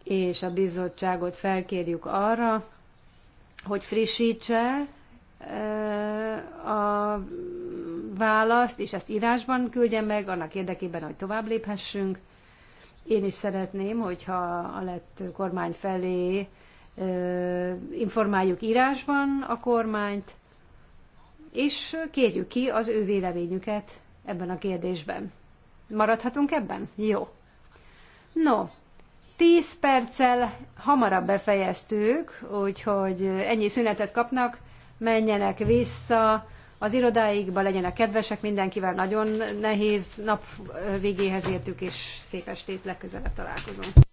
és a bizottságot felkérjük arra, hogy frissítse a választ, és ezt írásban küldje meg, annak érdekében, hogy tovább léphessünk. Én is szeretném, hogyha a lett kormány felé informáljuk írásban a kormányt, és kérjük ki az ő véleményüket ebben a kérdésben. Maradhatunk ebben? Jó. No, tíz perccel hamarabb befejeztük, úgyhogy ennyi szünetet kapnak, menjenek vissza, az irodáikba, legyenek kedvesek mindenkivel, nagyon nehéz nap végéhez értük, és szép estét, legközelebb találkozunk.